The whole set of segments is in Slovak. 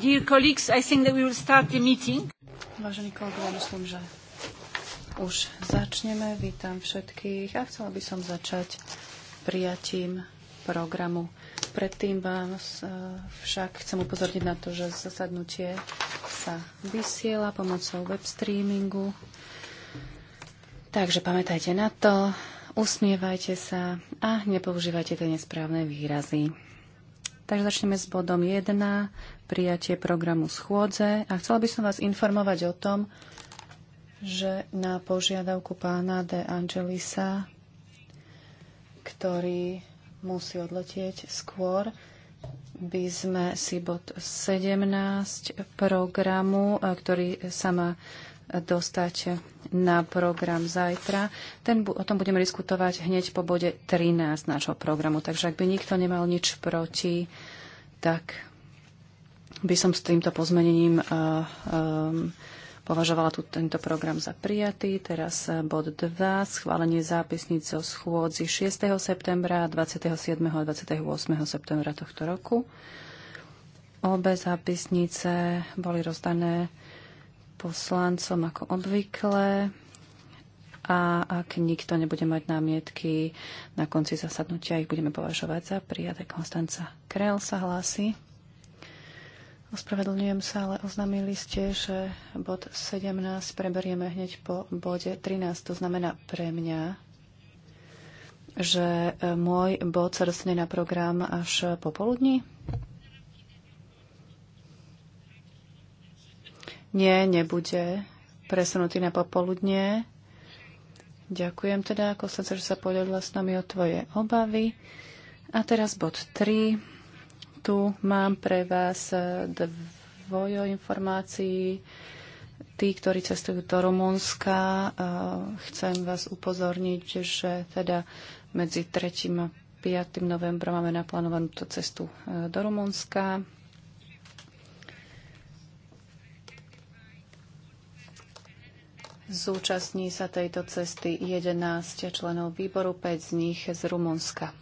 Dear colleagues, I think that we will start the meeting. Vážení kolegovia, myslím, že už začneme. Vítam všetkých a chcela by som začať prijatím programu. Predtým vám e, však chcem upozorniť na to, že zasadnutie sa vysiela pomocou web streamingu. Takže pamätajte na to, usmievajte sa a nepoužívajte tie nesprávne výrazy. Takže začneme s bodom 1, prijatie programu schôdze. A chcela by som vás informovať o tom, že na požiadavku pána De Angelisa, ktorý musí odletieť skôr, by sme si bod 17 programu, eh, ktorý sa má dostať na program zajtra. Ten, o tom budeme diskutovať hneď po bode 13 nášho programu. Takže ak by nikto nemal nič proti, tak by som s týmto pozmenením uh, um, považovala tu, tento program za prijatý. Teraz eh, bod 2, schválenie zápisníc zo schôdzi 6. septembra, 27. a 28. septembra tohto roku. Obe zápisnice boli rozdané poslancom ako obvykle a ak nikto nebude mať námietky, na konci zasadnutia ich budeme považovať za prijaté. Konstanca Krel sa hlási. Ospravedlňujem sa, ale oznámili ste, že bod 17 preberieme hneď po bode 13. To znamená pre mňa, že môj bod sa dostane na program až popoludní. Nie, nebude presunutý na popoludnie. Ďakujem teda, ako sa, že sa podelila s nami o tvoje obavy. A teraz bod 3. Tu mám pre vás dvojo informácií. Tí, ktorí cestujú do Rumunska, chcem vás upozorniť, že teda medzi 3. a 5. novembrom máme naplánovanú tú cestu e, do Rumunska. Zúčastní sa tejto cesty 11 členov výboru, 5 z nich z Rumunska.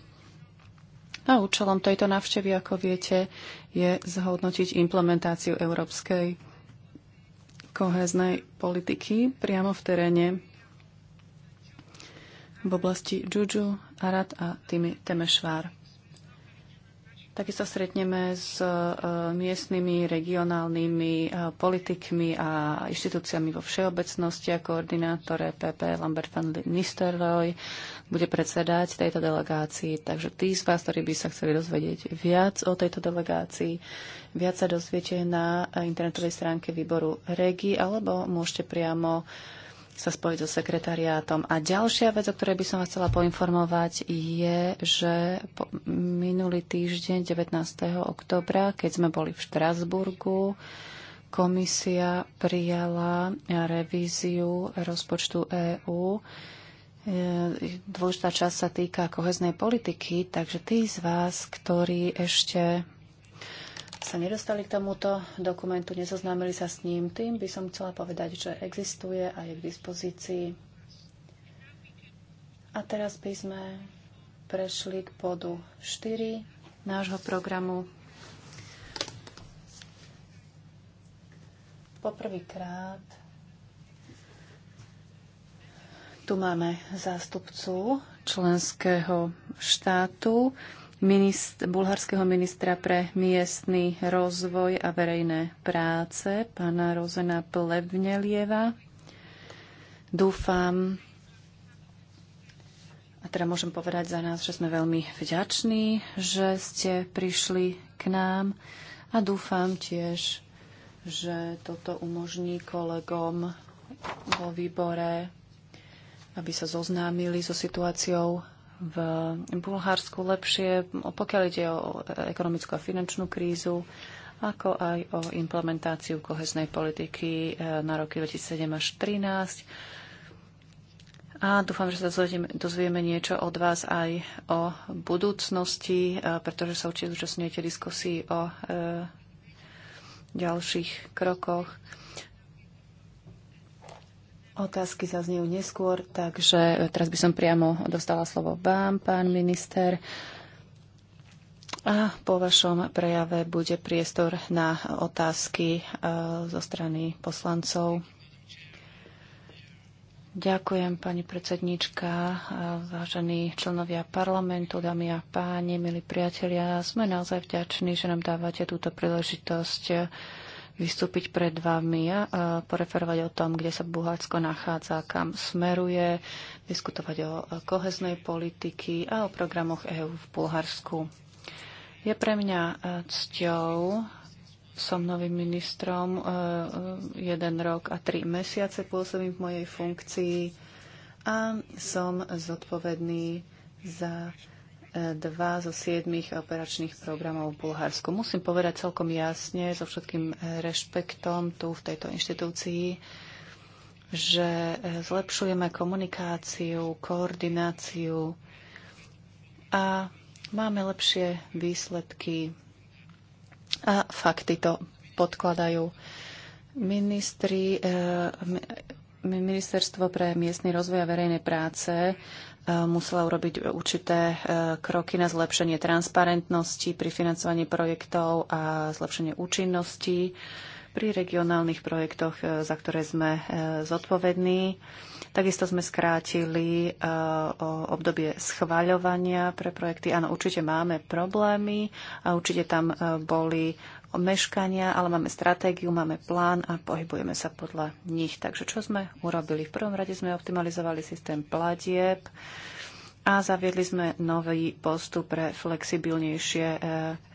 A účelom tejto návštevy, ako viete, je zhodnotiť implementáciu európskej koheznej politiky priamo v teréne v oblasti Džudžu, Arad a Temešvár. Takisto stretneme s e, miestnymi regionálnymi e, politikmi a inštitúciami vo všeobecnosti a koordinátore PP Lambert van Nistelrooy bude predsedať tejto delegácii. Takže tí z vás, ktorí by sa chceli dozvedieť viac o tejto delegácii, viac sa dozviete na internetovej stránke výboru REGI alebo môžete priamo uh, sa spojiť so sekretariátom. A ďalšia vec, o ktorej by som vás chcela poinformovať, je, že po minulý týždeň 19. oktobra, keď sme boli v Štrasburgu, komisia prijala revíziu rozpočtu EÚ. E, dôležitá časť sa týka koheznej politiky, takže tí z vás, ktorí ešte sa nedostali k tomuto dokumentu, nezoznámili sa s ním. Tým by som chcela povedať, že existuje a je k dispozícii. A teraz by sme prešli k bodu 4 nášho programu. Poprvýkrát tu máme zástupcu členského štátu minist- bulharského ministra pre miestny rozvoj a verejné práce, pána Rozena Plevnelieva. Dúfam, a teda môžem povedať za nás, že sme veľmi vďační, že ste prišli k nám a dúfam tiež, že toto umožní kolegom vo výbore, aby sa zoznámili so situáciou v Bulharsku lepšie, pokiaľ ide o ekonomickú a finančnú krízu, ako aj o implementáciu koheznej politiky e, na roky 2007 až 2013. A dúfam, že sa dozvieme niečo od vás aj o budúcnosti, e, pretože sa určite zúčastňujete diskusii o e, ďalších krokoch. Otázky zaznejú neskôr, takže teraz by som priamo dostala slovo vám, pán minister. A po vašom prejave bude priestor na otázky e, zo strany poslancov. Ďakujem, pani predsednička, e, vážení členovia parlamentu, dámy a páni, milí priatelia. Sme naozaj vďační, že nám dávate túto príležitosť vystúpiť pred vami a poreferovať o tom, kde sa Bulharsko nachádza, kam smeruje, diskutovať o koheznej politiky a o programoch EÚ v Bulharsku. Je pre mňa e, cťou, som novým ministrom, e, e, jeden rok a tri mesiace pôsobím v mojej funkcii a som zodpovedný za dva zo siedmých operačných programov v Bulharsku. Musím povedať celkom jasne, so všetkým rešpektom tu v tejto inštitúcii, že eh, zlepšujeme komunikáciu, koordináciu a máme lepšie výsledky a fakty to podkladajú. Ministri, eh, ministerstvo pre miestny rozvoj a verejné práce E, musela urobiť určité e, kroky na zlepšenie transparentnosti pri financovaní projektov a zlepšenie účinnosti pri regionálnych projektoch, e, za ktoré sme zodpovední. Takisto sme skrátili obdobie schváľovania pre projekty. Áno, určite máme problémy a určite tam boli meškania, ale máme stratégiu, máme plán a pohybujeme sa podľa nich. Takže čo sme urobili? V prvom rade sme optimalizovali systém platieb a zaviedli sme nový postup pre flexibilnejšie e,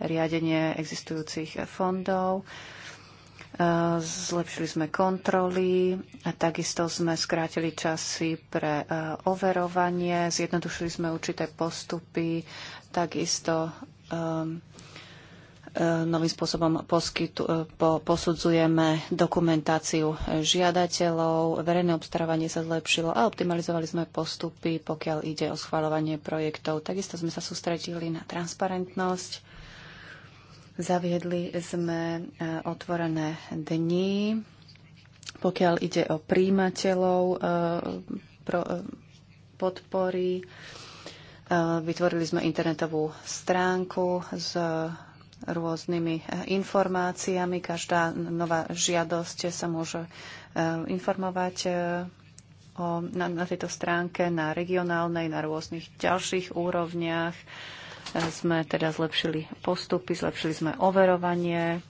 riadenie existujúcich fondov. E, zlepšili sme kontroly a takisto sme skrátili časy pre e, overovanie, zjednodušili sme určité postupy, takisto novým spôsobom poskytu, e, po, posudzujeme dokumentáciu žiadateľov, verejné obstarávanie sa zlepšilo a optimalizovali sme postupy, pokiaľ ide o schváľovanie projektov. Takisto sme sa sústredili na transparentnosť. Zaviedli sme e, otvorené dni, pokiaľ ide o príjimateľov e, podpory. Vytvorili sme internetovú stránku s rôznymi eh, informáciami. Každá nová žiadosť sa môže eh, informovať eh, o, na, na tejto stránke, na regionálnej, na rôznych ďalších úrovniach. Sme teda zlepšili postupy, zlepšili sme overovanie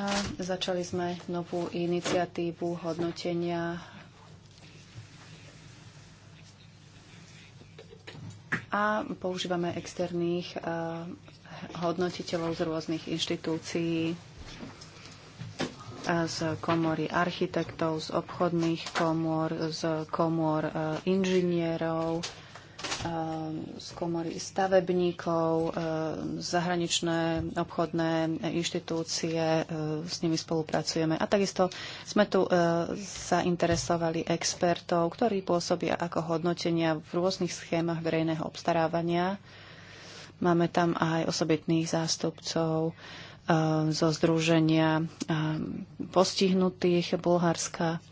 a začali sme novú iniciatívu hodnotenia a používame externých hodnotiteľov z rôznych inštitúcií, z komory architektov, z obchodných komor, z komor e, inžinierov, e, z komory stavebníkov, e, zahraničné obchodné inštitúcie, s nimi spolupracujeme. A takisto sme tu zainteresovali expertov, ktorí pôsobia ako hodnotenia v rôznych schémach verejného obstarávania Máme tam aj osobitných zástupcov eh, zo Združenia eh, postihnutých Bulharska.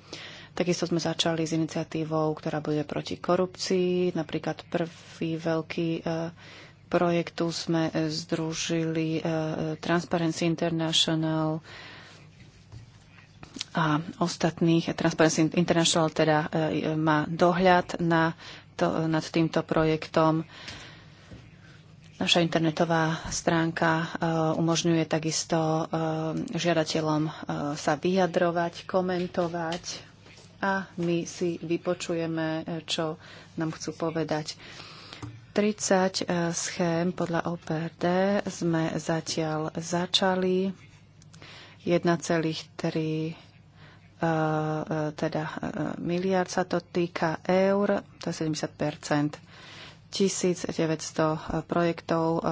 Takisto sme začali s iniciatívou, ktorá bude proti korupcii. Napríklad prvý veľký eh, projekt tu sme združili Transparency International a ostatných. Transparency International teda má dohľad na to, nad týmto projektom. Uh, Naša internetová stránka eh, umožňuje takisto eh, žiadateľom eh, sa vyjadrovať, komentovať a my si vypočujeme, čo nám chcú povedať. 30 schém podľa OPRD sme zatiaľ začali. 1,3 teda miliard sa to týka eur, to je 70 1900 e, projektov, e,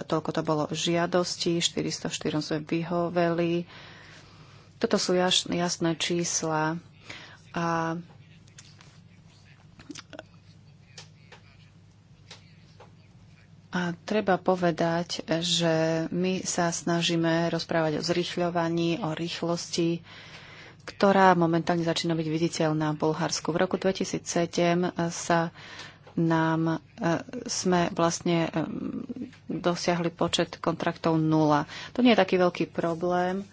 toľko to bolo žiadosti, 404 sme vyhoveli. Toto sú jasné čísla. A A treba povedať, že my sa snažíme rozprávať o zrýchľovaní, o rýchlosti, ktorá momentálne začína byť viditeľná v Bulharsku. V roku 2007 sa nám e, sme vlastne e, dosiahli počet kontraktov nula. To nie je taký veľký problém,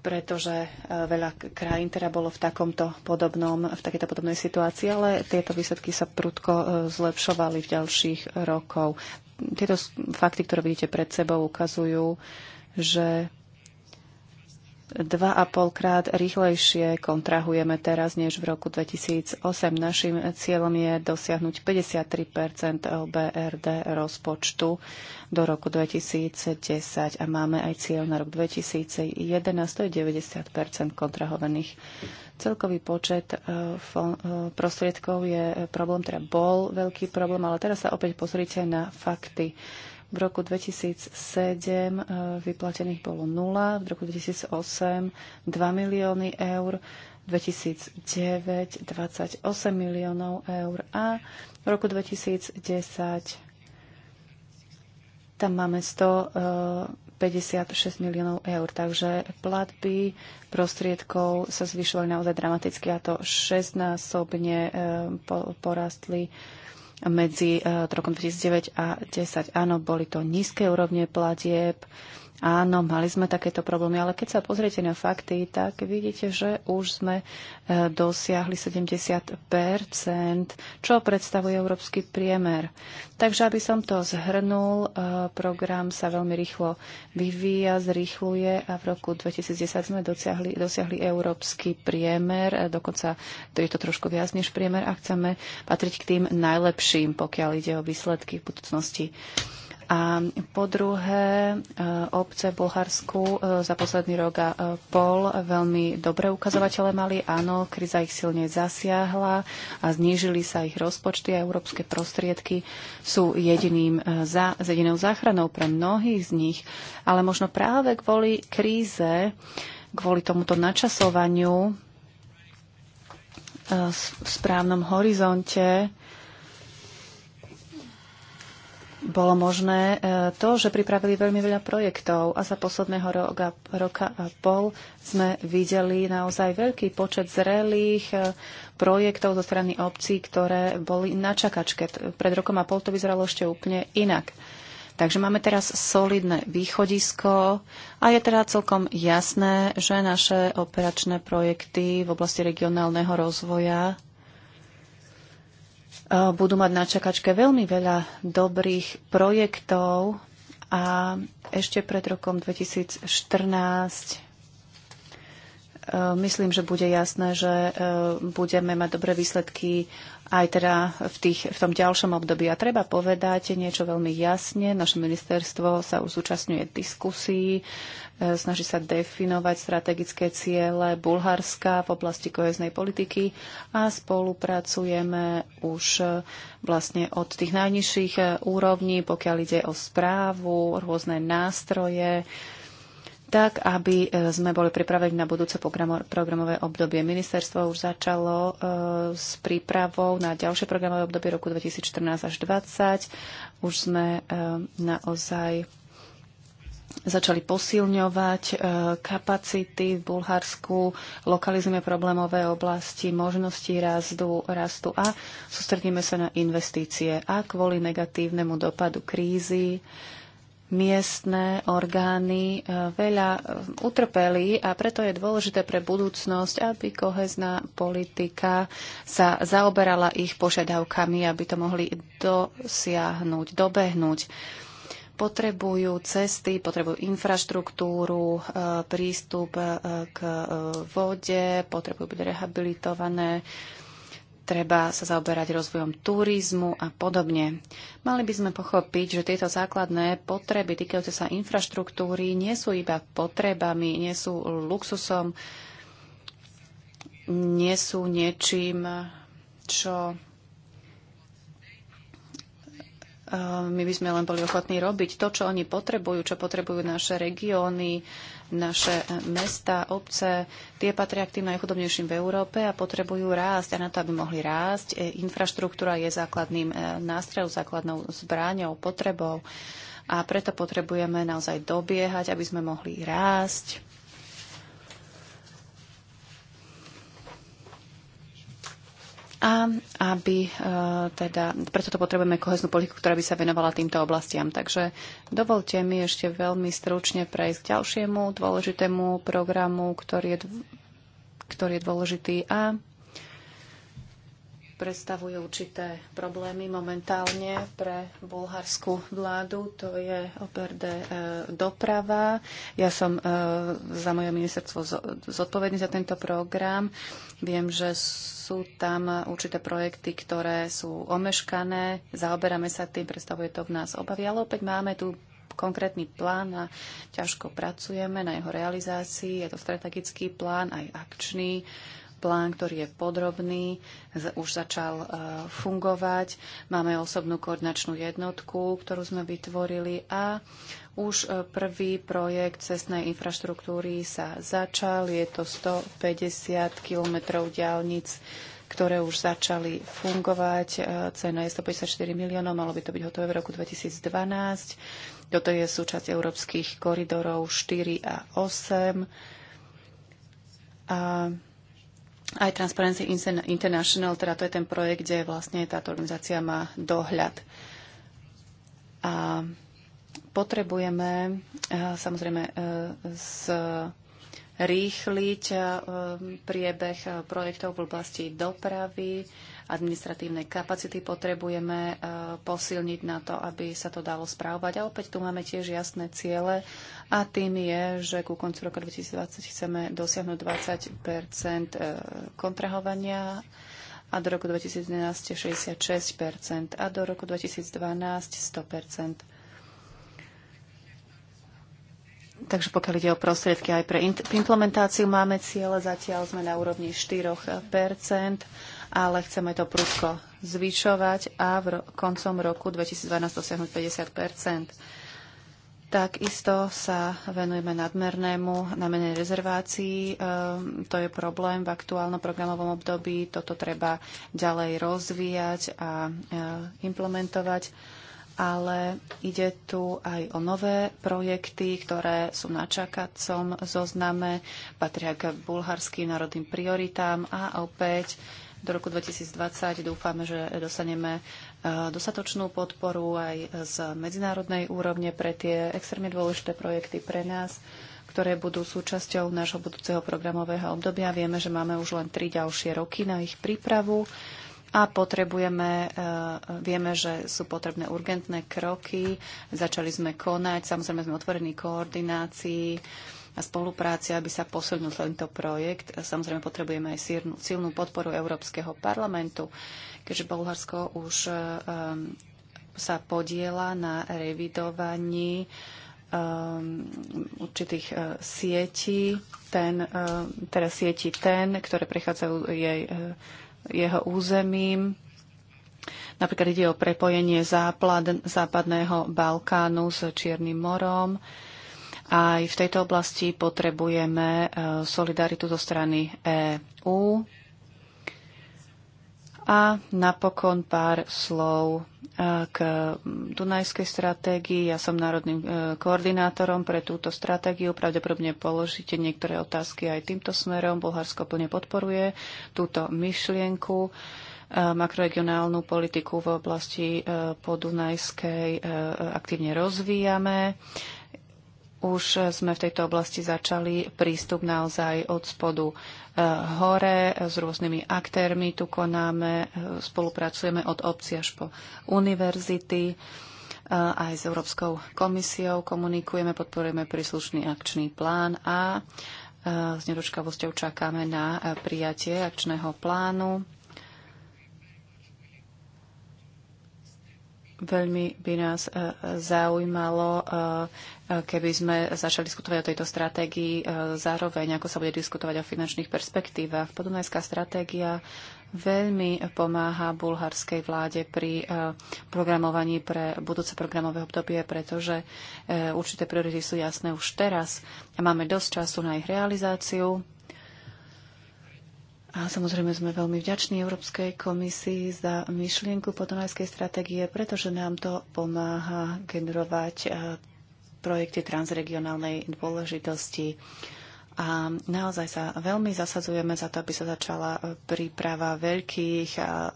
pretože e, veľa krajín teda bolo v takomto podobnom, v takéto podobnej situácii, ale tieto výsledky sa prudko zlepšovali v ďalších rokov. Tieto fakty, ktoré vidíte pred sebou, ukazujú, že Dva a polkrát rýchlejšie kontrahujeme teraz než v roku 2008. Našim cieľom je dosiahnuť 53 LBRD rozpočtu do roku 2010 a máme aj cieľ na rok 2011, to je 90 kontrahovaných. Celkový počet e, e, prostriedkov je e, problém, teda bol veľký problém, ale teraz sa opäť pozrite na fakty. V roku 2007 e, vyplatených bolo 0, v roku 2008 2 milióny eur, 2009 28 miliónov eur a v roku 2010 tam máme 156 e, miliónov eur. Takže platby prostriedkov sa zvyšovali naozaj dramaticky a to šestnásobne násobne porastli medzi eh, rokom 2009 a 2010. Áno, boli to nízke úrovne platieb, Áno, mali sme takéto problémy, ale keď sa pozriete na fakty, tak vidíte, že už sme e, dosiahli 70 čo predstavuje európsky priemer. Takže, aby som to zhrnul, e, program sa veľmi rýchlo vyvíja, zrýchluje a v roku 2010 sme dosiahli, dosiahli európsky priemer, e, dokonca to je to trošku viac než priemer a chceme patriť k tým najlepším, pokiaľ ide o výsledky v budúcnosti. A po druhé, eh, obce v Bulharsku eh, za posledný rok a eh, pol veľmi dobré ukazovatele mali. Áno, kríza ich silne zasiahla a znížili sa ich rozpočty a európske prostriedky sú jediným, za, jedinou záchranou pre mnohých z nich. Ale možno práve kvôli kríze, kvôli tomuto načasovaniu v správnom horizonte, bolo možné e, to, že pripravili veľmi veľa projektov a za posledného roka, roka a pol sme videli naozaj veľký počet zrelých e, projektov zo strany obcí, ktoré boli na čakačke. Pred rokom a pol to vyzeralo ešte úplne inak. Takže máme teraz solidné východisko a je teda celkom jasné, že naše operačné projekty v oblasti regionálneho rozvoja E, budú mať na čakačke veľmi veľa dobrých projektov a ešte pred rokom 2014 e, myslím, že bude jasné, že e, budeme mať dobré výsledky aj teda v, tých, v tom ďalšom období. A treba povedať niečo veľmi jasne. Naše ministerstvo sa už zúčastňuje diskusí, e, snaží sa definovať strategické ciele Bulharska v oblasti koheznej politiky a spolupracujeme už e, vlastne od tých najnižších e, úrovní, pokiaľ ide o správu, rôzne nástroje, tak aby e, sme boli pripravení na budúce programové obdobie. Ministerstvo už začalo e, s prípravou na ďalšie programové obdobie roku 2014 až 2020. Už sme e, naozaj začali posilňovať kapacity v Bulharsku, lokalizujeme problémové oblasti, možnosti rastu, rastu a sústredíme sa na investície. A kvôli negatívnemu dopadu krízy miestne orgány e, veľa e, utrpeli a preto je dôležité pre budúcnosť, aby kohezná politika sa zaoberala ich požiadavkami, aby to mohli dosiahnuť, dobehnúť potrebujú cesty, potrebujú infraštruktúru, e, prístup k vode, potrebujú byť rehabilitované, treba sa zaoberať rozvojom turizmu a podobne. Mali by sme pochopiť, že tieto základné potreby týkajúce sa infraštruktúry nie sú iba potrebami, nie sú luxusom, nie sú niečím, čo eh, my by sme len boli ochotní robiť. To, čo oni potrebujú, čo potrebujú naše regióny, naše mesta, obce, tie patria k tým najchudobnejším v Európe a potrebujú rásť. A na to, aby mohli rásť, e, infraštruktúra je základným e, nástrojom, základnou zbráňou, potrebou. A preto potrebujeme naozaj dobiehať, aby sme mohli rásť a aby e, teda, preto to potrebujeme koheznú politiku, ktorá by sa venovala týmto oblastiam. Takže dovolte mi ešte veľmi stručne prejsť k ďalšiemu dôležitému programu, ktorý je, ktorý je dôležitý a predstavujú určité problémy momentálne pre bulharskú vládu. To je OPRD e, doprava. Ja som e, za moje ministerstvo zodpovedný za tento program. Viem, že sú tam určité projekty, ktoré sú omeškané. Zaoberáme sa tým, predstavuje to v nás obavy. Ale opäť máme tu konkrétny plán a ťažko pracujeme na jeho realizácii. Je to strategický plán, aj akčný plán, ktorý je podrobný, už začal e, fungovať. Máme osobnú koordinačnú jednotku, ktorú sme vytvorili a už e, prvý projekt cestnej infraštruktúry sa začal. Je to 150 kilometrov diálnic ktoré už začali fungovať. E, cena je 154 miliónov, malo by to byť hotové v roku 2012. Toto je súčasť európskych koridorov 4 a 8. A aj Transparency International, teda to je ten projekt, kde vlastne táto organizácia má dohľad. A potrebujeme eh, samozrejme eh, zrýchliť eh, priebeh projektov v oblasti dopravy, administratívne kapacity potrebujeme e, posilniť na to, aby sa to dalo správovať. A opäť tu máme tiež jasné ciele a tým je, že ku koncu roku 2020 chceme dosiahnuť 20 e, kontrahovania a do roku 2011 66 a do roku 2012 100 Takže pokiaľ ide o prostriedky aj pre implementáciu, máme ciele, zatiaľ sme na úrovni 4 ale chceme to prudko zvyšovať a v ro- koncom roku 2012 dosiahnuť 50 Takisto sa venujeme nadmernému, nadmernej rezervácii. E, to je problém v aktuálnom programovom období. Toto treba ďalej rozvíjať a e, implementovať ale ide tu aj o nové projekty, ktoré sú na čakacom zozname, patria k bulharským národným prioritám a opäť do roku 2020 dúfame, že dostaneme e, dostatočnú podporu aj z medzinárodnej úrovne pre tie extrémne dôležité projekty pre nás, ktoré budú súčasťou nášho budúceho programového obdobia. Vieme, že máme už len tri ďalšie roky na ich prípravu a potrebujeme, e, vieme, že sú potrebné urgentné kroky. Začali sme konať, samozrejme sme otvorení koordinácii a spolupráci, aby sa posunul tento projekt. Samozrejme, potrebujeme aj silnú, silnú podporu Európskeho parlamentu, keďže Bulharsko už um, sa podiela na revidovaní um, určitých uh, sietí, ten, uh, teda sieti ten, ktoré prechádzajú jej, uh, jeho územím. Napríklad ide o prepojenie západ, západného Balkánu s Čiernym morom. Uh, aj v tejto oblasti potrebujeme e, solidaritu zo strany EÚ. A napokon pár slov e, k Dunajskej stratégii. Ja som národným e, koordinátorom pre túto stratégiu. Pravdepodobne položíte niektoré otázky aj týmto smerom. Bulharsko plne podporuje túto myšlienku makroregionálnu politiku v oblasti podunajskej aktívne rozvíjame. Už sme v tejto oblasti začali prístup naozaj od spodu eh, hore s rôznymi aktérmi. Tu konáme, eh, spolupracujeme od obci až po univerzity. Eh, aj s Európskou komisiou komunikujeme, podporujeme príslušný akčný plán a s nedočkavosťou čakáme na prijatie akčného plánu Veľmi by nás e, zaujímalo, e, e, keby sme začali diskutovať o tejto stratégii zároveň, ako sa bude diskutovať o finančných perspektívach. Podunajská stratégia veľmi pomáha bulharskej vláde pri programovaní pre budúce programové obdobie, pretože určité priority sú jasné už teraz a máme dosť času na ich realizáciu a samozrejme sme veľmi vďační Európskej komisii za myšlienku podunajskej stratégie, pretože nám to pomáha generovať e, projekty transregionálnej dôležitosti. A naozaj sa veľmi zasadzujeme za to, aby sa začala e, príprava veľkých a e,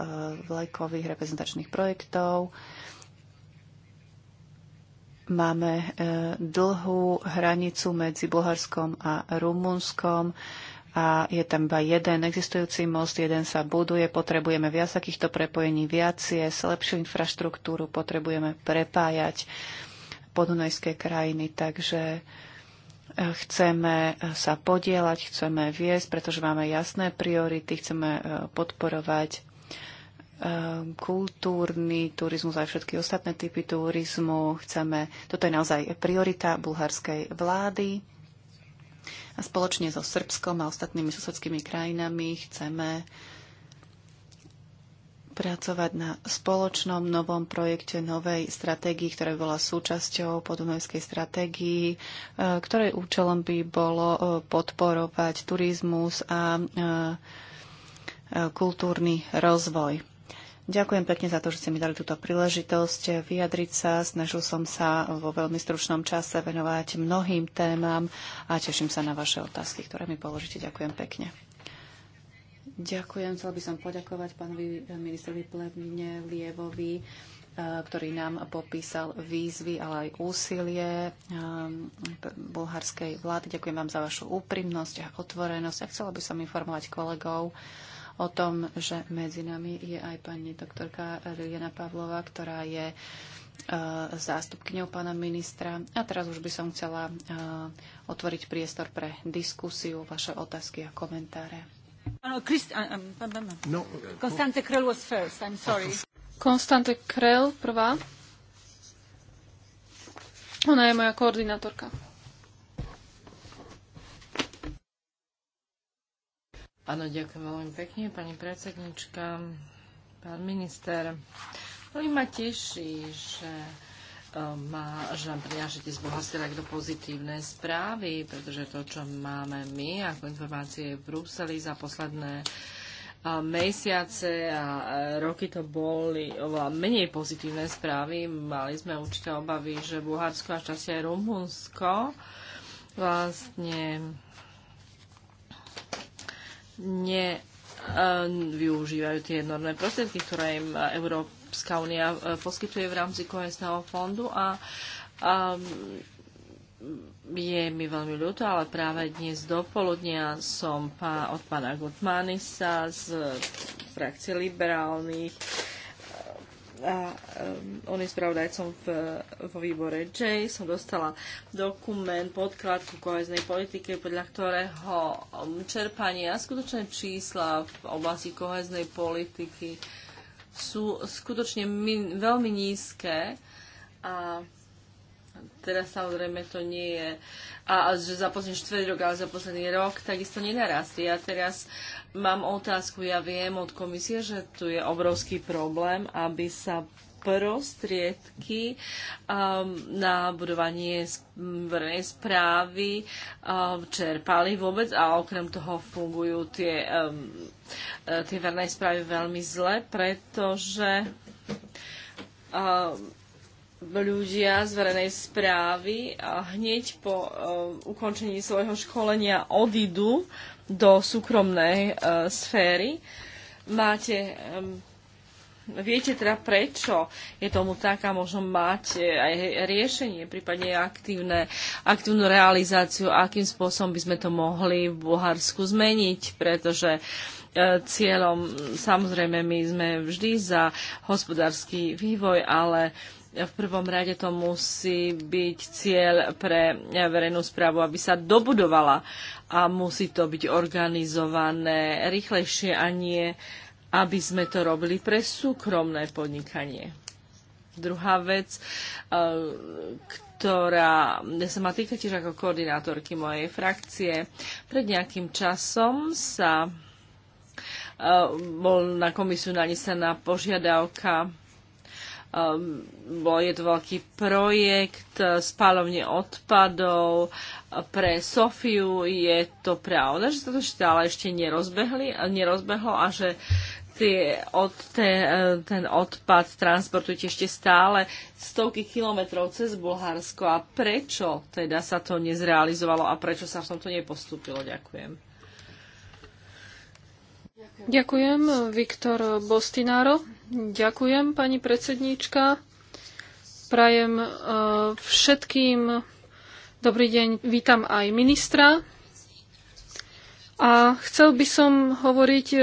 vlajkových reprezentačných projektov. Máme dlhú hranicu medzi Bulharskom a Rumunskom a je tam iba jeden existujúci most, jeden sa buduje, potrebujeme viac takýchto prepojení, viac ciest, lepšiu infraštruktúru, potrebujeme prepájať podunajské krajiny, takže eh, chceme eh, sa podielať, chceme viesť, pretože máme jasné priority, chceme eh, podporovať kultúrny turizmus aj všetky ostatné typy turizmu. Chceme, toto je naozaj priorita bulharskej vlády a spoločne so Srbskom a ostatnými susedskými krajinami chceme pracovať na spoločnom novom projekte novej stratégii, ktorá by bola súčasťou podunajskej stratégii, e, ktorej účelom by bolo e, podporovať turizmus a e, kultúrny rozvoj. Ďakujem pekne za to, že ste mi dali túto príležitosť vyjadriť sa. Snažil som sa vo veľmi stručnom čase venovať mnohým témam a teším sa na vaše otázky, ktoré mi položíte. Ďakujem pekne. Ďakujem. Chcel by som poďakovať pánovi ministrovi Plevne Lievovi eh, ktorý nám popísal výzvy, ale aj úsilie eh, bulharskej vlády. Ďakujem vám za vašu úprimnosť a otvorenosť a chcela by som informovať kolegov o tom, že medzi nami je aj pani doktorka Liliana Pavlova, ktorá je e, zástupkňou pána ministra. A teraz už by som chcela e, otvoriť priestor pre diskusiu, vaše otázky a komentáre. Konstante no, Krell was first, I'm sorry. Konstante Krell prvá. Ona je moja koordinátorka. Áno, ďakujem veľmi pekne, pani predsednička, pán minister. Veľmi ma teší, že e, má, že nám prinášate z Bohastera do pozitívne správy, pretože to, čo máme my ako informácie v Bruseli za posledné e, mesiace a e, roky to boli oveľa menej pozitívne správy. Mali sme určité obavy, že Bulharsko a šťastie aj Rumunsko vlastne nevyužívajú e, tie enormné prostriedky, ktoré im Európska únia e, poskytuje v rámci kohesného fondu a, a je mi veľmi ľúto, ale práve dnes do poludnia som pá, od pána Gutmanisa z frakcie liberálnych a um, on je spravodajcom v, vo výbore J. Som dostala dokument, podklad ku koheznej politike, podľa ktorého um, čerpanie a skutočné čísla v oblasti koheznej politiky sú skutočne min, veľmi nízke a teraz samozrejme to nie je a, a že za posledný rok, ale za posledný rok takisto nenarastie. Ja teraz mám otázku, ja viem od komisie, že tu je obrovský problém, aby sa prostriedky um, na budovanie verejnej správy um, čerpali vôbec a okrem toho fungujú tie, um, tie verejné správy veľmi zle, pretože um, ľudia z verejnej správy a hneď po uh, ukončení svojho školenia odídu do súkromnej uh, sféry. Máte, um, viete teda prečo je tomu tak a možno máte aj riešenie, prípadne aktívne, aktívnu realizáciu, akým spôsobom by sme to mohli v Bulharsku zmeniť, pretože e, cieľom, samozrejme, my sme vždy za hospodársky vývoj, ale v prvom rade to musí byť cieľ pre verejnú správu, aby sa dobudovala a musí to byť organizované rýchlejšie a nie, aby sme to robili pre súkromné podnikanie. Druhá vec, e, ktorá sa ma týka tiež ako koordinátorky mojej frakcie, pred nejakým časom sa e, bol na komisiu nanesená požiadavka Um, bol je to veľký projekt eh, spálovne odpadov pre Sofiu. Je to pravda, že sa to stále ešte nerozbehli, eh, nerozbehlo a že tie, od te, eh, ten odpad transportujete ešte stále stovky kilometrov cez Bulharsko. A prečo teda sa to nezrealizovalo a prečo sa v tomto nepostúpilo? Ďakujem. Ďakujem, Viktor Bostináro. Ďakujem, pani predsedníčka. Prajem e, všetkým dobrý deň. Vítam aj ministra. A chcel by som hovoriť e,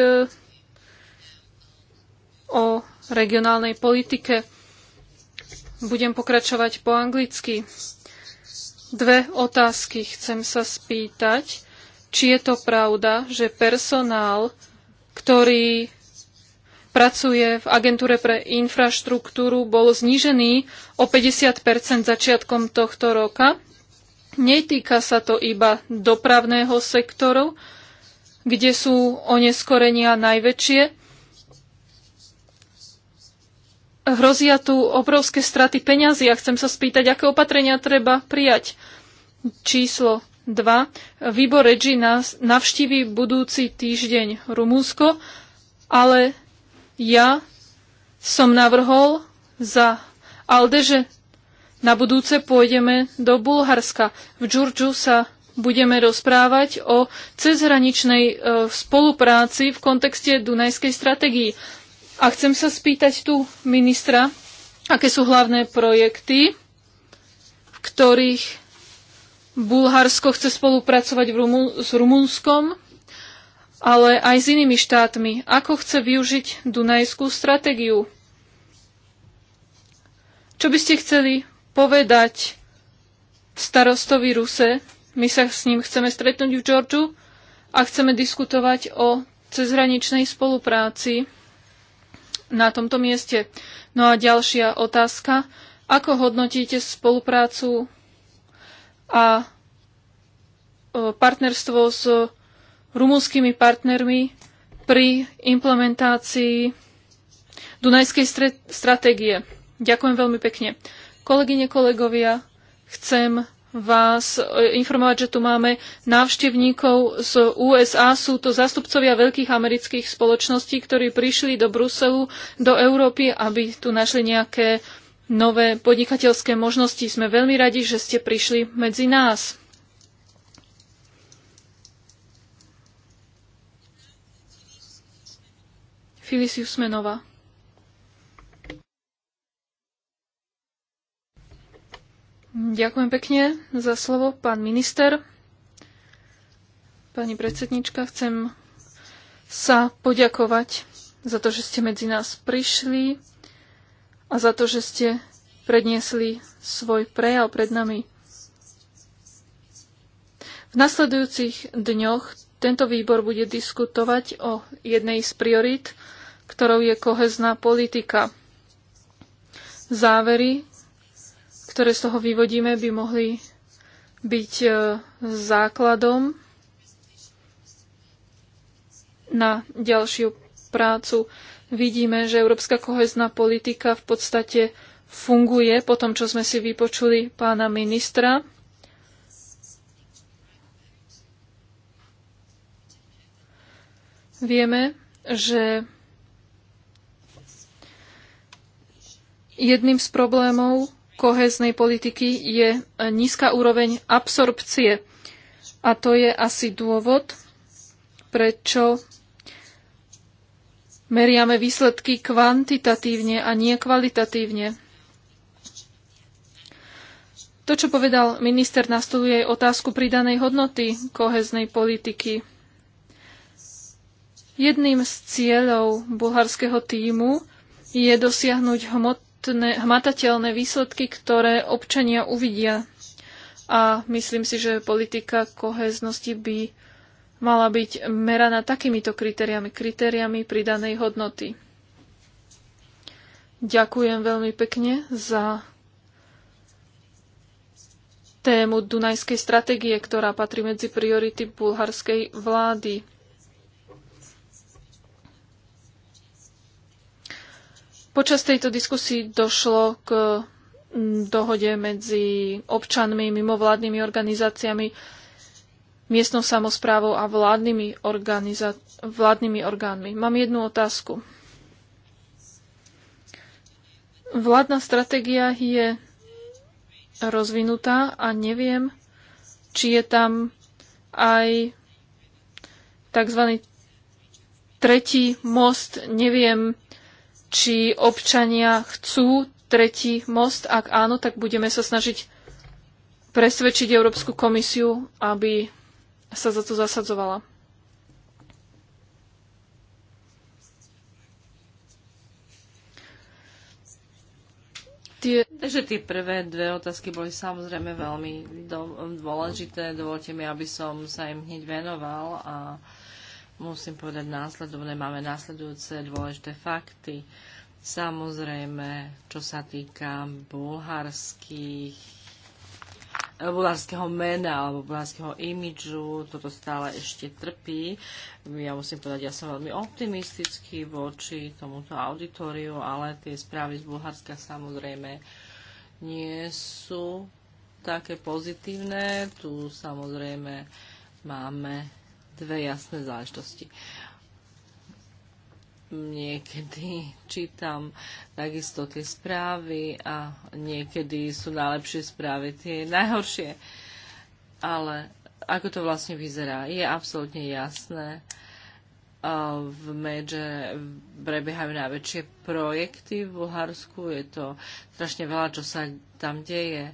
o regionálnej politike. Budem pokračovať po anglicky. Dve otázky chcem sa spýtať. Či je to pravda, že personál, ktorý pracuje v agentúre pre infraštruktúru, bol znížený o 50 začiatkom tohto roka. Netýka sa to iba dopravného sektoru, kde sú oneskorenia najväčšie. Hrozia tu obrovské straty peňazí a chcem sa spýtať, aké opatrenia treba prijať. Číslo 2. Výbor Regi navštíví budúci týždeň Rumúnsko, ale ja som navrhol za Alde, že na budúce pôjdeme do Bulharska. V Džurdžu sa budeme rozprávať o cezhraničnej e, spolupráci v kontexte Dunajskej strategii. A chcem sa spýtať tu ministra, aké sú hlavné projekty, v ktorých Bulharsko chce spolupracovať v Rumu- s Rumunskom ale aj s inými štátmi. Ako chce využiť Dunajskú stratégiu? Čo by ste chceli povedať starostovi Ruse? My sa s ním chceme stretnúť v Georgiu a chceme diskutovať o cezhraničnej spolupráci na tomto mieste. No a ďalšia otázka. Ako hodnotíte spoluprácu a e, partnerstvo s rumúnskymi partnermi pri implementácii Dunajskej stratégie. Ďakujem veľmi pekne. Kolegyne, kolegovia, chcem vás e, informovať, že tu máme návštevníkov z USA. Sú to zastupcovia veľkých amerických spoločností, ktorí prišli do Bruselu, do Európy, aby tu našli nejaké nové podnikateľské možnosti. Sme veľmi radi, že ste prišli medzi nás. Filis Jusmenova. Ďakujem pekne za slovo, pán minister. Pani predsednička, chcem sa poďakovať za to, že ste medzi nás prišli a za to, že ste predniesli svoj prejav pred nami. V nasledujúcich dňoch tento výbor bude diskutovať o jednej z priorit, ktorou je kohezná politika. Závery, ktoré z toho vyvodíme, by mohli byť e, základom na ďalšiu prácu. Vidíme, že európska kohezná politika v podstate funguje po tom, čo sme si vypočuli pána ministra Vieme, že jedným z problémov koheznej politiky je nízka úroveň absorpcie. A to je asi dôvod, prečo meriame výsledky kvantitatívne a nie kvalitatívne. To, čo povedal minister, nastoluje aj otázku pridanej hodnoty koheznej politiky. Jedným z cieľov bulharského týmu je dosiahnuť hmotné, hmatateľné výsledky, ktoré občania uvidia. A myslím si, že politika koheznosti by mala byť meraná takýmito kritériami, kritériami pridanej hodnoty. Ďakujem veľmi pekne za tému Dunajskej stratégie, ktorá patrí medzi priority bulharskej vlády. Počas tejto diskusii došlo k mm, dohode medzi občanmi, mimovládnymi organizáciami, miestnou samozprávou a vládnymi, organiza- vládnymi orgánmi. Mám jednu otázku. Vládna stratégia je rozvinutá a neviem, či je tam aj tzv. tretí most, neviem, či občania chcú tretí most. Ak áno, tak budeme sa snažiť presvedčiť Európsku komisiu, aby sa za to zasadzovala. Tie... Takže tie prvé dve otázky boli samozrejme veľmi do, dôležité. Dovolte mi, aby som sa im hneď venoval a uh, musím povedať následovne. Máme následujúce dôležité fakty. Samozrejme, čo sa týka bulharských eh, bulharského mena alebo bulharského imidžu, toto stále ešte trpí. Ja musím povedať, ja som veľmi optimistický voči tomuto auditoriu, ale tie správy z Bulharska samozrejme nie sú také pozitívne. Tu samozrejme máme dve jasné záležitosti. Niekedy čítam takisto tie správy a niekedy sú najlepšie správy tie najhoršie. Ale ako to vlastne vyzerá, je absolútne jasné, v Medže prebiehajú najväčšie projekty v Bulharsku. Je to strašne veľa, čo sa tam deje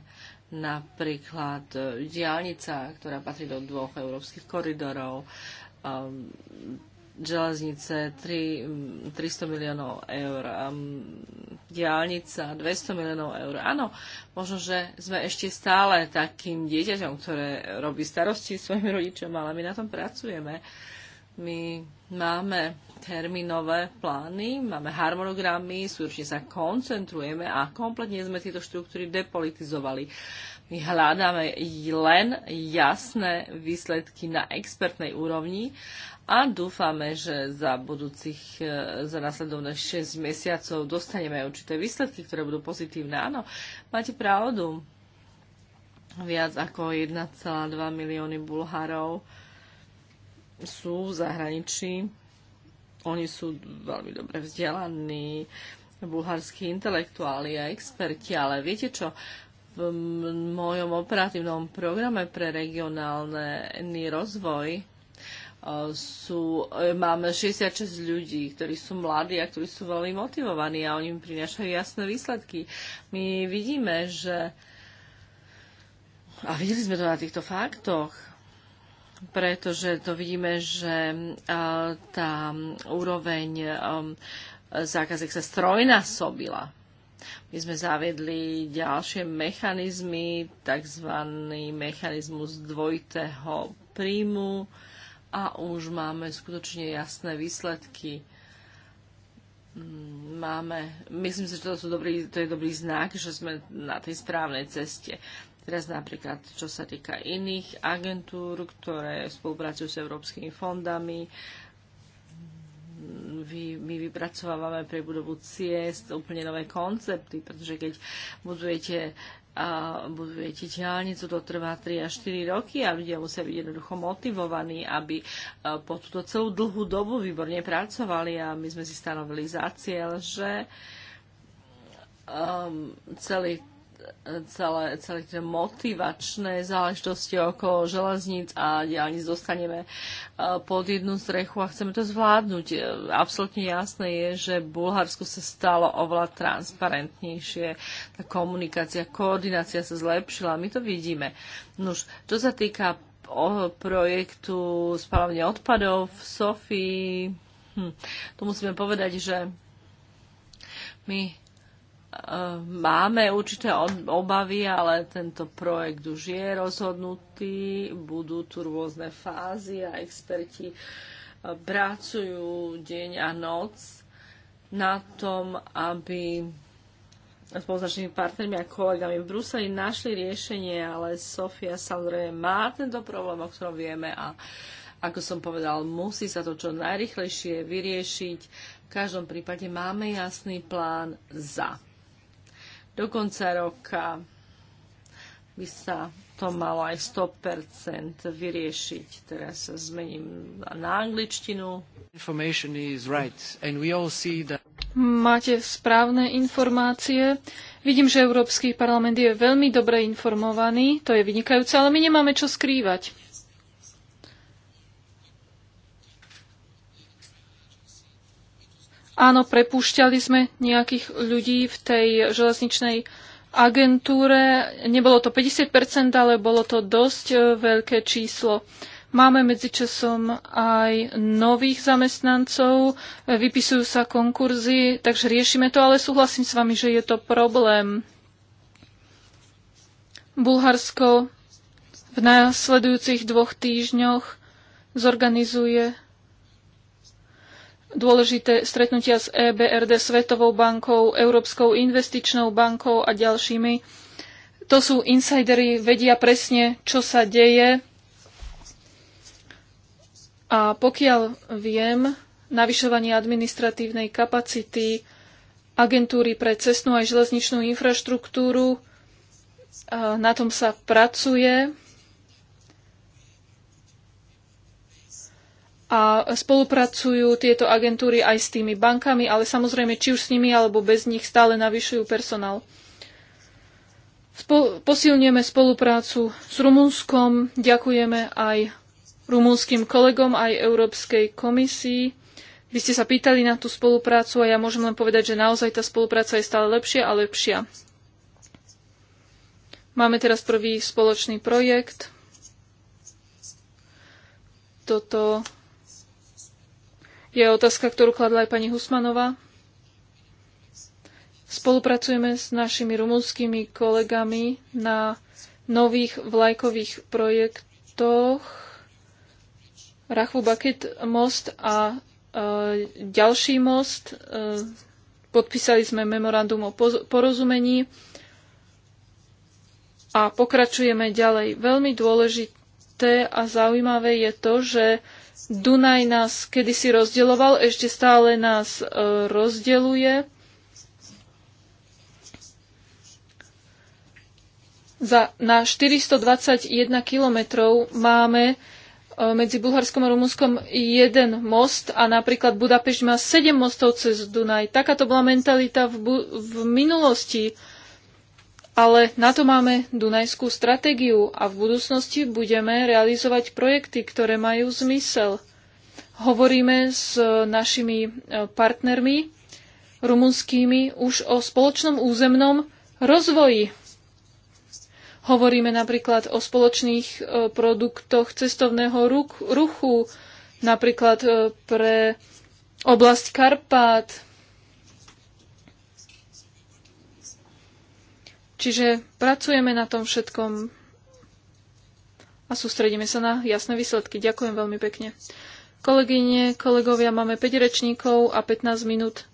napríklad e, diálnica, ktorá patrí do dvoch európskych koridorov, um, železnice 3, 300 miliónov eur, um, diálnica 200 miliónov eur. Áno, možno, že sme ešte stále takým dieťaťom, ktoré robí starosti svojim rodičom, ale my na tom pracujeme. My máme termínové plány, máme harmonogramy, súčne sa koncentrujeme a kompletne sme tieto štruktúry depolitizovali. My hľadáme len jasné výsledky na expertnej úrovni a dúfame, že za budúcich, e, za následovné 6 mesiacov dostaneme aj určité výsledky, ktoré budú pozitívne. Áno, máte pravdu. Viac ako 1,2 milióny Bulharov sú v zahraničí oni sú veľmi dobre vzdelaní, bulharskí intelektuáli a experti, ale viete čo? V mojom operatívnom programe pre regionálny rozvoj e, sú, e, máme 66 ľudí, ktorí sú mladí a ktorí sú veľmi motivovaní a oni prinášajú jasné výsledky. My vidíme, že a videli sme to na týchto faktoch, pretože to vidíme, že tá úroveň zákazek sa strojnásobila. My sme zaviedli ďalšie mechanizmy, tzv. mechanizmus dvojitého príjmu a už máme skutočne jasné výsledky. Mm, máme, myslím si, že to, sú dobrý, to je dobrý znak, že sme na tej správnej ceste. Teraz napríklad, čo sa týka iných agentúr, ktoré spolupracujú s európskymi fondami, my vypracovávame pre budovu ciest úplne nové koncepty, pretože keď budujete a budujete diálnicu, to trvá 3 až 4 roky a ľudia musia byť jednoducho motivovaní, aby e, po túto celú dlhú dobu výborne pracovali a my sme si stanovili za cieľ, že um, celý celé, celé tie motivačné záležitosti okolo železníc a diálnic dostaneme e, pod jednu strechu a chceme to zvládnuť. E, Absolutne jasné je, že Bulharsku sa stalo oveľa transparentnejšie, tá komunikácia, koordinácia sa zlepšila, my to vidíme. Nož, čo sa týka projektu spalovania odpadov v Sofii, hm, tu musíme povedať, že my Eh, máme určité obavy, ale tento projekt už je rozhodnutý, budú tu rôzne fázy a experti eh, pracujú deň a noc na tom, aby s našimi partnermi a kolegami v Bruseli našli riešenie, ale Sofia samozrejme má tento problém, o ktorom vieme a ako som povedal, musí sa to čo najrychlejšie vyriešiť. V každom prípade máme jasný plán za. Do konca roka by sa to malo aj 100% vyriešiť. Teraz sa zmením na angličtinu. Máte správne informácie. Vidím, že Európsky parlament je veľmi dobre informovaný, to je vynikajúce, ale my nemáme čo skrývať. Áno, prepúšťali sme nejakých ľudí v tej železničnej agentúre. Nebolo to 50%, ale bolo to dosť e, veľké číslo. Máme medzičasom aj nových zamestnancov, e, vypisujú sa konkurzy, takže riešime to, ale súhlasím s vami, že je to problém. Bulharsko v následujúcich dvoch týždňoch zorganizuje dôležité stretnutia s EBRD, Svetovou bankou, Európskou investičnou bankou a ďalšími. To sú insidery, vedia presne, čo sa deje. A pokiaľ viem, navyšovanie administratívnej kapacity agentúry pre cestnú aj železničnú infraštruktúru, na tom sa pracuje a spolupracujú tieto agentúry aj s tými bankami, ale samozrejme či už s nimi alebo bez nich stále navyšujú personál. Spol- posilňujeme spoluprácu s Rumunskom, ďakujeme aj rumunským kolegom, aj Európskej komisii. Vy ste sa pýtali na tú spoluprácu a ja môžem len povedať, že naozaj tá spolupráca je stále lepšia a lepšia. Máme teraz prvý spoločný projekt. Toto je otázka, ktorú kladla aj pani Husmanová. Spolupracujeme s našimi rumunskými kolegami na nových vlajkových projektoch Rachu Bucket most a e, ďalší most. E, podpísali sme memorandum o porozumení a pokračujeme ďalej. Veľmi dôležité a zaujímavé je to, že Dunaj nás kedysi rozdeloval, ešte stále nás e, rozdeluje. Za, na 421 kilometrov máme e, medzi Bulharskom a Rumunskom jeden most a napríklad Budapešť má 7 mostov cez Dunaj. Takáto bola mentalita v, v minulosti. Uh, ale na to máme Dunajskú stratégiu a v budúcnosti budeme realizovať projekty, ktoré majú zmysel. Hovoríme s našimi e, partnermi rumunskými už o spoločnom územnom rozvoji. Hovoríme napríklad o spoločných e, produktoch cestovného ruchu, napríklad e, pre oblasť Karpát, Čiže pracujeme na tom všetkom a sústredíme sa na jasné výsledky. Ďakujem veľmi pekne. Kolegyne, kolegovia, máme 5 rečníkov a 15 minút.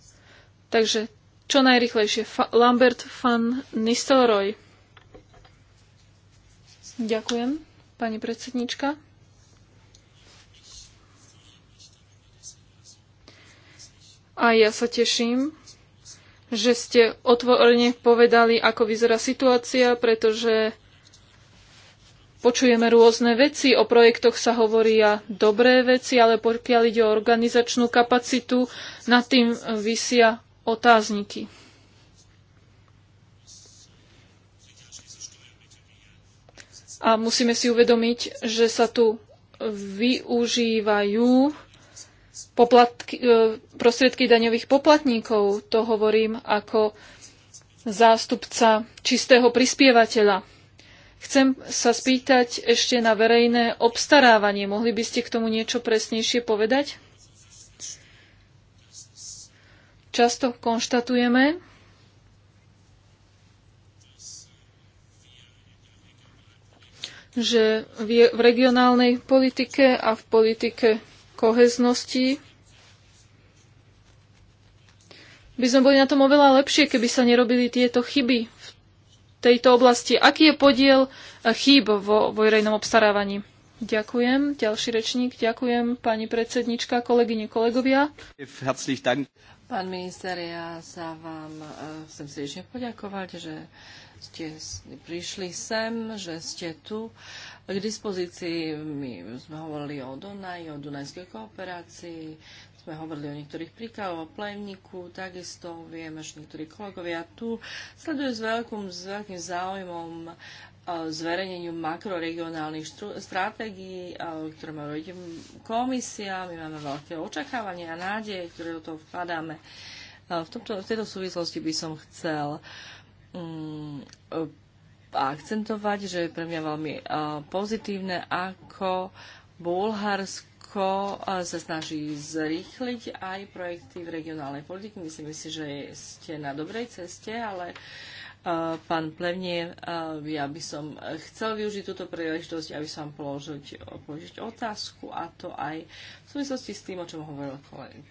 Takže čo najrychlejšie. Fa- Lambert van Nistelrooy. Ďakujem, pani predsednička. A ja sa teším že ste otvorene povedali, ako vyzerá situácia, pretože počujeme rôzne veci. O projektoch sa hovoria dobré veci, ale pokiaľ ide o organizačnú kapacitu, nad tým vysia otázniky. A musíme si uvedomiť, že sa tu využívajú poplatky, e, prostriedky daňových poplatníkov. To hovorím ako zástupca čistého prispievateľa. Chcem sa spýtať ešte na verejné obstarávanie. Mohli by ste k tomu niečo presnejšie povedať? Často konštatujeme, že v regionálnej politike a v politike koheznosti, by sme boli na tom oveľa lepšie, keby sa nerobili tieto chyby v tejto oblasti. Aký je podiel eh, chýb vo vojrejnom obstarávaní? Ďakujem. Ďalší rečník. Ďakujem, pani predsednička, kolegyne, kolegovia. Pán minister, ja sa vám eh, chcem srdečne poďakovať, že ste prišli sem, že ste tu. K dispozícii my sme hovorili o Dunaji, o Dunajskej kooperácii, sme hovorili o niektorých príkladoch, o plevníku, takisto vieme, že niektorí kolegovia tu sledujú s, veľkým, s veľkým záujmom e, zverejneniu makroregionálnych stratégií, e, ktoré má robiť komisia. My máme veľké očakávania a nádeje, ktoré do toho vkladáme. E, v, tomto, v tejto súvislosti by som chcel uh, a mm, e, akcentovať, že je pre mňa veľmi e, pozitívne, ako Bulharsko e, sa snaží zrýchliť aj projekty v regionálnej politike. Myslím si, že ste na dobrej ceste, ale uh, Pán plevne, ja by som chcel využiť túto príležitosť, aby som položiť, položiť otázku a to aj v súvislosti s tým, o čom hovorila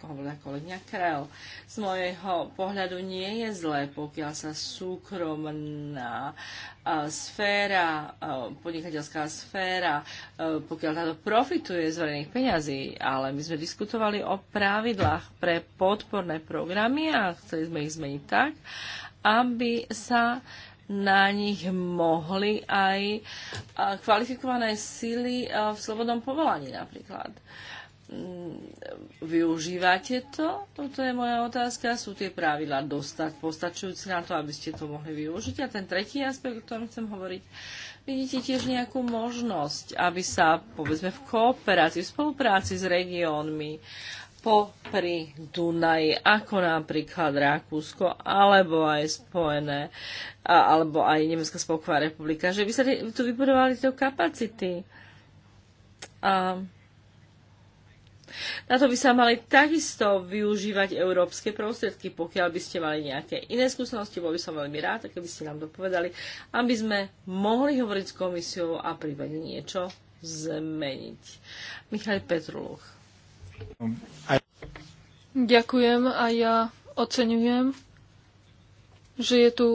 hovoril kolegyňa Krell. Z môjho pohľadu nie je zlé, pokiaľ sa súkromná sféra, podnikateľská sféra, pokiaľ táto profituje z verejných peňazí, ale my sme diskutovali o pravidlách pre podporné programy a chceli sme ich zmeniť tak, aby sa na nich mohli aj kvalifikované síly v slobodnom povolaní napríklad. Mm, využívate to? Toto je moja otázka. Sú tie pravidla dostať postačujúce na to, aby ste to mohli využiť? A ten tretí aspekt, o ktorom chcem hovoriť, vidíte tiež nejakú možnosť, aby sa, povedzme, v kooperácii, v spolupráci s regiónmi, popri Dunaji, ako napríklad Rakúsko, alebo aj Spojené, alebo aj Nemecká spolková republika, že by sa tu vybudovali tie kapacity. A na to by sa mali takisto využívať európske prostriedky, pokiaľ by ste mali nejaké iné skúsenosti, bol by som veľmi rád, keby ste nám to povedali, aby sme mohli hovoriť s komisiou a prípadne niečo zmeniť. Michal Petruloch. Ďakujem a ja oceňujem, že je tu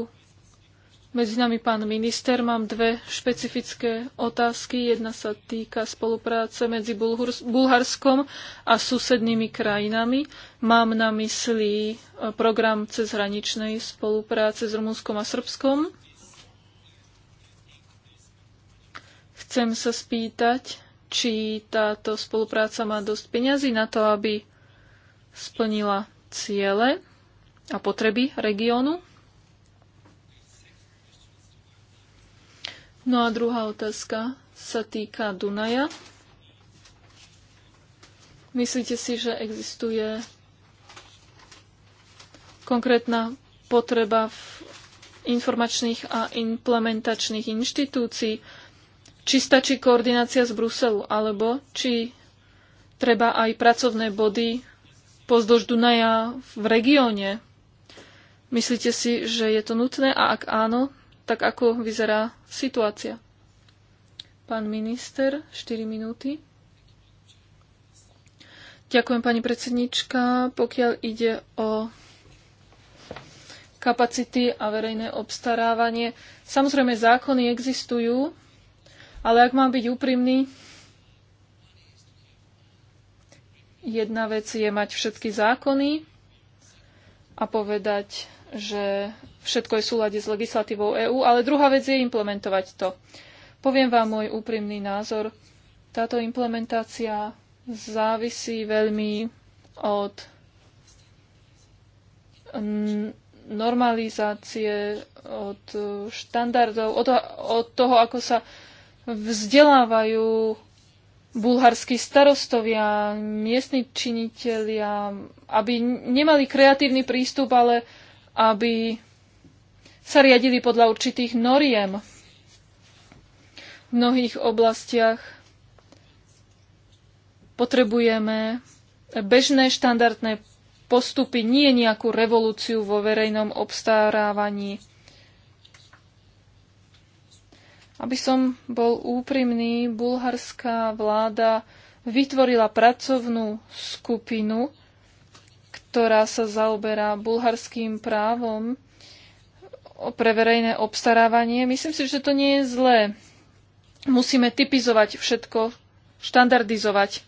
medzi nami pán minister. Mám dve špecifické otázky. Jedna sa týka spolupráce medzi Bulharskom a susednými krajinami. Mám na mysli e, program cezhraničnej spolupráce s Rumunskom a Srbskom. Chcem sa spýtať, či táto spolupráca má dosť peňazí na to, aby splnila ciele a potreby regiónu. No a druhá otázka sa týka Dunaja. Myslíte si, že existuje konkrétna potreba v informačných a implementačných inštitúcií, či stačí koordinácia z Bruselu, alebo či treba aj pracovné body pozdĺž Dunaja v regióne. Myslíte si, že je to nutné a ak áno, tak ako vyzerá situácia? Pán minister, 4 minúty. Ďakujem, pani predsednička. Pokiaľ ide o kapacity a verejné obstarávanie, samozrejme zákony existujú, ale ak mám byť úprimný, jedna vec je mať všetky zákony a povedať, že všetko je v súlade s legislatívou EÚ, ale druhá vec je implementovať to. Poviem vám môj úprimný názor. Táto implementácia závisí veľmi od normalizácie, od štandardov, od, od toho, ako sa vzdelávajú bulharskí starostovia, miestni činitelia, aby nemali kreatívny prístup, ale aby sa riadili podľa určitých noriem. V mnohých oblastiach potrebujeme bežné štandardné postupy, nie nejakú revolúciu vo verejnom obstarávaní. Aby som bol úprimný, bulharská vláda vytvorila pracovnú skupinu, ktorá sa zaoberá bulharským právom pre verejné obstarávanie. Myslím si, že to nie je zlé. Musíme typizovať všetko, štandardizovať.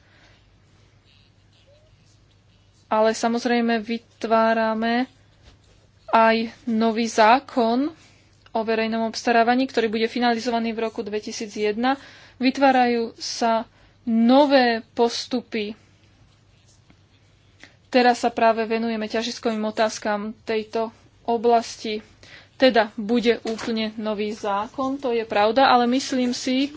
Ale samozrejme vytvárame aj nový zákon, o verejnom obstarávaní, ktorý bude finalizovaný v roku 2001, vytvárajú sa nové postupy. Teraz sa práve venujeme ťažiskovým otázkam tejto oblasti. Teda bude úplne nový zákon, to je pravda, ale myslím si,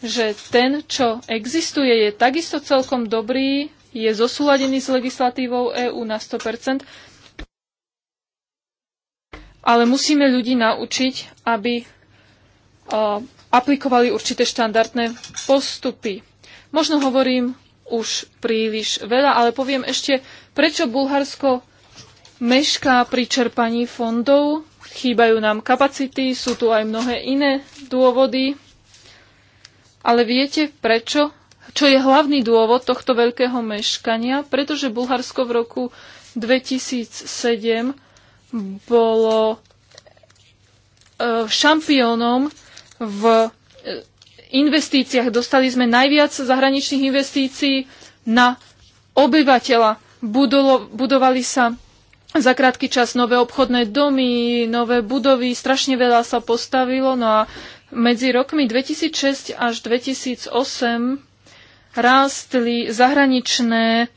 že ten, čo existuje, je takisto celkom dobrý, je zosúladený s legislatívou EÚ na 100%, ale musíme ľudí naučiť, aby eh, aplikovali určité štandardné postupy. Možno hovorím už príliš veľa, ale poviem ešte, prečo Bulharsko mešká pri čerpaní fondov. Chýbajú nám kapacity, sú tu aj mnohé iné dôvody. Ale viete prečo? Čo je hlavný dôvod tohto veľkého meškania? Pretože Bulharsko v roku 2007 bolo e, šampiónom v e, investíciách. Dostali sme najviac zahraničných investícií na obyvateľa. Budolo, budovali sa za krátky čas nové obchodné domy, nové budovy, strašne veľa sa postavilo. No a medzi rokmi 2006 až 2008 rástli zahraničné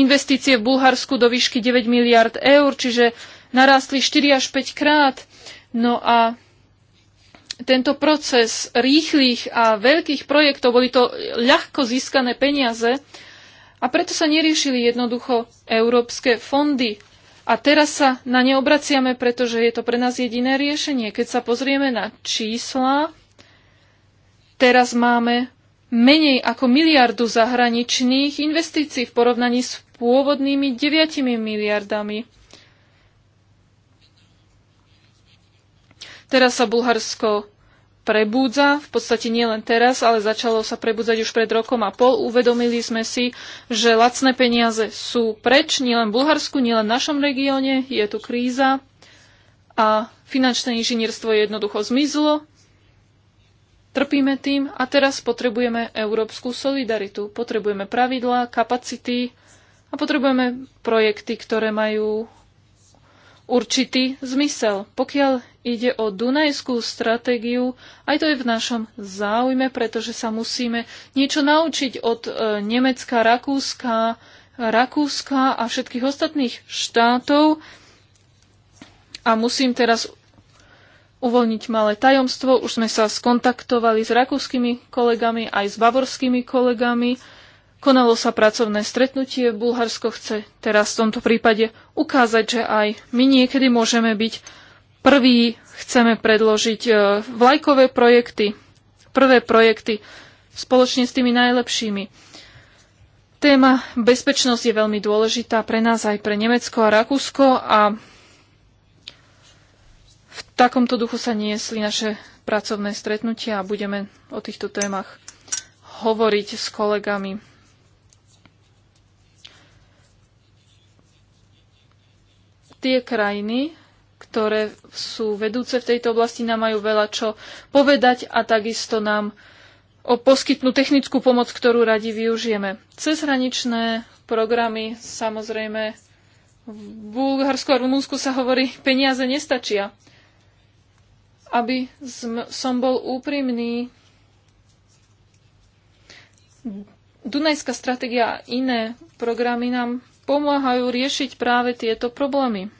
investície v Bulharsku do výšky 9 miliard eur, čiže narástli 4 až 5 krát. No a tento proces rýchlych a veľkých projektov, boli to ľahko získané peniaze a preto sa neriešili jednoducho európske fondy. A teraz sa na ne obraciame, pretože je to pre nás jediné riešenie. Keď sa pozrieme na čísla, teraz máme menej ako miliardu zahraničných investícií v porovnaní s pôvodnými 9 miliardami. Teraz sa Bulharsko prebúdza, v podstate nie len teraz, ale začalo sa prebudzať už pred rokom a pol. Uvedomili sme si, že lacné peniaze sú preč, nielen v Bulharsku, nielen v našom regióne, je tu kríza a finančné inžinierstvo jednoducho zmizlo Trpíme tým a teraz potrebujeme európsku solidaritu. Potrebujeme pravidlá, kapacity a potrebujeme projekty, ktoré majú určitý zmysel. Pokiaľ ide o Dunajskú stratégiu, aj to je v našom záujme, pretože sa musíme niečo naučiť od e, Nemecka, Rakúska, Rakúska a všetkých ostatných štátov. A musím teraz uvoľniť malé tajomstvo. Už sme sa skontaktovali s rakúskymi kolegami, aj s bavorskými kolegami. Konalo sa pracovné stretnutie. Bulharsko chce teraz v tomto prípade ukázať, že aj my niekedy môžeme byť prví. Chceme predložiť e, vlajkové projekty, prvé projekty spoločne s tými najlepšími. Téma bezpečnosť je veľmi dôležitá pre nás aj pre Nemecko a Rakúsko a takomto duchu sa niesli naše pracovné stretnutia a budeme o týchto témach hovoriť s kolegami. Tie krajiny, ktoré sú vedúce v tejto oblasti, nám majú veľa čo povedať a takisto nám o poskytnú technickú pomoc, ktorú radi využijeme. Cezhraničné programy, samozrejme, v Bulharsku a Rumunsku sa hovorí, peniaze nestačia aby som bol úprimný, Dunajská stratégia a iné programy nám pomáhajú riešiť práve tieto problémy.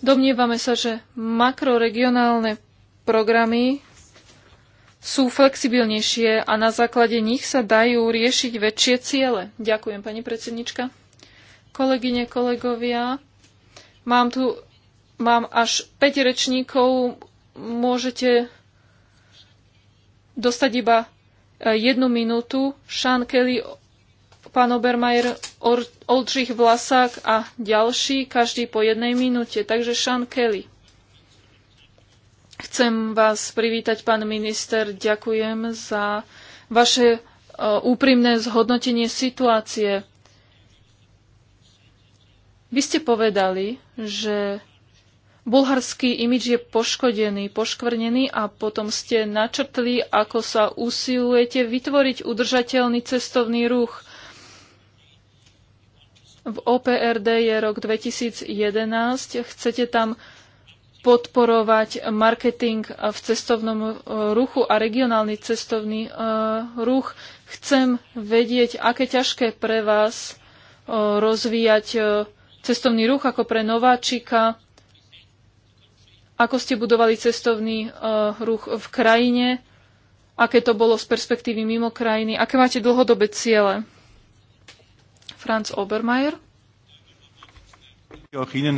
Domnievame sa, že makroregionálne programy sú flexibilnejšie a na základe nich sa dajú riešiť väčšie ciele. Ďakujem, pani predsednička. Kolegyne, kolegovia, mám tu mám až 5 rečníkov, môžete dostať iba e, jednu minútu. Sean Kelly, pán Obermajer, Oldřich Vlasák a ďalší, každý po jednej minúte. Takže Sean Kelly. Chcem vás privítať, pán minister. Ďakujem za vaše e, úprimné zhodnotenie situácie. Vy ste povedali, že bulharský imidž je poškodený, poškvrnený a potom ste načrtli, ako sa usilujete vytvoriť udržateľný cestovný ruch. V OPRD je rok 2011. Chcete tam podporovať marketing v cestovnom e, ruchu a regionálny cestovný e, ruch. Chcem vedieť, aké ťažké pre vás e, rozvíjať cestovný ruch ako pre nováčika, ako ste budovali cestovný uh, ruch v krajine, aké to bolo z perspektívy mimo krajiny, aké máte dlhodobé ciele. Franz Obermeier. Ďakujem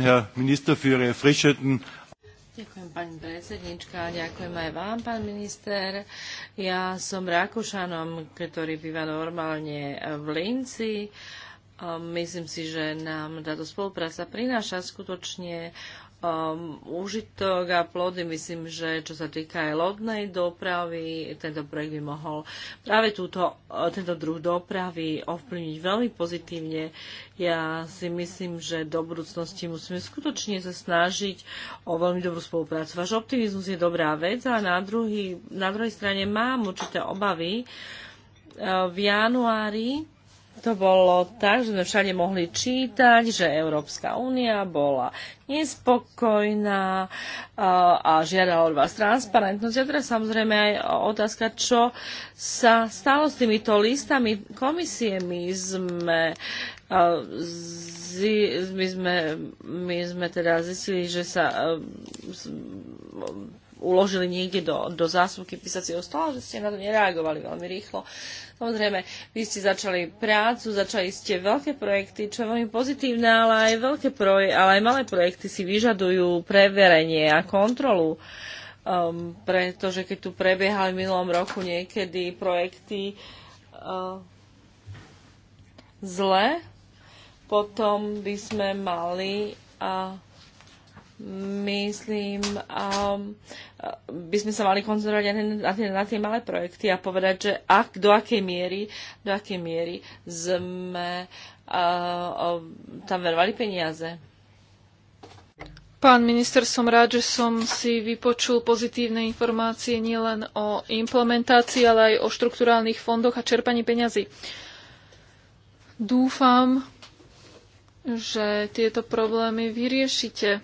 pani predsednička, ďakujem aj vám, pán minister. Ja som Rakúšanom, ktorý býva normálne v Linci. Uh, Myslím si, že nám táto spolupráca prináša skutočne um, užitok a plody. Myslím, že čo sa týka aj lodnej dopravy, tento projekt by mohol práve túto, tento druh dopravy ovplyvniť veľmi pozitívne. Ja si myslím, že do budúcnosti musíme skutočne sa snažiť o veľmi dobrú spoluprácu. Váš optimizmus je dobrá vec, ale na, druhý, na druhej strane mám určité obavy. V januári to bolo tak, že sme všade mohli čítať, že Európska únia bola nespokojná a žiadala od vás transparentnosť. A teraz samozrejme aj otázka, čo sa stalo s týmito listami komisie. My sme, my sme, my sme teda zistili, že sa uložili niekde do, do zásuvky písacieho stola, že ste na to nereagovali veľmi rýchlo. Samozrejme, vy ste začali prácu, začali ste veľké projekty, čo je veľmi pozitívne, ale aj, veľké proje- ale aj malé projekty si vyžadujú preverenie a kontrolu. Um, pretože keď tu prebiehali v minulom roku niekedy projekty uh, zle, potom by sme mali uh, myslím, um, by sme sa mali koncentrovať aj na tie, na tie malé projekty a povedať, že ak, do akej miery, do akej miery sme uh, um, tam verovali peniaze. Pán minister, som rád, že som si vypočul pozitívne informácie nielen o implementácii, ale aj o štrukturálnych fondoch a čerpaní peňazí. Dúfam, že tieto problémy vyriešite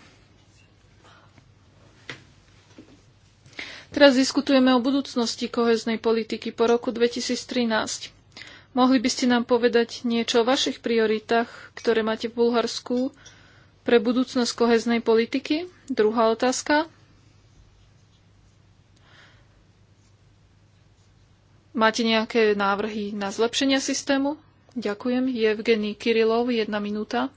Teraz diskutujeme o budúcnosti koheznej politiky po roku 2013. Mohli by ste nám povedať niečo o vašich prioritách, ktoré máte v Bulharsku pre budúcnosť koheznej politiky? Druhá otázka. Máte nejaké návrhy na zlepšenie systému? Ďakujem. Evgeny Kirilov, jedna minúta.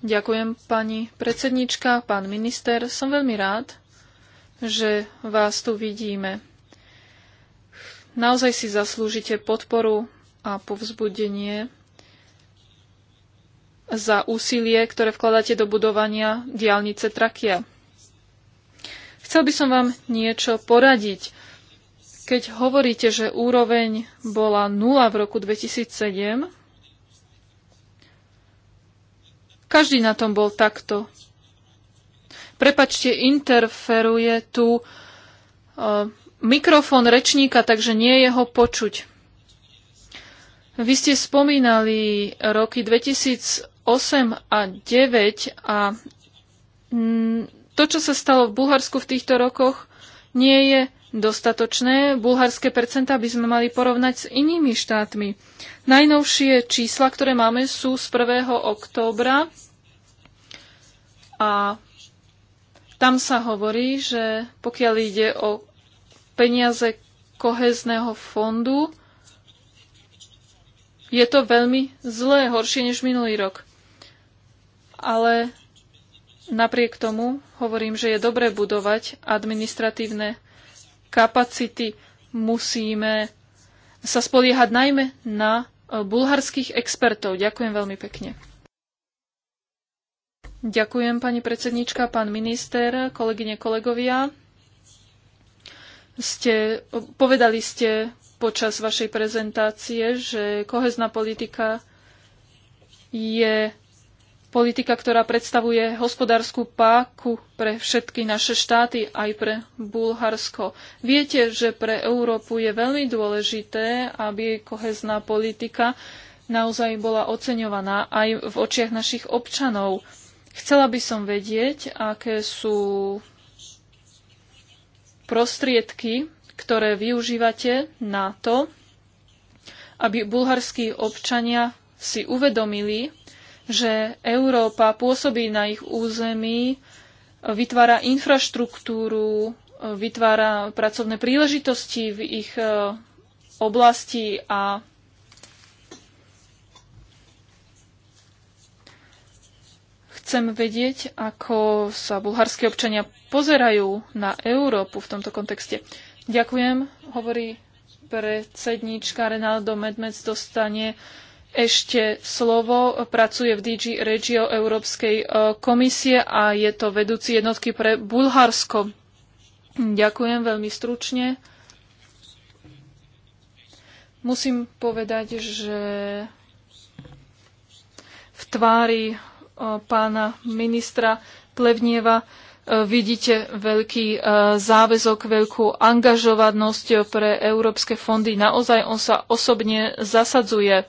Ďakujem, pani predsednička, pán minister. Som veľmi rád, že vás tu vidíme. Naozaj si zaslúžite podporu a povzbudenie za úsilie, ktoré vkladáte do budovania diálnice Trakia. Chcel by som vám niečo poradiť. Keď hovoríte, že úroveň bola nula v roku 2007, Každý na tom bol takto. Prepačte, interferuje tu uh, mikrofón rečníka, takže nie je ho počuť. Vy ste spomínali roky 2008 a 2009 a to, čo sa stalo v Bulharsku v týchto rokoch, nie je dostatočné bulharské percentá by sme mali porovnať s inými štátmi. Najnovšie čísla, ktoré máme, sú z 1. októbra a tam sa hovorí, že pokiaľ ide o peniaze kohezného fondu, je to veľmi zlé, horšie než minulý rok. Ale napriek tomu hovorím, že je dobre budovať administratívne kapacity. Musíme sa spoliehať najmä na e, bulharských expertov. Ďakujem veľmi pekne. Ďakujem, pani predsednička, pán minister, kolegyne, kolegovia. Ste, povedali ste počas vašej prezentácie, že kohezná politika je politika, ktorá predstavuje hospodárskú páku pre všetky naše štáty, aj pre Bulharsko. Viete, že pre Európu je veľmi dôležité, aby jej kohezná politika naozaj bola oceňovaná aj v očiach našich občanov. Chcela by som vedieť, aké sú prostriedky, ktoré využívate na to, aby bulharskí občania si uvedomili, že Európa pôsobí na ich území, vytvára infraštruktúru, vytvára pracovné príležitosti v ich e, oblasti a chcem vedieť, ako sa bulharskí občania pozerajú na Európu v tomto kontexte. Ďakujem, hovorí predsedníčka Renaldo Medmec dostane ešte slovo. Pracuje v DG Regio Európskej e, komisie a je to vedúci jednotky pre Bulharsko. Ďakujem veľmi stručne. Musím povedať, že v tvári e, pána ministra Plevnieva e, vidíte veľký záväzok, veľkú angažovanosť pre európske fondy. Naozaj on sa osobne zasadzuje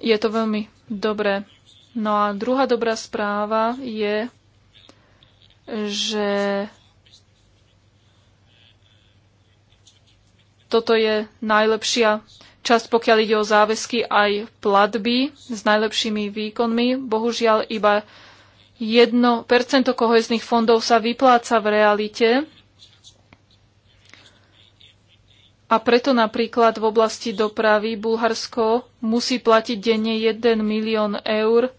je to veľmi dobré. No a druhá dobrá správa je, že toto je najlepšia časť, pokiaľ ide o záväzky aj platby s najlepšími výkonmi. Bohužiaľ iba 1% kohezných fondov sa vypláca v realite A preto napríklad v oblasti dopravy Bulharsko musí platiť denne 1 milión eur,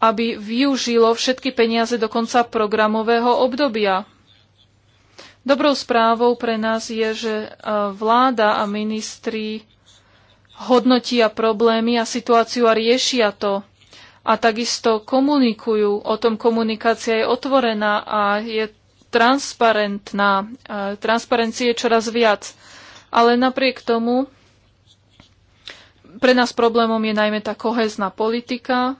aby využilo všetky peniaze do konca programového obdobia. Dobrou správou pre nás je, že e, vláda a ministri hodnotia problémy a situáciu a riešia to. A takisto komunikujú. O tom komunikácia je otvorená a je transparentná. E, transparencie je čoraz viac ale napriek tomu pre nás problémom je najmä tá kohezná politika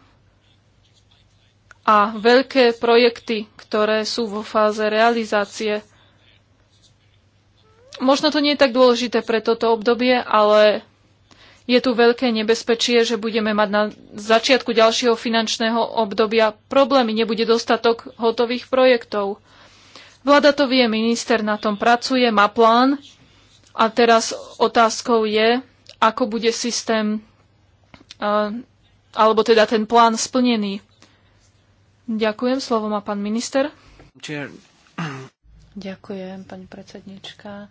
a veľké projekty, ktoré sú vo fáze realizácie. Možno to nie je tak dôležité pre toto obdobie, ale je tu veľké nebezpečie, že budeme mať na začiatku ďalšieho finančného obdobia problémy, nebude dostatok hotových projektov. Vláda to vie, minister na tom pracuje, má plán, a teraz otázkou je, ako bude systém alebo teda ten plán splnený. Ďakujem, slovo má pán minister. Ďakujem, pani predsednička.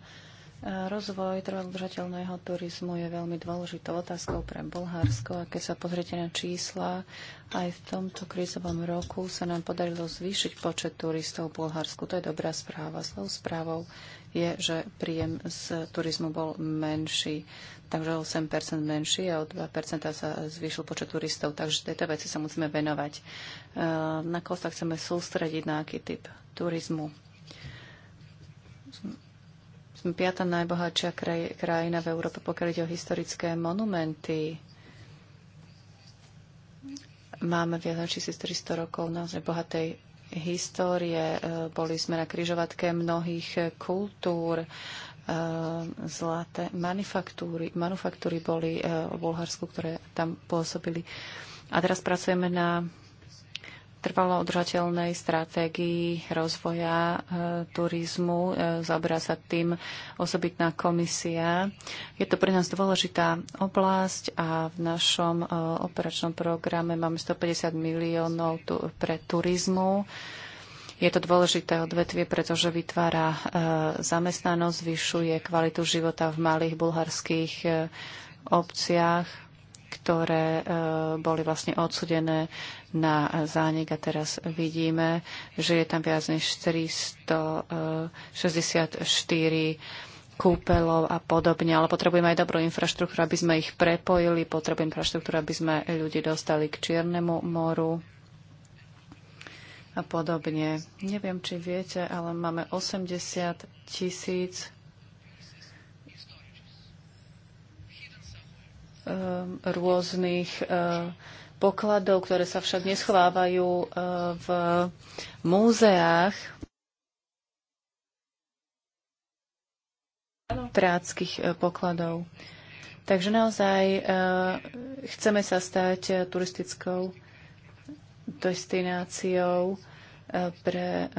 Rozvoj trvalodržateľného turizmu je veľmi dôležitou otázkou pre Bulharsko a keď sa pozriete na čísla, aj v tomto krízovom roku sa nám podarilo zvýšiť počet turistov v Bulharsku. To je dobrá správa. Zlou správou je, že príjem z turizmu bol menší, takže 8 menší a o 2 sa zvýšil počet turistov. Takže tejto veci sa musíme venovať. E, na koho sa chceme sústrediť, na aký typ turizmu. Sme piata najbohatšia krajina v Európe, pokiaľ ide o historické monumenty máme viac než 1300 rokov naozaj bohatej histórie. E, boli sme na križovatke mnohých kultúr. E, zlaté manufaktúry, manufaktúry boli e, v Bulharsku, ktoré tam pôsobili. A teraz pracujeme na trvalo udržateľnej stratégii rozvoja e, turizmu. E, zaoberá sa tým osobitná komisia. Je to pre nás dôležitá oblasť a v našom e, operačnom programe máme 150 miliónov tu, pre turizmu. Je to dôležité odvetvie, pretože vytvára e, zamestnanosť, zvyšuje kvalitu života v malých bulharských e, obciach ktoré e, boli vlastne odsudené na zánik a teraz vidíme, že je tam viac než 464 e, kúpelov a podobne, ale potrebujeme aj dobrú infraštruktúru, aby sme ich prepojili, potrebujeme infraštruktúru, aby sme ľudí dostali k Čiernemu moru a podobne. Neviem, či viete, ale máme 80 tisíc Ehm, rôznych ehm, pokladov, ktoré sa však neschovávajú ehm, v múzeách práckých pokladov. Takže naozaj chceme sa stať turistickou destináciou pre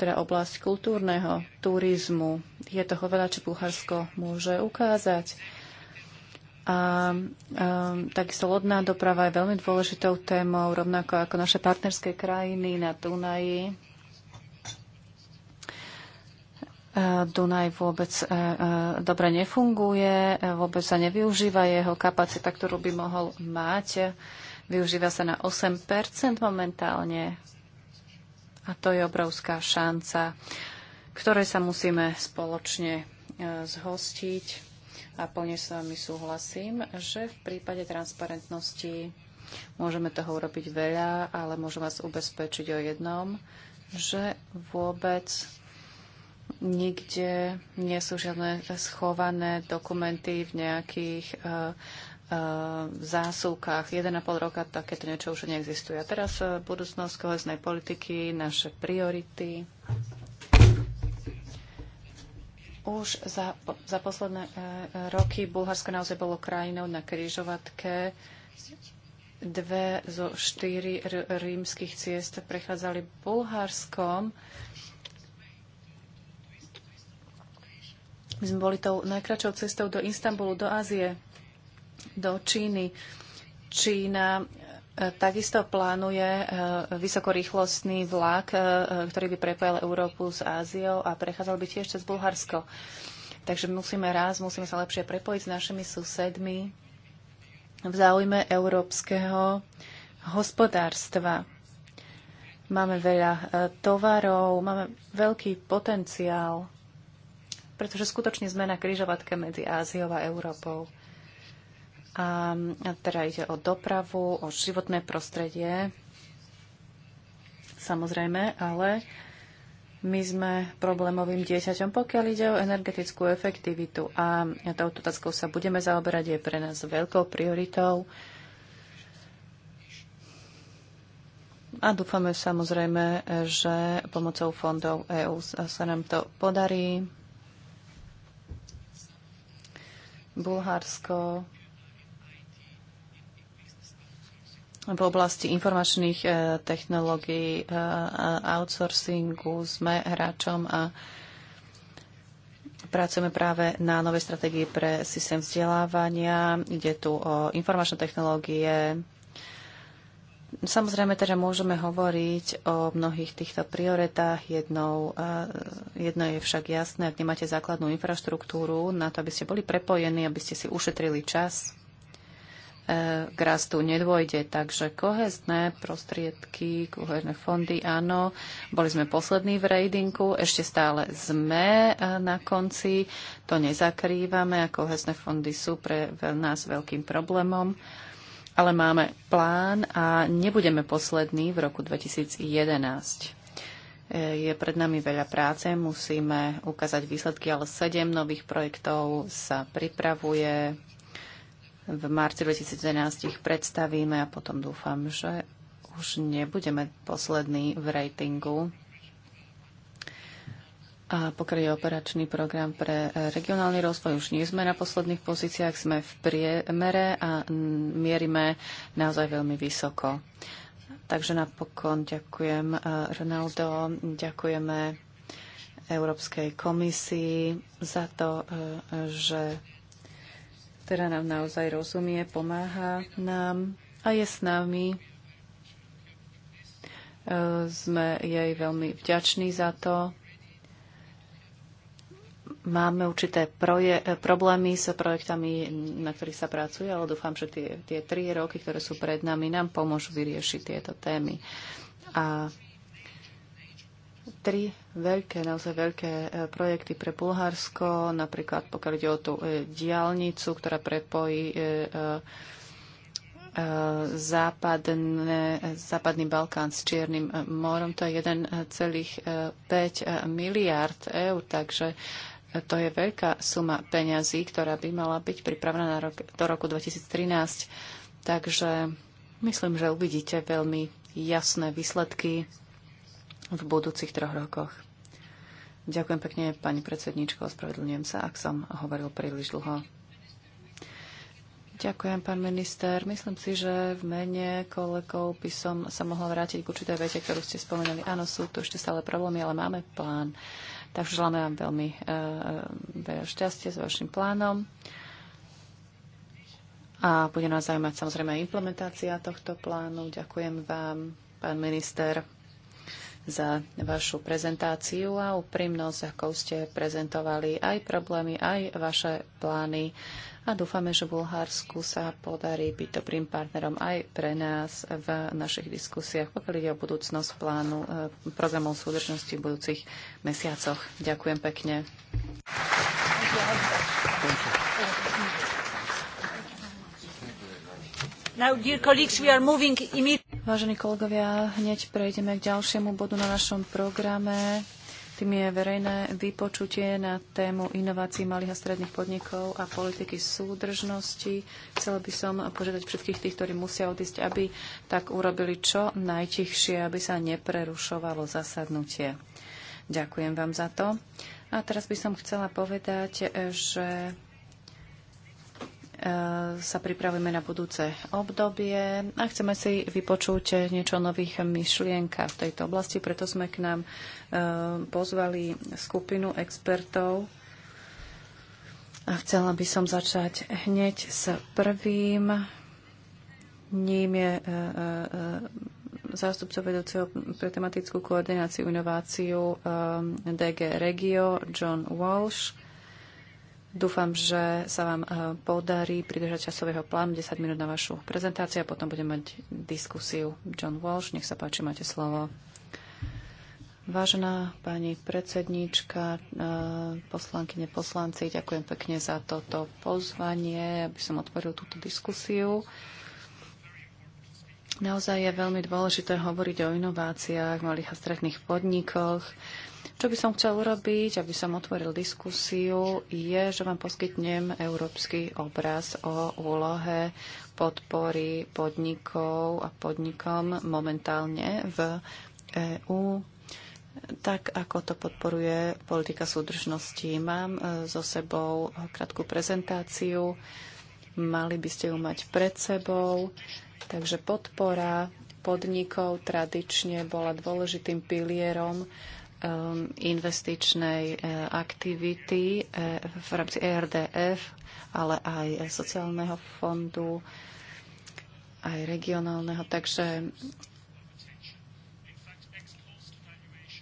teda oblasť kultúrneho turizmu. Je toho veľa, čo Bulharsko môže ukázať. A um, takisto lodná doprava je veľmi dôležitou témou, rovnako ako naše partnerské krajiny na Dunaji. Dunaj vôbec dobre nefunguje, vôbec sa nevyužíva jeho kapacita, ktorú by mohol mať. Využíva sa na 8 momentálne. A to je obrovská šanca, ktorej sa musíme spoločne zhostiť a plne s vami súhlasím, že v prípade transparentnosti môžeme toho urobiť veľa, ale môžem vás ubezpečiť o jednom, že vôbec nikde nie sú žiadne schované dokumenty v nejakých v e, e, zásuvkách 1,5 roka takéto niečo už neexistuje. A teraz e, budúcnosť koheznej politiky, naše priority. Už za, za posledné e, roky Bulharsko naozaj bolo krajinou na križovatke. Dve zo štyri rímskych ciest prechádzali Bulharskom. My sme boli tou najkračou cestou do Istanbulu, do Ázie, do Číny. Čína Takisto plánuje eh, vysokorýchlostný vlak, eh, eh, ktorý by prepojil Európu s Áziou a prechádzal by tiež cez Bulharsko. Takže musíme raz, musíme sa lepšie prepojiť s našimi susedmi v záujme európskeho hospodárstva. Máme veľa tovarov, máme veľký potenciál, pretože skutočne sme na kryžovatke medzi Áziou a Európou. A teda ide o dopravu, o životné prostredie, samozrejme, ale my sme problémovým dieťaťom, pokiaľ ide o energetickú efektivitu. A touto otázkou sa budeme zaoberať, je pre nás veľkou prioritou. A dúfame samozrejme, že pomocou fondov EÚ sa nám to podarí. Bulharsko v oblasti informačných e, technológií e, a outsourcingu sme hráčom a pracujeme práve na novej strategii pre systém vzdelávania. Ide tu o informačné technológie. Samozrejme, teda môžeme hovoriť o mnohých týchto prioritách. Jednou, e, jedno je však jasné, ak nemáte základnú infraštruktúru na to, aby ste boli prepojení, aby ste si ušetrili čas, E, k rastu nedôjde. Takže kohezné prostriedky, kohezné fondy, áno, boli sme poslední v rejdingu, ešte stále sme e, na konci, to nezakrývame a kohezné fondy sú pre nás veľkým problémom. Ale máme plán a nebudeme poslední v roku 2011. E, je pred nami veľa práce, musíme ukázať výsledky, ale sedem nových projektov sa pripravuje, v marci 2011 ich predstavíme a potom dúfam, že už nebudeme poslední v ratingu. A pokiaľ je operačný program pre regionálny rozvoj, už nie sme na posledných pozíciách, sme v priemere a mierime naozaj veľmi vysoko. Takže napokon ďakujem eh, Ronaldo, ďakujeme Európskej komisii za to, eh, že ktorá nám naozaj rozumie, pomáha nám a je s nami. E, sme jej veľmi vďační za to. Máme určité proje- e, problémy s projektami, na ktorých sa pracuje, ale dúfam, že tie, tie tri roky, ktoré sú pred nami, nám pomôžu vyriešiť tieto témy. A tri veľké, naozaj veľké e, projekty pre Bulharsko, napríklad pokiaľ ide o tú e, diálnicu, ktorá prepojí e, západne, západný Balkán s Čiernym morom. To je 1,5 miliard eur, takže to je veľká suma peňazí, ktorá by mala byť pripravená na rok, do roku 2013. Takže myslím, že uvidíte veľmi jasné výsledky v budúcich troch rokoch. Ďakujem pekne, pani predsedničko, ospravedlňujem sa, ak som hovoril príliš dlho. Ďakujem, pán minister. Myslím si, že v mene kolegov by som sa mohla vrátiť k určitej vete, ktorú ste spomenuli. Áno, sú tu ešte stále problémy, ale máme plán. Takže želáme vám veľmi e, veľa šťastie s vašim plánom. A bude nás zaujímať samozrejme aj implementácia tohto plánu. Ďakujem vám, pán minister za vašu prezentáciu a úprimnosť, ako ste prezentovali aj problémy, aj vaše plány. A dúfame, že Bulharsku sa podarí byť dobrým partnerom aj pre nás v našich diskusiách, pokiaľ ide o budúcnosť plánu e, programov súdržnosti v budúcich mesiacoch. Ďakujem pekne. Now, dear colleagues, we are moving immediately. Vážení kolegovia, hneď prejdeme k ďalšiemu bodu na našom programe. Tým je verejné vypočutie na tému inovácií malých a stredných podnikov a politiky súdržnosti. Chcela by som požiadať všetkých tých, ktorí musia odísť, aby tak urobili čo najtichšie, aby sa neprerušovalo zasadnutie. Ďakujem vám za to. A teraz by som chcela povedať, že Eh, sa pripravujeme na budúce obdobie a chceme si vypočuť niečo o nových myšlienkach v tejto oblasti, preto sme k nám eh, pozvali skupinu expertov. A chcela by som začať hneď s prvým. Ním je eh, zástupca vedúceho pre tematickú koordináciu inováciu DG Regio, John Walsh Dúfam, že sa vám eh, podarí pridržať časového plánu 10 minút na vašu prezentáciu a potom budeme mať diskusiu. John Walsh, nech sa páči, máte slovo. Vážená pani predsedníčka, eh, poslankyne, poslanci, ďakujem pekne za toto pozvanie, aby som otvoril túto diskusiu. Naozaj je veľmi dôležité hovoriť o inováciách, malých a stredných podnikoch čo by som chcel urobiť, aby som otvoril diskusiu, je, že vám poskytnem európsky obraz o úlohe podpory podnikov a podnikom momentálne v EÚ tak ako to podporuje politika súdržnosti. Mám e, so sebou krátku prezentáciu, mali by ste ju mať pred sebou, takže podpora podnikov tradične bola dôležitým pilierom Um, investičnej e, aktivity e, v rámci ERDF, ale aj sociálneho fondu, aj regionálneho. Takže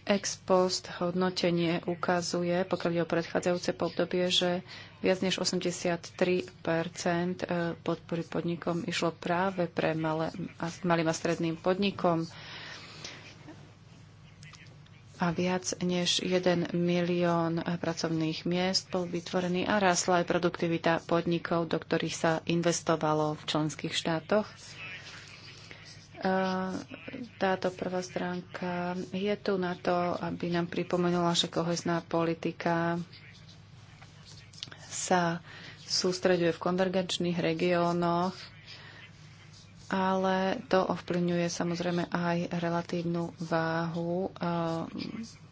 ex post hodnotenie ukazuje, pokiaľ je o predchádzajúce podobie, že viac než 83 e, podpory podnikom išlo práve pre malé, malým a stredným podnikom a viac než 1 milión pracovných miest bol vytvorený a rásla aj produktivita podnikov, do ktorých sa investovalo v členských štátoch. Táto prvá stránka je tu na to, aby nám pripomenula, že kohezná politika sa sústreďuje v konvergenčných regiónoch ale to ovplyvňuje samozrejme aj relatívnu váhu, eh,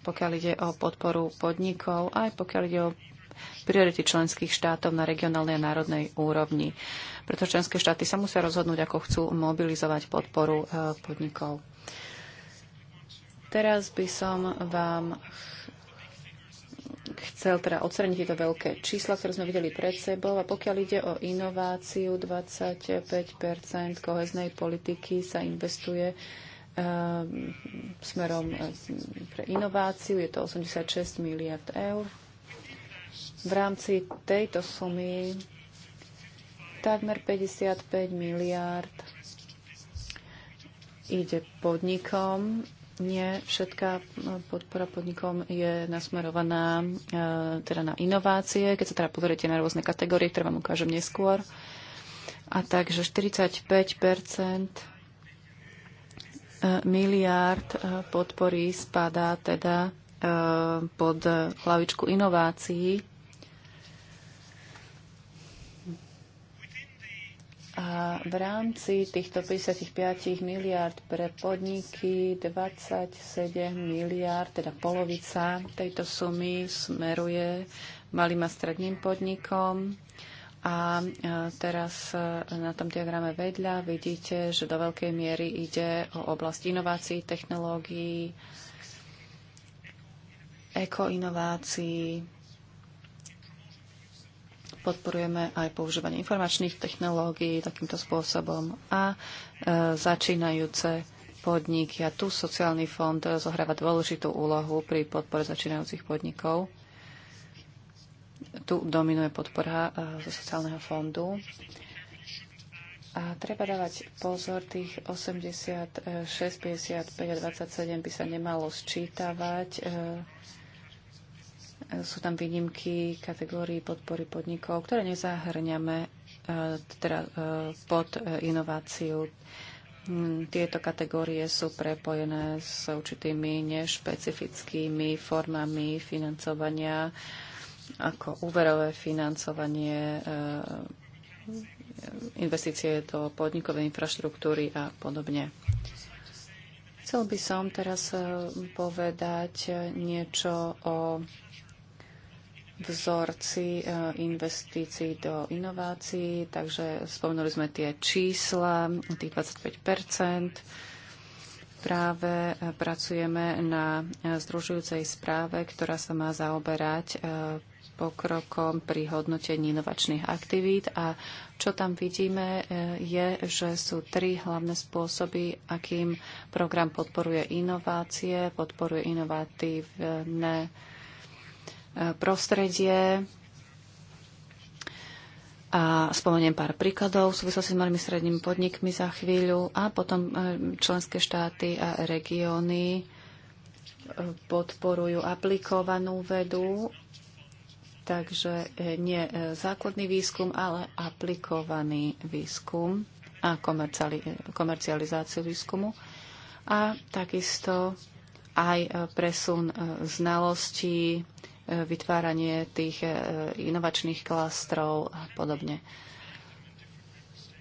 pokiaľ ide o podporu podnikov, aj pokiaľ ide o priority členských štátov na regionálnej a národnej úrovni. Preto členské štáty sa musia rozhodnúť, ako chcú mobilizovať podporu eh, podnikov. Teraz by som vám chcel teda odstraniť tieto veľké čísla, ktoré sme videli pred sebou. A pokiaľ ide o inováciu, 25 koheznej politiky sa investuje ehm, smerom ehm, pre inováciu. Je to 86 miliard eur. V rámci tejto sumy takmer 55 miliard ide podnikom nie, všetká podpora podnikom je nasmerovaná e, teda na inovácie, keď sa teda pozriete na rôzne kategórie, ktoré vám ukážem neskôr. A takže 45 e, miliárd e, podpory spadá teda pod hlavičku inovácií A v rámci týchto 55 miliard pre podniky 27 miliard, teda polovica tejto sumy smeruje malým a stredným podnikom. A teraz e, na tom diagrame vedľa vidíte, že do veľkej miery ide o oblasť inovácií, technológií, ekoinovácií, podporujeme aj používanie informačných technológií takýmto spôsobom a e, začínajúce podniky. A tu sociálny fond zohráva dôležitú úlohu pri podpore začínajúcich podnikov. Tu dominuje podpora e, zo sociálneho fondu. A treba dávať pozor, tých 86, 55 a 27 by sa nemalo sčítavať. E, sú tam výnimky kategórií podpory podnikov, ktoré nezahrňame e, teda e, pod e, inováciu. Mm, tieto kategórie sú prepojené s určitými nešpecifickými formami financovania, ako úverové financovanie, investície do podnikovej infraštruktúry a podobne. Chcel by som teraz povedať niečo o vzorci e, investícií do inovácií, takže spomenuli sme tie čísla, tých 25 práve e, pracujeme na e, združujúcej správe, ktorá sa má zaoberať pokrokom pri hodnotení inovačných aktivít a čo tam vidíme je, že sú tri hlavné spôsoby, akým program podporuje inovácie, podporuje inovatívne prostredie. A spomeniem pár príkladov v súvislosti s malými strednými podnikmi za chvíľu a potom e, členské štáty a regióny e, podporujú aplikovanú vedu, takže e, nie základný výskum, ale aplikovaný výskum a komercializáciu výskumu. A takisto aj presun znalostí vytváranie tých e, inovačných klastrov a podobne.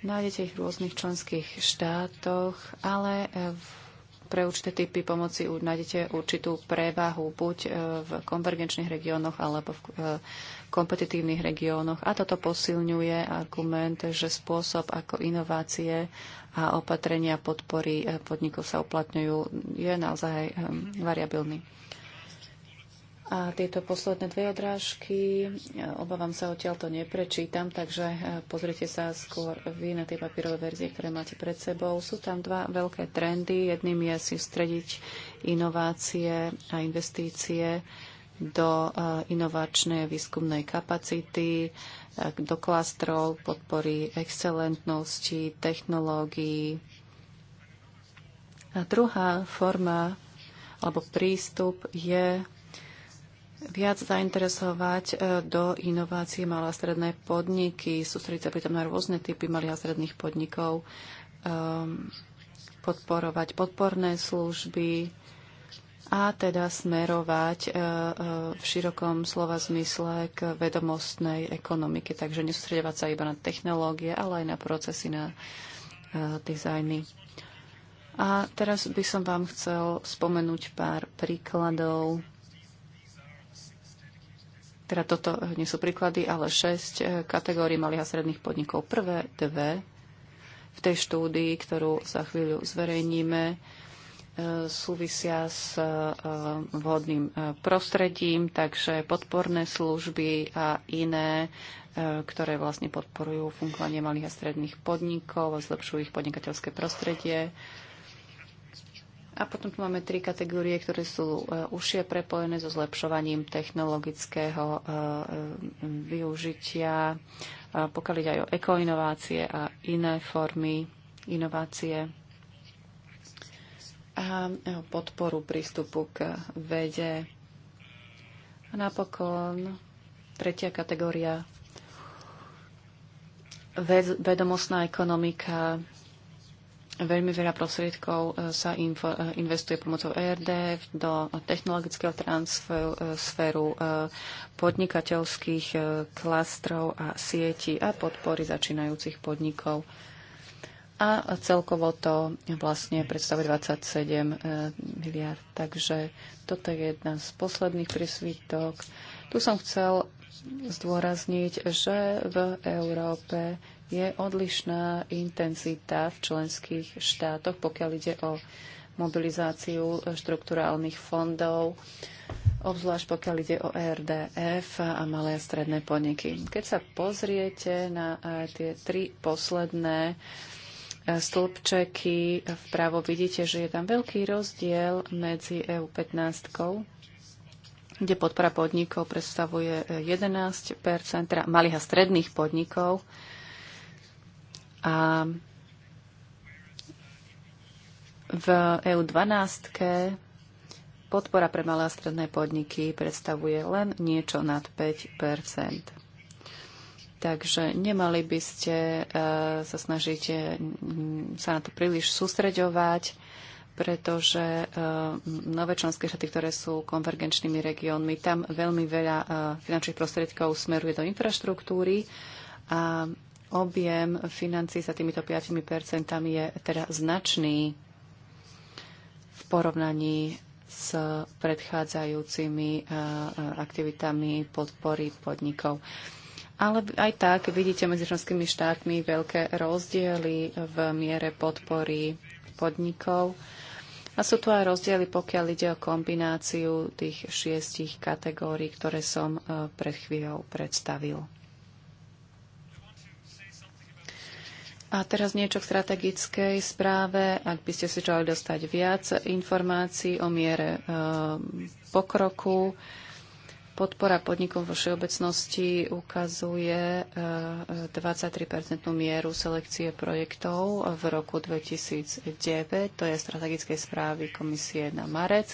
Nájdete ich v rôznych členských štátoch, ale e, v pre určité typy pomoci nájdete určitú prevahu buď e, v konvergenčných regiónoch alebo v kompetitívnych regiónoch. A toto posilňuje argument, že spôsob, ako inovácie a opatrenia podpory podnikov sa uplatňujú, je naozaj variabilný. A tieto posledné dve odrážky, e, obávam sa, odtiaľ to neprečítam, takže e, pozrite sa skôr vy na tie papierové verzie, ktoré máte pred sebou. Sú tam dva veľké trendy. Jedným je si strediť inovácie a investície do e, inovačnej výskumnej kapacity, do klastrov, podpory excelentnosti, technológií. A druhá forma alebo prístup je viac zainteresovať e, do inovácií malé a stredné podniky, sústrediť sa pritom na rôzne typy malých a stredných podnikov, ehm, podporovať podporné služby a teda smerovať e, e, v širokom slova zmysle k vedomostnej ekonomike. Takže nesústredovať sa iba na technológie, ale aj na procesy, na dizajny. A teraz by som vám chcel spomenúť pár príkladov teda toto nie sú príklady, ale 6 eh, kategórií malých a stredných podnikov. Prvé dve v tej štúdii, ktorú za chvíľu zverejníme, eh, súvisia s eh, vhodným prostredím, takže podporné služby a iné, ktoré vlastne podporujú fungovanie malých a stredných podnikov a zlepšujú ich podnikateľské prostredie. A potom tu máme tri kategórie, ktoré sú e, užšie prepojené so zlepšovaním technologického e, e, využitia, pokiaľ ide aj o ekoinovácie a iné formy inovácie a podporu prístupu k vede. A napokon tretia kategória vedomostná ekonomika, Veľmi veľa prostriedkov e, sa e, investuje pomocou ERD do technologického transferu e, podnikateľských klastrov a sietí a podpory začínajúcich podnikov. A celkovo to vlastne predstavuje 27 miliard. Takže toto je jedna z posledných prísvitok. Tu som chcel zdôrazniť, že v Európe je odlišná intenzita v členských štátoch, pokiaľ ide o mobilizáciu štrukturálnych fondov, obzvlášť pokiaľ ide o e RDF a malé a stredné podniky. Keď sa pozriete na e, tie tri posledné e, stĺpčeky vpravo, vidíte, že je tam veľký rozdiel medzi EU15 kde podpora podnikov predstavuje 11 teda malých a stredných podnikov a v EU12 podpora pre malé a stredné podniky predstavuje len niečo nad 5 Takže nemali by ste e, sa snažiť e, sa na to príliš sústreďovať, pretože e, nové členské štáty, ktoré sú konvergenčnými regiónmi, tam veľmi veľa finančných prostriedkov smeruje do infraštruktúry a objem financí sa týmito 5% je teda značný v porovnaní s predchádzajúcimi eh, eh, aktivitami podpory podnikov. Ale aj tak vidíte medzi členskými štátmi veľké rozdiely v miere podpory podnikov. A sú tu aj rozdiely, pokiaľ ide o kombináciu tých šiestich kategórií, ktoré som eh, pred chvíľou predstavil. A teraz niečo k strategickej správe. Ak by ste si želali dostať viac informácií o miere e, pokroku, podpora podnikov vo všeobecnosti ukazuje 23-percentnú e, mieru selekcie projektov v roku 2009. To je strategickej správy komisie na marec.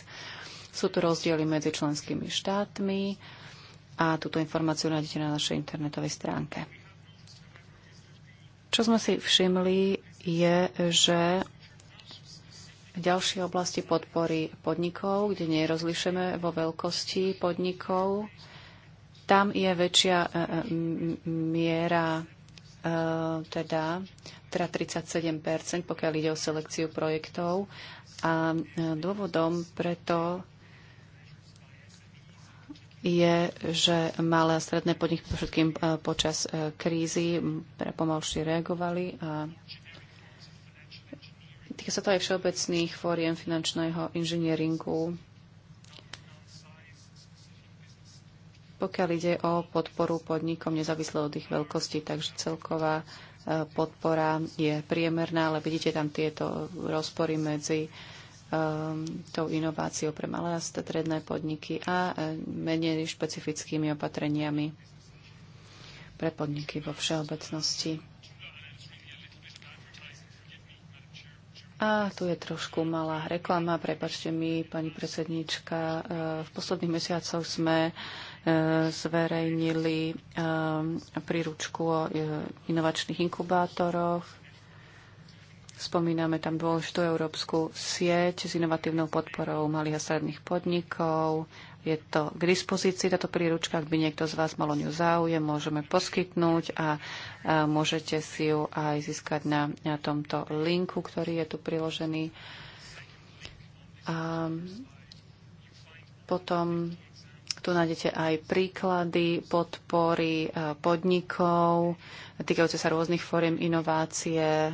Sú tu rozdiely medzi členskými štátmi a túto informáciu nájdete na našej internetovej stránke. Čo sme si všimli je, že ďalšie oblasti podpory podnikov, kde nerozlišujeme vo veľkosti podnikov, tam je väčšia e, e, miera e, teda, teda 37%, pokiaľ ide o selekciu projektov. A dôvodom preto je, že malé a stredné podniky, všetkým e, počas e, krízy, teda pomalšie reagovali a týka sa to aj všeobecných fóriem finančného inžinieringu. Pokiaľ ide o podporu podnikom nezávisle od ich veľkosti, takže celková e, podpora je priemerná, ale vidíte tam tieto rozpory medzi Um, tou inováciou pre malé a stredné podniky a e, menej špecifickými opatreniami pre podniky vo všeobecnosti. A tu je trošku malá reklama. Prepačte mi, pani predsednička. E, v posledných mesiacoch sme e, zverejnili príručku o inovačných inkubátoroch Spomíname tam dôležitú európsku sieť s inovatívnou podporou malých a stredných podnikov. Je to k dispozícii táto príručka, ak by niekto z vás mal o ňu záujem, môžeme poskytnúť a, a môžete si ju aj získať na, na tomto linku, ktorý je tu priložený. A potom tu nájdete aj príklady podpory podnikov, týkajúce sa rôznych fóriem inovácie,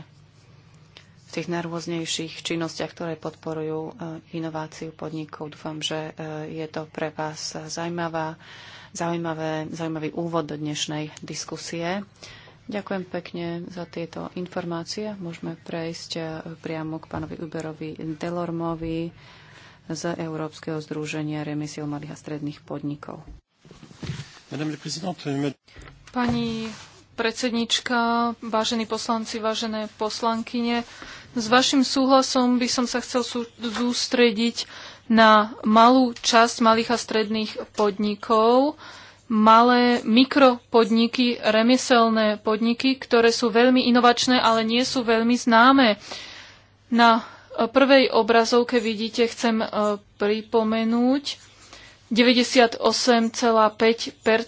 v tých najrôznejších činnostiach, ktoré podporujú e, inováciu podnikov. Dúfam, že e, je to pre vás zaujímavá, zaujímavé, zaujímavý úvod do dnešnej diskusie. Ďakujem pekne za tieto informácie. Môžeme prejsť e, priamo k pánovi Uberovi Delormovi z Európskeho združenia remisiel malých a stredných podnikov. Pani predsednička, vážení poslanci, vážené poslankyne, s vašim súhlasom by som sa chcel zústrediť na malú časť malých a stredných podnikov, malé mikropodniky, remeselné podniky, ktoré sú veľmi inovačné, ale nie sú veľmi známe. Na e, prvej obrazovke vidíte, chcem e, pripomenúť, 98,5 e,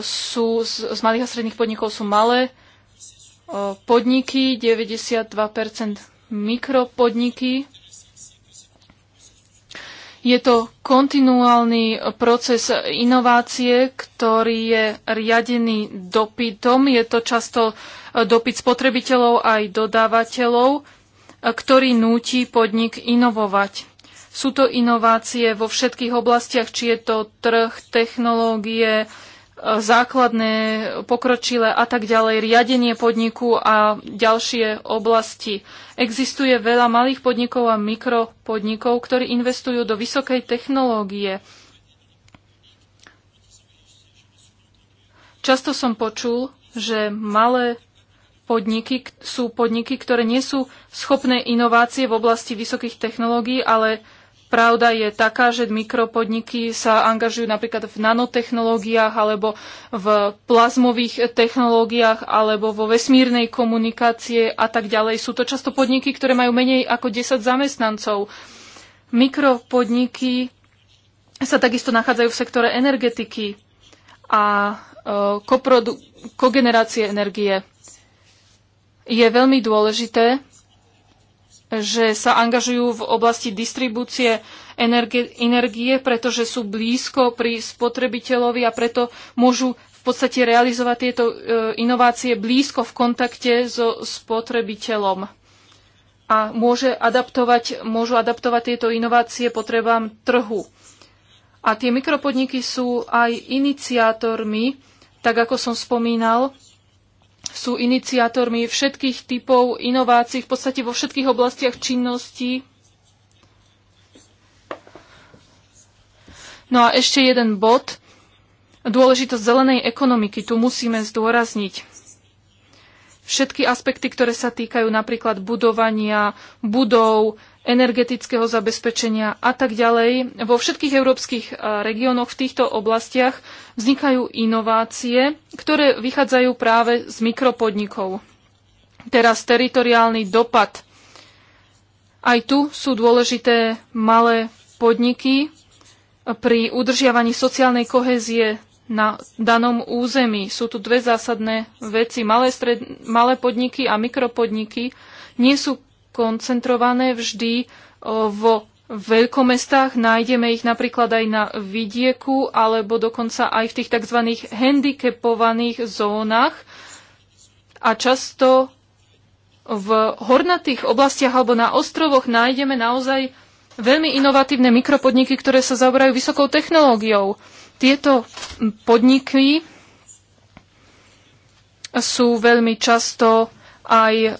sú z, z malých a stredných podnikov sú malé podniky, 92% mikropodniky. Je to kontinuálny proces inovácie, ktorý je riadený dopytom. Je to často e, dopyt spotrebiteľov aj dodávateľov, e, ktorý núti podnik inovovať. Sú to inovácie vo všetkých oblastiach, či je to trh, technológie, základné, pokročilé a tak ďalej, riadenie podniku a ďalšie oblasti. Existuje veľa malých podnikov a mikropodnikov, ktorí investujú do vysokej technológie. Často som počul, že malé podniky sú podniky, ktoré nie sú schopné inovácie v oblasti vysokých technológií, ale Pravda je taká, že mikropodniky sa angažujú napríklad v nanotechnológiách alebo v plazmových technológiách alebo vo vesmírnej komunikácie a tak ďalej. Sú to často podniky, ktoré majú menej ako 10 zamestnancov. Mikropodniky sa takisto nachádzajú v sektore energetiky a e, kogenerácie energie. Je veľmi dôležité, že sa angažujú v oblasti distribúcie energie, energie, pretože sú blízko pri spotrebiteľovi a preto môžu v podstate realizovať tieto e, inovácie blízko v kontakte so spotrebiteľom a môže adaptovať, môžu adaptovať tieto inovácie potrebám trhu. A tie mikropodniky sú aj iniciátormi, tak ako som spomínal, sú iniciátormi všetkých typov inovácií v podstate vo všetkých oblastiach činnosti. No a ešte jeden bod. Dôležitosť zelenej ekonomiky tu musíme zdôrazniť. Všetky aspekty, ktoré sa týkajú napríklad budovania budov, energetického zabezpečenia a tak ďalej. Vo všetkých európskych eh, regiónoch v týchto oblastiach vznikajú inovácie, ktoré vychádzajú práve z mikropodnikov. Teraz teritoriálny dopad. Aj tu sú dôležité malé podniky pri udržiavaní sociálnej kohézie na danom území. Sú tu dve zásadné veci. Malé, stred, malé podniky a mikropodniky nie sú koncentrované vždy e, v veľkomestách, nájdeme ich napríklad aj na vidieku alebo dokonca aj v tých tzv. handicapovaných zónach a často v hornatých oblastiach alebo na ostrovoch nájdeme naozaj veľmi inovatívne mikropodniky, ktoré sa zaoberajú vysokou technológiou. Tieto podniky sú veľmi často aj e,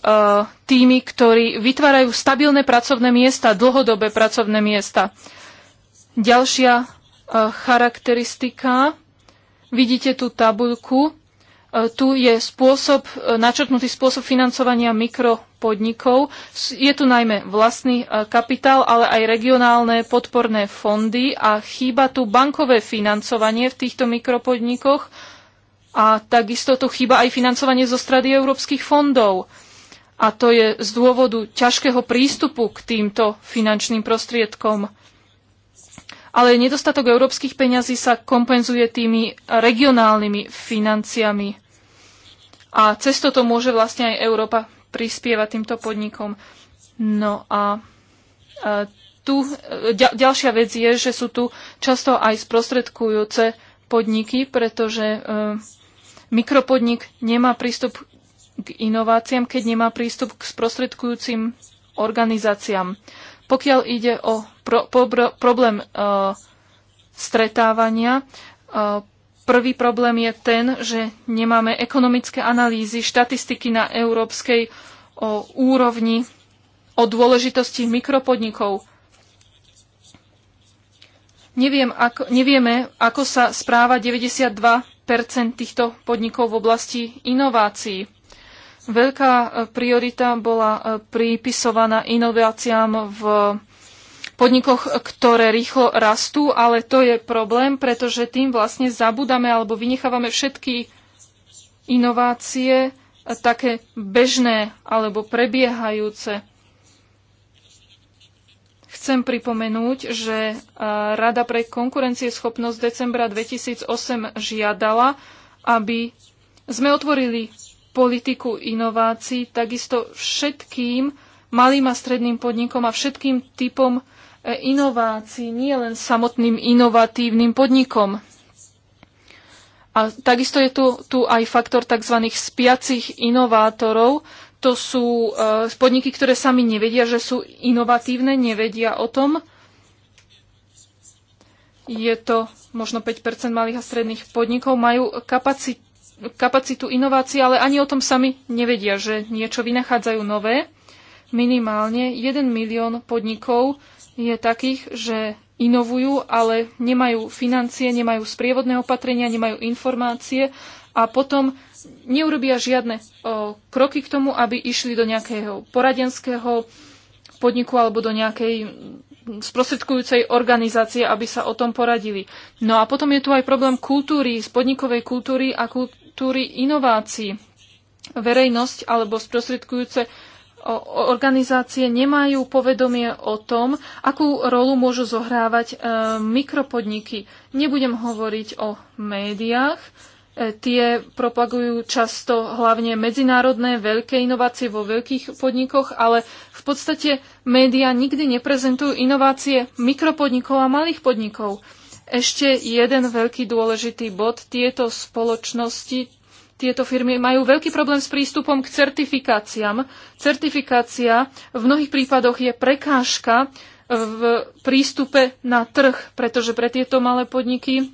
tými, ktorí vytvárajú stabilné pracovné miesta, dlhodobé pracovné miesta. Ďalšia e, charakteristika, vidíte tú tabuľku, e, tu je spôsob, načrtnutý spôsob financovania mikropodnikov. Je tu najmä vlastný kapitál, ale aj regionálne podporné fondy a chýba tu bankové financovanie v týchto mikropodnikoch a takisto tu chýba aj financovanie zo strady európskych fondov. A to je z dôvodu ťažkého prístupu k týmto finančným prostriedkom. Ale nedostatok európskych peňazí sa kompenzuje tými regionálnymi financiami. A cez toto môže vlastne aj Európa prispievať týmto podnikom. No a, a e, tu e, ďalšia vec je, že sú tu často aj sprostredkujúce podniky, pretože e, Mikropodnik nemá prístup k inováciám, keď nemá prístup k sprostredkujúcim organizáciám. Pokiaľ ide o pro, problém uh, stretávania, uh, prvý problém je ten, že nemáme ekonomické analýzy, štatistiky na európskej e, úrovni o dôležitosti mikropodnikov. Neviem, ako, nevieme, ako sa správa 92 percent týchto podnikov v oblasti inovácií. Veľká e, priorita bola e, pripisovaná inováciám v podnikoch, ktoré rýchlo rastú, ale to je problém, pretože tým vlastne zabudáme alebo vynechávame všetky inovácie e, také bežné alebo prebiehajúce. Chcem pripomenúť, že e, Rada pre konkurencieschopnosť decembra 2008 žiadala, aby sme otvorili politiku inovácií takisto všetkým malým a stredným podnikom a všetkým typom e, inovácií, nie len samotným inovatívnym podnikom. A takisto je tu, tu aj faktor tzv. spiacich inovátorov, to sú e, podniky, ktoré sami nevedia, že sú inovatívne, nevedia o tom. Je to možno 5 malých a stredných podnikov, majú kapacitu kapacitu inovácií, ale ani o tom sami nevedia, že niečo vynachádzajú nové. Minimálne 1 milión podnikov je takých, že inovujú, ale nemajú financie, nemajú sprievodné opatrenia, nemajú informácie a potom neurobia žiadne o, kroky k tomu, aby išli do nejakého poradenského podniku alebo do nejakej sprostredkujúcej organizácie, aby sa o tom poradili. No a potom je tu aj problém kultúry, spodnikovej kultúry a kultúry inovácií. Verejnosť alebo sprostredkujúce organizácie nemajú povedomie o tom, akú rolu môžu zohrávať e, mikropodniky. Nebudem hovoriť o médiách, Tie propagujú často hlavne medzinárodné veľké inovácie vo veľkých podnikoch, ale v podstate médiá nikdy neprezentujú inovácie mikropodnikov a malých podnikov. Ešte jeden veľký dôležitý bod. Tieto spoločnosti, tieto firmy majú veľký problém s prístupom k certifikáciám. Certifikácia v mnohých prípadoch je prekážka v prístupe na trh, pretože pre tieto malé podniky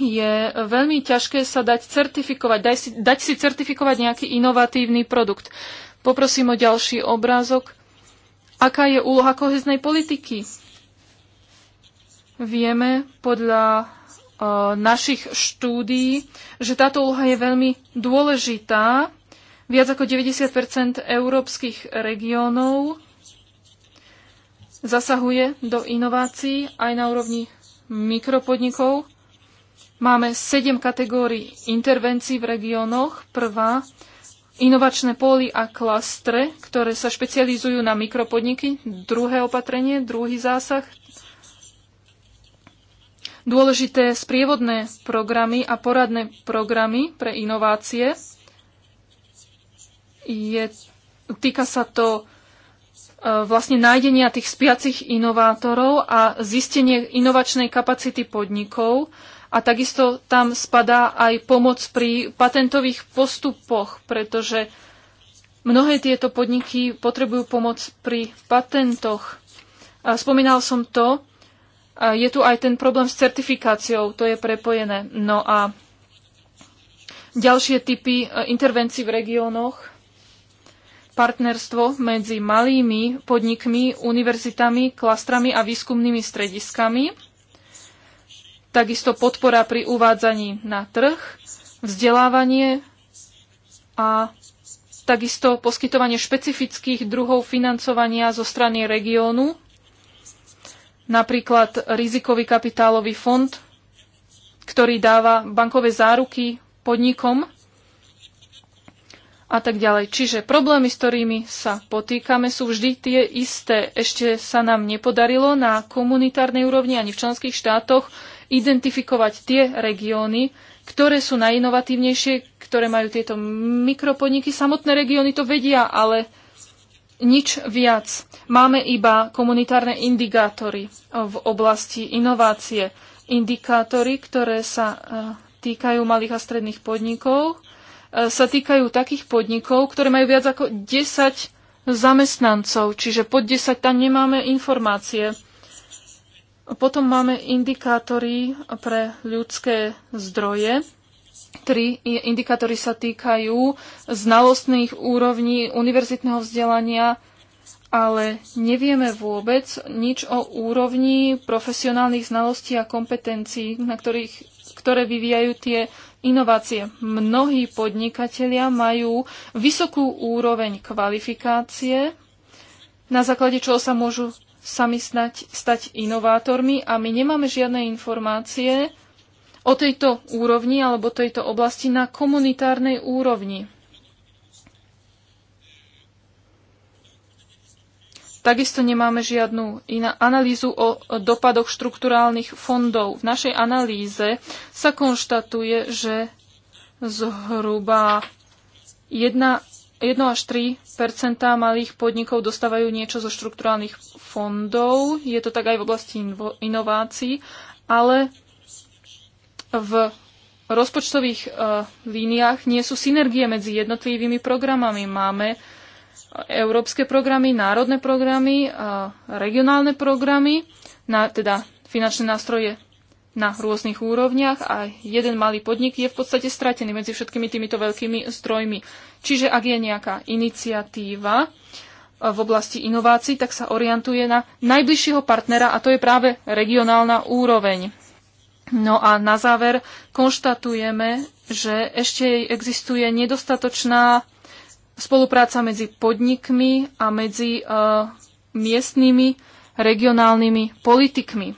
je veľmi ťažké sa dať certifikovať, dať si, dať si certifikovať nejaký inovatívny produkt. Poprosím o ďalší obrázok. Aká je úloha koheznej politiky? Vieme podľa uh, našich štúdií, že táto úloha je veľmi dôležitá. Viac ako 90 európskych regiónov zasahuje do inovácií aj na úrovni mikropodnikov Máme sedem kategórií intervencií v regiónoch. Prvá, inovačné póly a klastre, ktoré sa špecializujú na mikropodniky. Druhé opatrenie, druhý zásah. Dôležité sprievodné programy a poradné programy pre inovácie. Je, týka sa to e, vlastne nájdenia tých spiacich inovátorov a zistenie inovačnej kapacity podnikov a takisto tam spadá aj pomoc pri patentových postupoch, pretože mnohé tieto podniky potrebujú pomoc pri patentoch. A spomínal som to, a je tu aj ten problém s certifikáciou, to je prepojené. No a ďalšie typy e, intervencií v regiónoch, partnerstvo medzi malými podnikmi, univerzitami, klastrami a výskumnými strediskami takisto podpora pri uvádzaní na trh, vzdelávanie a takisto poskytovanie špecifických druhov financovania zo strany regiónu, napríklad rizikový kapitálový fond, ktorý dáva bankové záruky podnikom a tak ďalej. Čiže problémy, s ktorými sa potýkame, sú vždy tie isté. Ešte sa nám nepodarilo na komunitárnej úrovni ani v členských štátoch identifikovať tie regióny, ktoré sú najinovatívnejšie, ktoré majú tieto mikropodniky. Samotné regióny to vedia, ale nič viac. Máme iba komunitárne indikátory v oblasti inovácie. Indikátory, ktoré sa e, týkajú malých a stredných podnikov, e, sa týkajú takých podnikov, ktoré majú viac ako 10 zamestnancov, čiže pod 10 tam nemáme informácie. Potom máme indikátory pre ľudské zdroje. Tri indikátory sa týkajú znalostných úrovní univerzitného vzdelania, ale nevieme vôbec nič o úrovni profesionálnych znalostí a kompetencií, na ktorých, ktoré vyvíjajú tie inovácie. Mnohí podnikatelia majú vysokú úroveň kvalifikácie, na základe čoho sa môžu sami snať, stať inovátormi a my nemáme žiadne informácie o tejto úrovni alebo tejto oblasti na komunitárnej úrovni. Takisto nemáme žiadnu iná analýzu o dopadoch štrukturálnych fondov. V našej analýze sa konštatuje, že zhruba jedna 1 až 3 malých podnikov dostávajú niečo zo štrukturálnych fondov. Je to tak aj v oblasti inovácií, ale v rozpočtových uh, líniách nie sú synergie medzi jednotlivými programami. Máme e, európske programy, národné programy, uh, regionálne programy, na, teda finančné nástroje na rôznych úrovniach a jeden malý podnik je v podstate stratený medzi všetkými týmito veľkými zdrojmi. Čiže ak je nejaká iniciatíva eh, v oblasti inovácií, tak sa orientuje na najbližšieho partnera a to je práve regionálna úroveň. No a na záver konštatujeme, že ešte existuje nedostatočná spolupráca medzi podnikmi a medzi uh, miestnymi regionálnymi politikmi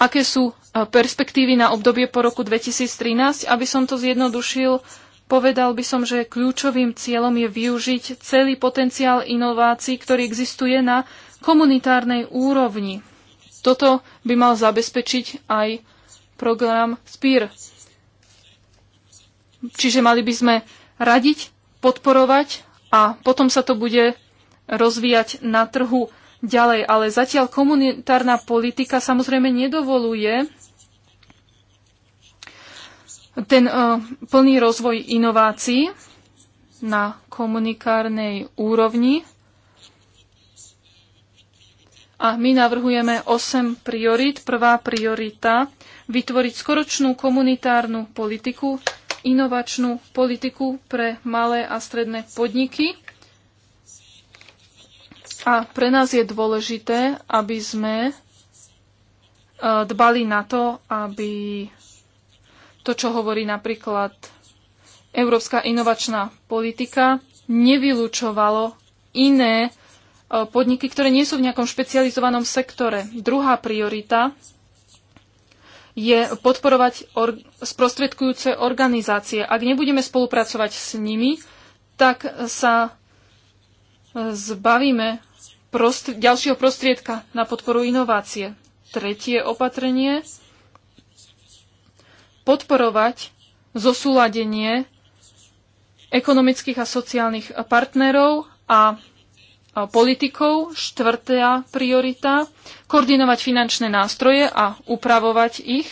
aké sú e, perspektívy na obdobie po roku 2013. Aby som to zjednodušil, povedal by som, že kľúčovým cieľom je využiť celý potenciál inovácií, ktorý existuje na komunitárnej úrovni. Toto by mal zabezpečiť aj program SPIR. Čiže mali by sme radiť, podporovať a potom sa to bude rozvíjať na trhu ďalej. Ale zatiaľ komunitárna politika samozrejme nedovoluje ten uh, plný rozvoj inovácií na komunikárnej úrovni. A my navrhujeme 8 priorit. Prvá priorita vytvoriť skoročnú komunitárnu politiku, inovačnú politiku pre malé a stredné podniky a pre nás je dôležité, aby sme e, dbali na to, aby to, čo hovorí napríklad Európska inovačná politika, nevylučovalo iné e, podniky, ktoré nie sú v nejakom špecializovanom sektore. Druhá priorita je podporovať or- sprostredkujúce organizácie. Ak nebudeme spolupracovať s nimi, tak sa e, zbavíme ďalšieho prostriedka na podporu inovácie. Tretie opatrenie podporovať zosúladenie ekonomických a sociálnych partnerov a politikov. Štvrtá priorita koordinovať finančné nástroje a upravovať ich.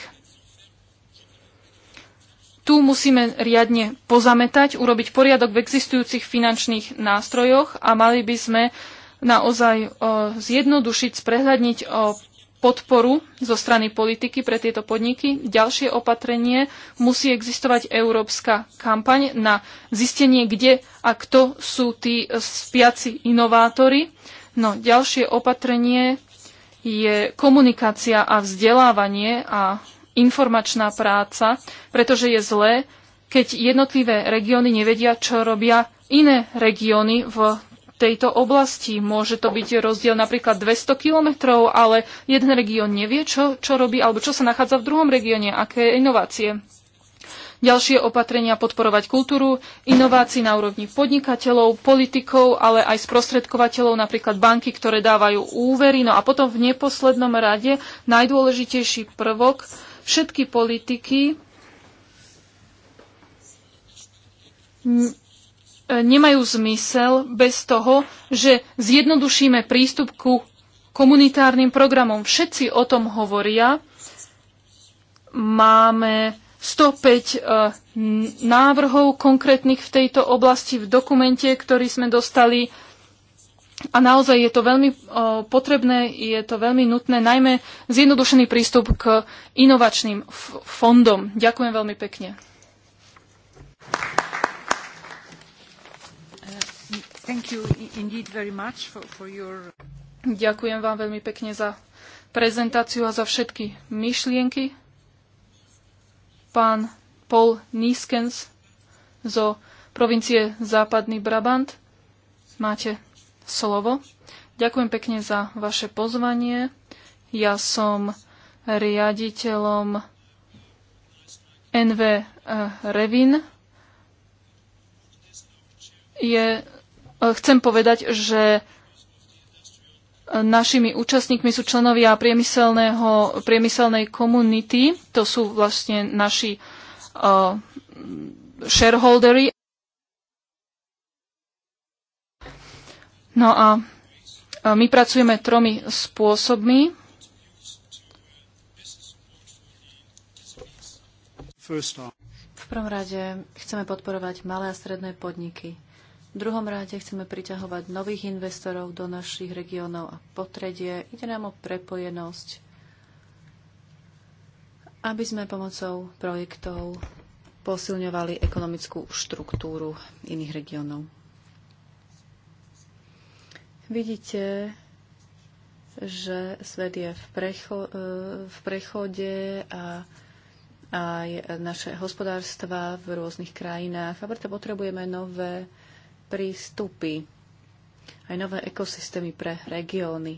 Tu musíme riadne pozametať, urobiť poriadok v existujúcich finančných nástrojoch a mali by sme naozaj eh, zjednodušiť, sprehľadniť eh, podporu zo strany politiky pre tieto podniky. Ďalšie opatrenie musí existovať európska kampaň na zistenie, kde a kto sú tí eh, spiaci inovátori. No, ďalšie opatrenie je komunikácia a vzdelávanie a informačná práca, pretože je zlé, keď jednotlivé regióny nevedia, čo robia iné regióny v tejto oblasti. Môže to byť rozdiel napríklad 200 kilometrov, ale jeden región nevie, čo, čo robí alebo čo sa nachádza v druhom regióne, aké inovácie. Ďalšie opatrenia podporovať kultúru, inovácií na úrovni podnikateľov, politikov, ale aj sprostredkovateľov, napríklad banky, ktoré dávajú úvery. No a potom v neposlednom rade najdôležitejší prvok všetky politiky nemajú zmysel bez toho, že zjednodušíme prístup ku komunitárnym programom. Všetci o tom hovoria. Máme 105 e, návrhov konkrétnych v tejto oblasti v dokumente, ktorý sme dostali. A naozaj je to veľmi e, potrebné, je to veľmi nutné, najmä zjednodušený prístup k inovačným fondom. Ďakujem veľmi pekne. Ďakujem vám veľmi pekne za prezentáciu a za všetky myšlienky. Pán Paul Niskens zo provincie Západný Brabant. Máte slovo. Ďakujem pekne za vaše pozvanie. Ja som riaditeľom NV eh, Revin. Je chcem povedať, že našimi účastníkmi sú členovia priemyselného, priemyselnej komunity. To sú vlastne naši uh, shareholdery. No a uh, my pracujeme tromi spôsobmi. V prvom rade chceme podporovať malé a stredné podniky v druhom ráde chceme priťahovať nových investorov do našich regiónov a potredie. Ide nám o prepojenosť, aby sme pomocou projektov posilňovali ekonomickú štruktúru iných regiónov. Vidíte, že svet je v, precho- v prechode a aj naše hospodárstva v rôznych krajinách a preto potrebujeme nové prístupy, aj nové ekosystémy pre regióny.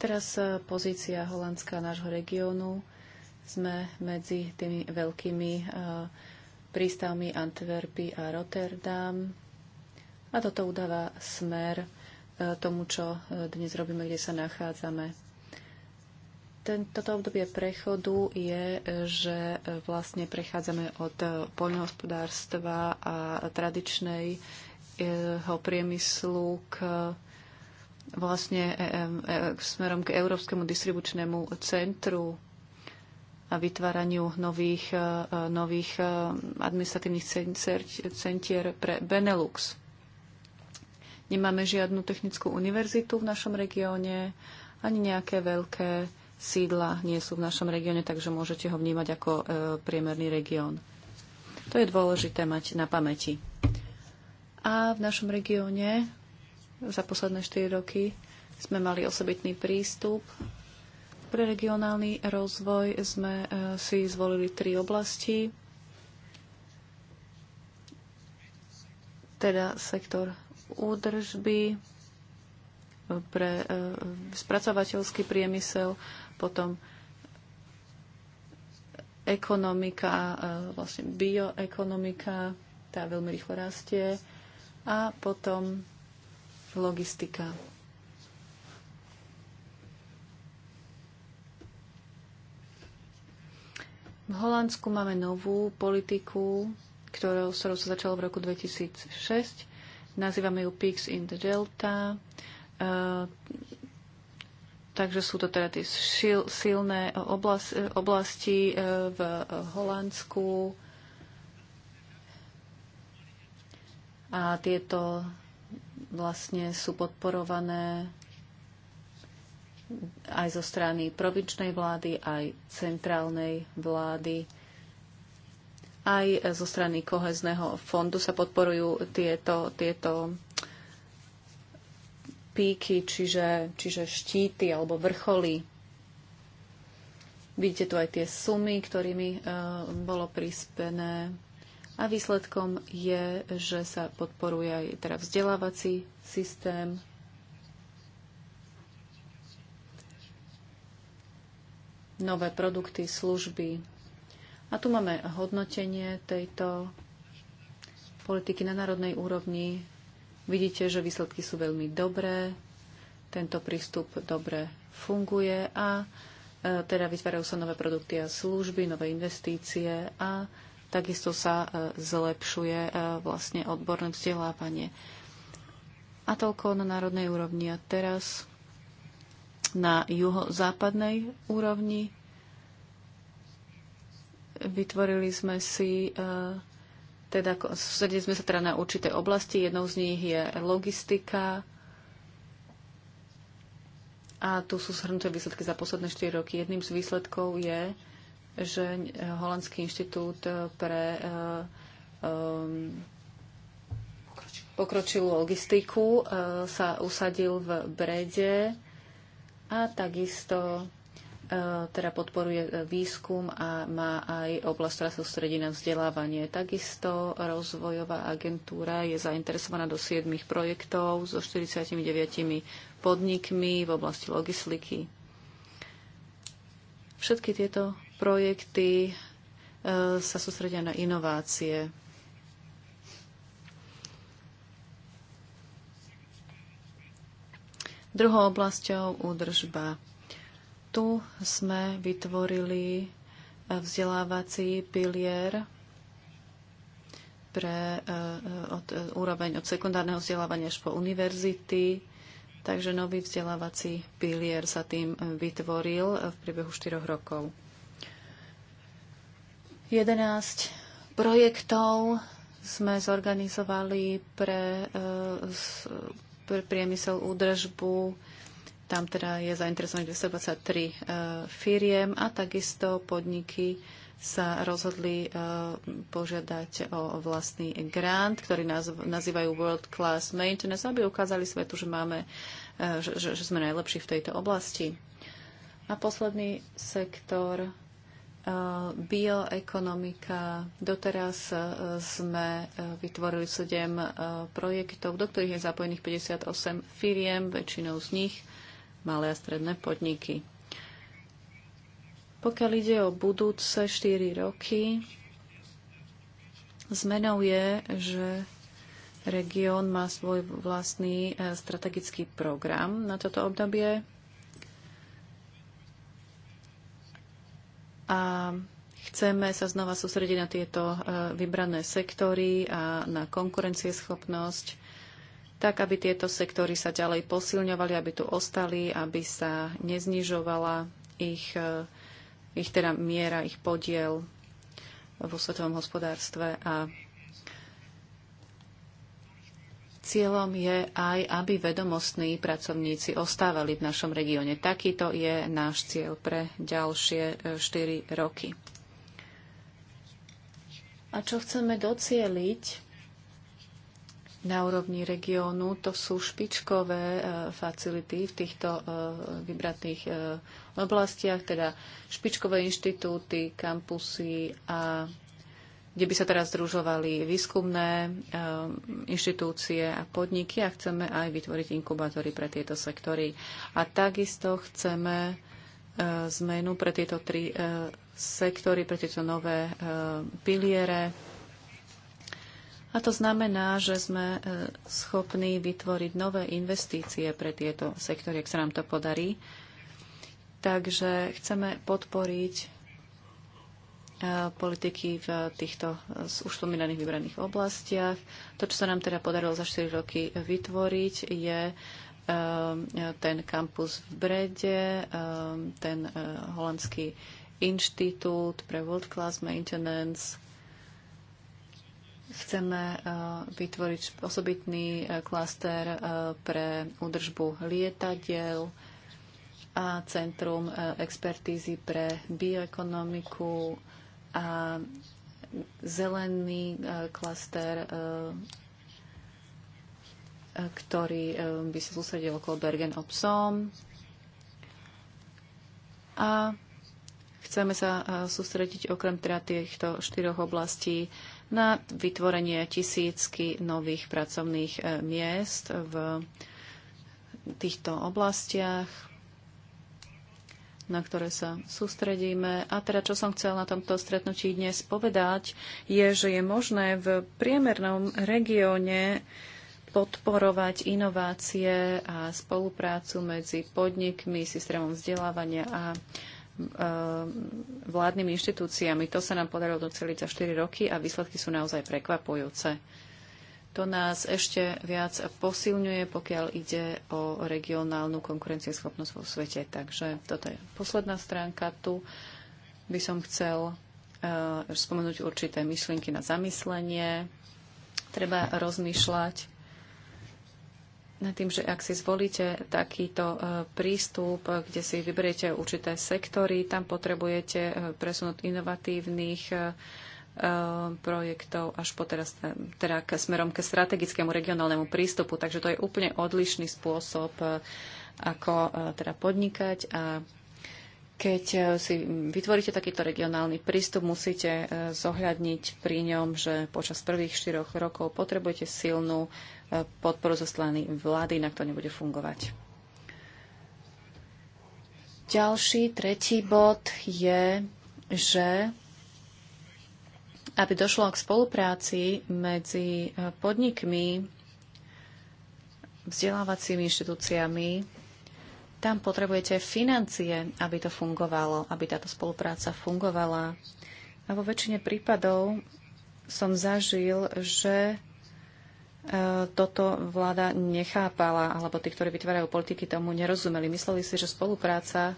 Teraz eh, pozícia Holandska nášho regiónu. Sme medzi tými veľkými eh, prístavmi Antwerpy a Rotterdam. A toto udáva smer eh, tomu, čo dnes robíme, kde sa nachádzame toto obdobie prechodu je, že e, vlastne prechádzame od e, poľnohospodárstva a tradičnej jeho priemyslu k vlastne e, smerom k Európskemu distribučnému centru a vytváraniu nových, nových administratívnych centier pre Benelux. Nemáme žiadnu technickú univerzitu v našom regióne, ani nejaké veľké sídla nie sú v našom regióne, takže môžete ho vnímať ako e, priemerný región. To je dôležité mať na pamäti. A v našom regióne za posledné 4 roky sme mali osobitný prístup. Pre regionálny rozvoj sme e, si zvolili tri oblasti. Teda sektor údržby, pre e, spracovateľský priemysel potom ekonomika, e, vlastne bioekonomika, tá veľmi rýchlo rastie a potom logistika. V Holandsku máme novú politiku, ktorou, s ktorou sa začalo v roku 2006. Nazývame ju Peaks in the Delta. E, Takže sú to teda tie šil, silné oblas, oblasti e, v Holandsku. A tieto vlastne sú podporované aj zo strany provinčnej vlády, aj centrálnej vlády. Aj zo strany kohezného fondu sa podporujú tieto, tieto píky, čiže, čiže štíty alebo vrcholy. Vidíte tu aj tie sumy, ktorými e, bolo prispené. A výsledkom je, že sa podporuje aj teda vzdelávací systém. Nové produkty, služby. A tu máme hodnotenie tejto politiky na národnej úrovni Vidíte, že výsledky sú veľmi dobré, tento prístup dobre funguje a e, teda vytvárajú sa nové produkty a služby, nové investície a takisto sa e, zlepšuje e, vlastne odborné vzdelávanie. A toľko na národnej úrovni. A teraz na juhozápadnej úrovni vytvorili sme si e, teda sústredili sme sa teda na určité oblasti. Jednou z nich je logistika. A tu sú shrnuté výsledky za posledné 4 roky. Jedným z výsledkov je, že Holandský inštitút eh, pre um, pokročilú logistiku eh, sa usadil v Brede a takisto E, teda podporuje e, výskum a má aj oblasť, ktorá sústredí na vzdelávanie. Takisto rozvojová agentúra je zainteresovaná do 7 projektov so 49 podnikmi v oblasti logistiky. Všetky tieto projekty e, sa sústredia na inovácie. Druhou oblasťou údržba tu sme vytvorili eh, vzdelávací pilier pre eh, od, eh, úroveň od sekundárneho vzdelávania až po univerzity. Takže nový vzdelávací pilier sa tým vytvoril v priebehu 4 rokov. 11 projektov sme zorganizovali pre, pre priemysel údržbu, tam teda je zainteresovaných 223 e, firiem a takisto podniky sa rozhodli e, požiadať o vlastný grant, ktorý nazývajú World Class Maintenance, aby ukázali svetu, že, máme, e, že, že sme najlepší v tejto oblasti. A posledný sektor bioekonomika. Doteraz sme vytvorili 7 projektov, do ktorých je zapojených 58 firiem, väčšinou z nich malé a stredné podniky. Pokiaľ ide o budúce 4 roky, zmenou je, že región má svoj vlastný e, strategický program na toto obdobie a chceme sa znova sústrediť na tieto e, vybrané sektory a na konkurencieschopnosť tak aby tieto sektory sa ďalej posilňovali, aby tu ostali, aby sa neznižovala ich, e, ich teda miera, ich podiel vo svetovom hospodárstve a Cieľom je aj, aby vedomostní pracovníci ostávali v našom regióne. Takýto je náš cieľ pre ďalšie 4 e, roky. A čo chceme docieliť na úrovni regiónu. To sú špičkové e, facility v týchto e, vybratých e, oblastiach, teda špičkové inštitúty, kampusy a kde by sa teraz združovali výskumné inštitúcie a podniky a chceme aj vytvoriť inkubátory pre tieto sektory. A takisto chceme zmenu pre tieto tri sektory, pre tieto nové piliere a to znamená, že sme e, schopní vytvoriť nové investície pre tieto sektory, ak sa nám to podarí. Takže chceme podporiť e, politiky v týchto e, už spomínaných vybraných oblastiach. To, čo sa nám teda podarilo za 4 roky vytvoriť, je ten kampus v Brede, ten holandský inštitút pre World Class Maintenance, Chceme eh, vytvoriť osobitný eh, klaster eh, pre údržbu lietadiel a Centrum expertízy pre bioekonomiku a zelený klaster, ktorý by sa sústredil okolo Bergen obsom. A chceme sa sústrediť okrem teda týchto štyroch oblastí na vytvorenie tisícky nových pracovných e, miest v týchto oblastiach, na ktoré sa sústredíme. A teda, čo som chcel na tomto stretnutí dnes povedať, je, že je možné v priemernom regióne podporovať inovácie a spoluprácu medzi podnikmi, systémom vzdelávania a E, vládnymi inštitúciami. To sa nám podarilo doceliť za 4 roky a výsledky sú naozaj prekvapujúce. To nás ešte viac posilňuje, pokiaľ ide o regionálnu konkurencieschopnosť vo svete. Takže toto je posledná stránka. Tu by som chcel e, spomenúť určité myšlienky na zamyslenie. Treba rozmýšľať tým, že ak si zvolíte takýto e, prístup, kde si vyberiete určité sektory, tam potrebujete e, presunúť inovatívnych e, projektov až po teraz, teda k smerom k strategickému regionálnemu prístupu. Takže to je úplne odlišný spôsob, ako teda podnikať a keď e, si vytvoríte takýto regionálny prístup, musíte e, zohľadniť pri ňom, že počas prvých štyroch rokov potrebujete silnú e, podporu zo strany vlády, inak to nebude fungovať. Ďalší, tretí bod je, že aby došlo k spolupráci medzi podnikmi, vzdelávacími inštitúciami tam potrebujete financie, aby to fungovalo, aby táto spolupráca fungovala. A vo väčšine prípadov som zažil, že e, toto vláda nechápala, alebo tí, ktorí vytvárajú politiky, tomu nerozumeli. Mysleli si, že spolupráca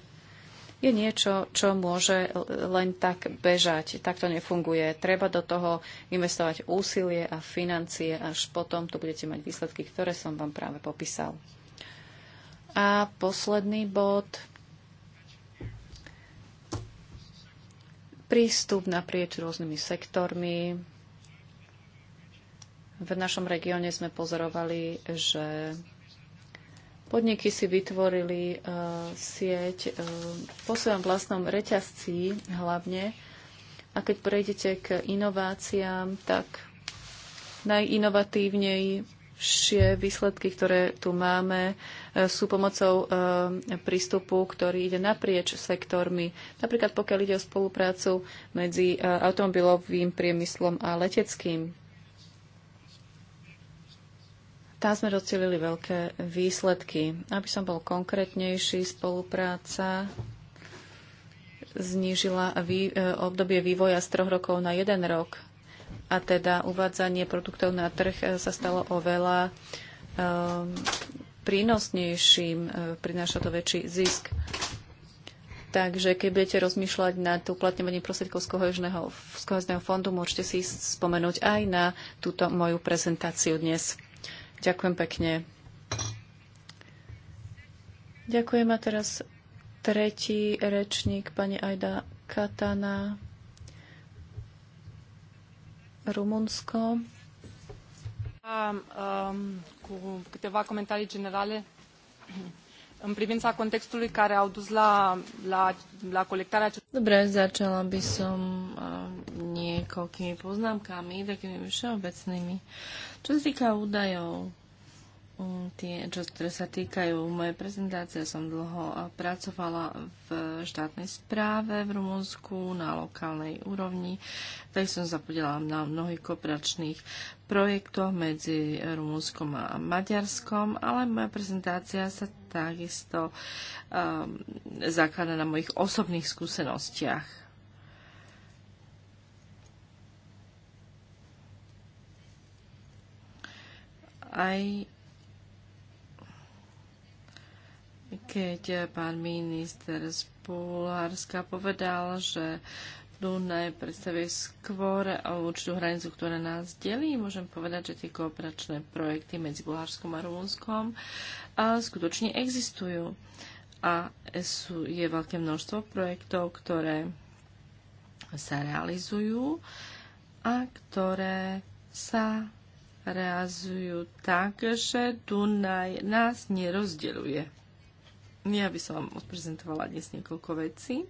je niečo, čo môže len tak bežať. Tak to nefunguje. Treba do toho investovať úsilie a financie, až potom tu budete mať výsledky, ktoré som vám práve popísal. A posledný bod. Prístup naprieč rôznymi sektormi. V našom regióne sme pozorovali, že podniky si vytvorili uh, sieť uh, po svojom vlastnom reťazci hlavne. A keď prejdete k inováciám, tak najinovatívnej najlepšie výsledky, ktoré tu máme, e, sú pomocou e, prístupu, ktorý ide naprieč sektormi. Napríklad pokiaľ ide o spoluprácu medzi e, automobilovým priemyslom a leteckým. Tam sme docelili veľké výsledky. Aby som bol konkrétnejší, spolupráca znížila vý, obdobie vývoja z troch rokov na jeden rok a teda uvádzanie produktov na trh eh, sa stalo oveľa um, prínosnejším, eh, prináša to väčší zisk. Takže keď budete rozmýšľať nad uplatňovaním prostriedkov z kohezného, z kohezného fondu, môžete si spomenúť aj na túto moju prezentáciu dnes. Ďakujem pekne. Ďakujem a teraz tretí rečník, pani Ajda Katana. Rumunsko. Cu câteva comentarii generale în privința contextului care au dus la, la, la colectarea... Dobre, začala by som niekoľkými poznámkami, takými všeobecnými. Čo sa týka údajov, tie, čo ktoré sa týkajú mojej prezentácie, som dlho pracovala v štátnej správe v Rumunsku na lokálnej úrovni, tak som zapodiela na mnohých kooperačných projektoch medzi Rumunskom a Maďarskom, ale moja prezentácia sa takisto um, zakladá na mojich osobných skúsenostiach. Aj keď pán minister z Bulharska povedal, že Dunaj predstavuje skôr určitú hranicu, ktorá nás delí. Môžem povedať, že tie kooperačné projekty medzi Bulharskom a Rumunskom skutočne existujú. A sú, je veľké množstvo projektov, ktoré sa realizujú a ktoré sa realizujú tak, že Dunaj nás nerozdeluje. Ja by som vám odprezentovala dnes niekoľko vecí.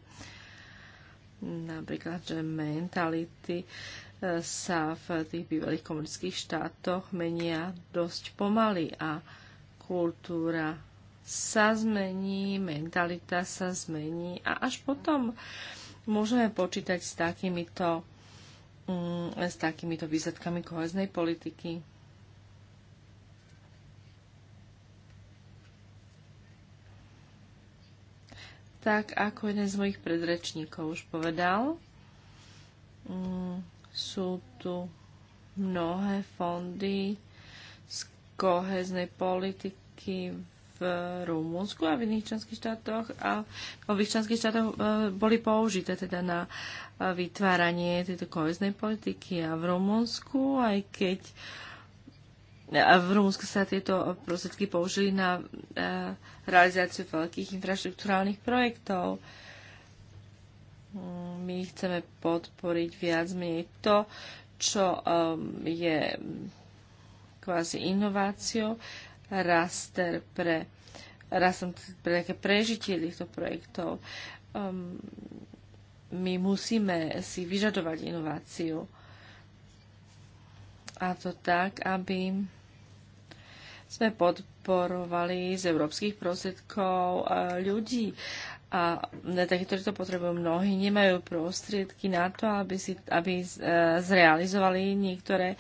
Napríklad, že mentality e, sa v tých bývalých komunických štátoch menia dosť pomaly a kultúra sa zmení, mentalita sa zmení a až potom môžeme počítať s takýmito, mm, s takýmito výsledkami koheznej politiky. tak ako jeden z mojich predrečníkov už povedal, mm, sú tu mnohé fondy z koheznej politiky v Rumunsku a v iných členských štátoch a v iných členských štátoch e, boli použité teda na e, vytváranie tejto koheznej politiky a v Rumunsku, aj keď uh, a v Rumúnsku sa tieto prostriedky použili na e, realizáciu veľkých infraštruktúrálnych projektov. Mm, my chceme podporiť viac menej to, čo um, je kvázi inováciou, raster pre, raster pre také prežitie týchto projektov. Um, my musíme si vyžadovať inováciu. A to tak, aby sme podporovali z európskych prostriedkov e, ľudí. A takí, ktorí to potrebujú mnohí, nemajú prostriedky na to, aby, si, aby e, zrealizovali niektoré e,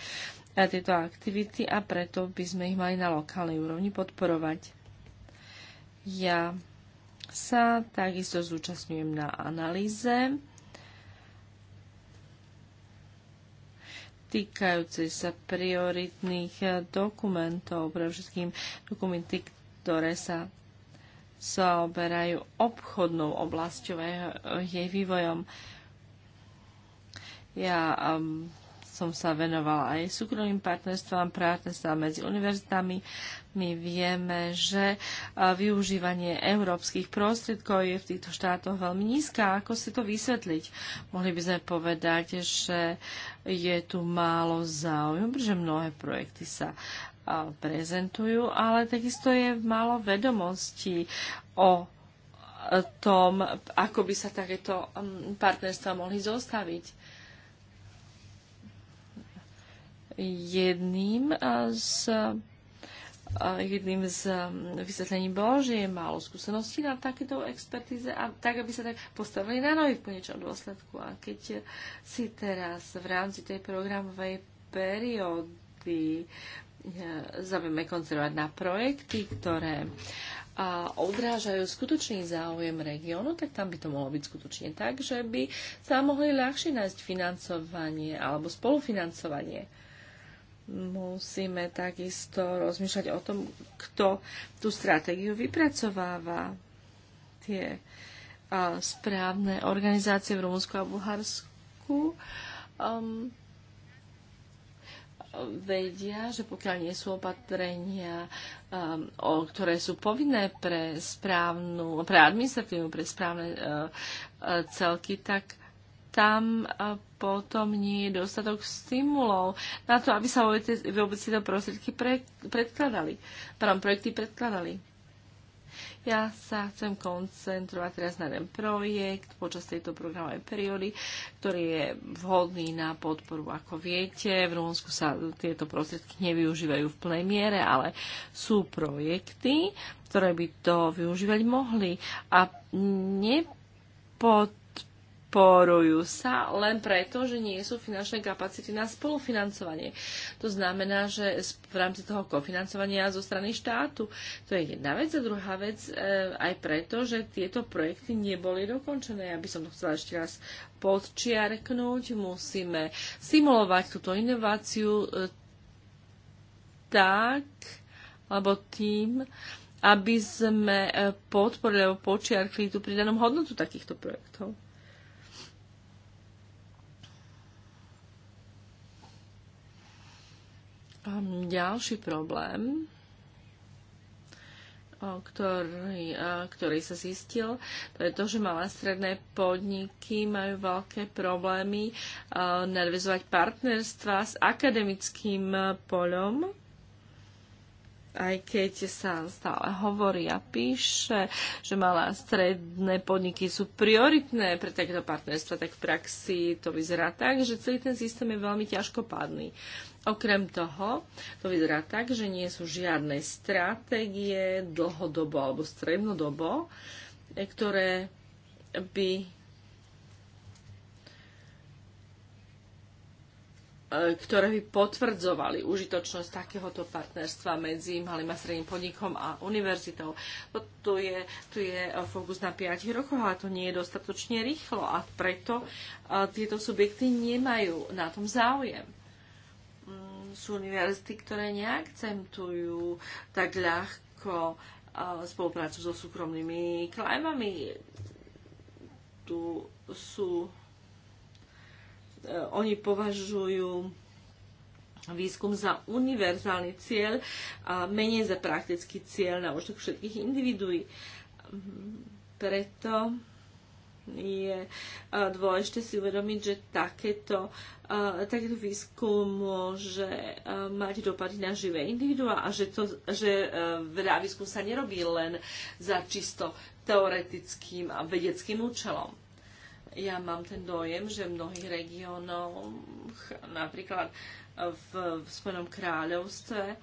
tieto aktivity a preto by sme ich mali na lokálnej úrovni podporovať. Ja sa takisto zúčastňujem na analýze týkajúce sa prioritných eh, dokumentov, pre všetkým dokumenty, ktoré sa zaoberajú obchodnou oblasťou a eh, jej vývojom. Ja um, som sa venovala aj súkromným partnerstvám, partnerstvám medzi univerzitami. My vieme, že využívanie európskych prostriedkov je v týchto štátoch veľmi nízka. Ako si to vysvetliť? Mohli by sme povedať, že je tu málo záujmu, pretože mnohé projekty sa prezentujú, ale takisto je málo vedomostí o tom, ako by sa takéto partnerstva mohli zostaviť. jedným z jedným z vysvetlení bolo, že je málo skúseností na takéto expertíze a tak, aby sa tak postavili na nohy v konečnom dôsledku. A keď si teraz v rámci tej programovej periódy zaujíme koncentrovať na projekty, ktoré a odrážajú skutočný záujem regiónu, tak tam by to mohlo byť skutočne tak, že by sa mohli ľahšie nájsť financovanie alebo spolufinancovanie musíme takisto rozmýšľať o tom, kto tú stratégiu vypracováva. Tie správne organizácie v Rumunsku a Bulharsku um, vedia, že pokiaľ nie sú opatrenia, um, o, ktoré sú povinné pre správnu, pre administratívu, pre správne uh, uh celky, tak tam potom nie je dostatok stimulov na to, aby sa vôbec tieto prostriedky pre, predkladali. Pardon, projekty predkladali. Ja sa chcem koncentrovať teraz na ten projekt počas tejto programovej periódy, ktorý je vhodný na podporu. Ako viete, v Rumunsku sa tieto prostriedky nevyužívajú v plnej miere, ale sú projekty, ktoré by to využívať mohli. A nepod podporujú sa len preto, že nie sú finančné kapacity na spolufinancovanie. To znamená, že v rámci toho kofinancovania zo strany štátu. To je jedna vec. A druhá vec e, aj preto, že tieto projekty neboli dokončené. Ja by som to chcela ešte raz podčiarknúť. Musíme simulovať túto inováciu e, tak, alebo tým, aby sme e, podporili alebo počiarkli tú pridanú hodnotu takýchto projektov. Ďalší problém, ktorý, ktorý sa zistil, to je to, že malé stredné podniky majú veľké problémy nadvezovať partnerstva s akademickým poľom, aj keď sa stále hovorí a píše, že malé a stredné podniky sú prioritné pre takéto partnerstva, tak v praxi to vyzerá tak, že celý ten systém je veľmi padný. Okrem toho, to vyzerá tak, že nie sú žiadne stratégie dlhodobo alebo strednodobo, e, ktoré by e, ktoré by potvrdzovali užitočnosť takéhoto partnerstva medzi malým a stredným podnikom a univerzitou. Tu je, tu je e, fokus na 5 rokoch, ale to nie je dostatočne rýchlo a preto tieto subjekty nemajú na tom záujem sú univerzity, ktoré neakcentujú tak ľahko spoluprácu so súkromnými klajmami. Tu sú e, oni považujú výskum za univerzálny cieľ a menej za praktický cieľ na účtok všetkých individuí. Preto je e, dôležité si uvedomiť, že takéto, e, takéto výskum môže e, mať dopady na živé individuá a že, to, že veda výskum sa nerobí len za čisto teoretickým a vedeckým účelom ja mám ten dojem, že v mnohých regiónoch, napríklad v, v Spojenom kráľovstve,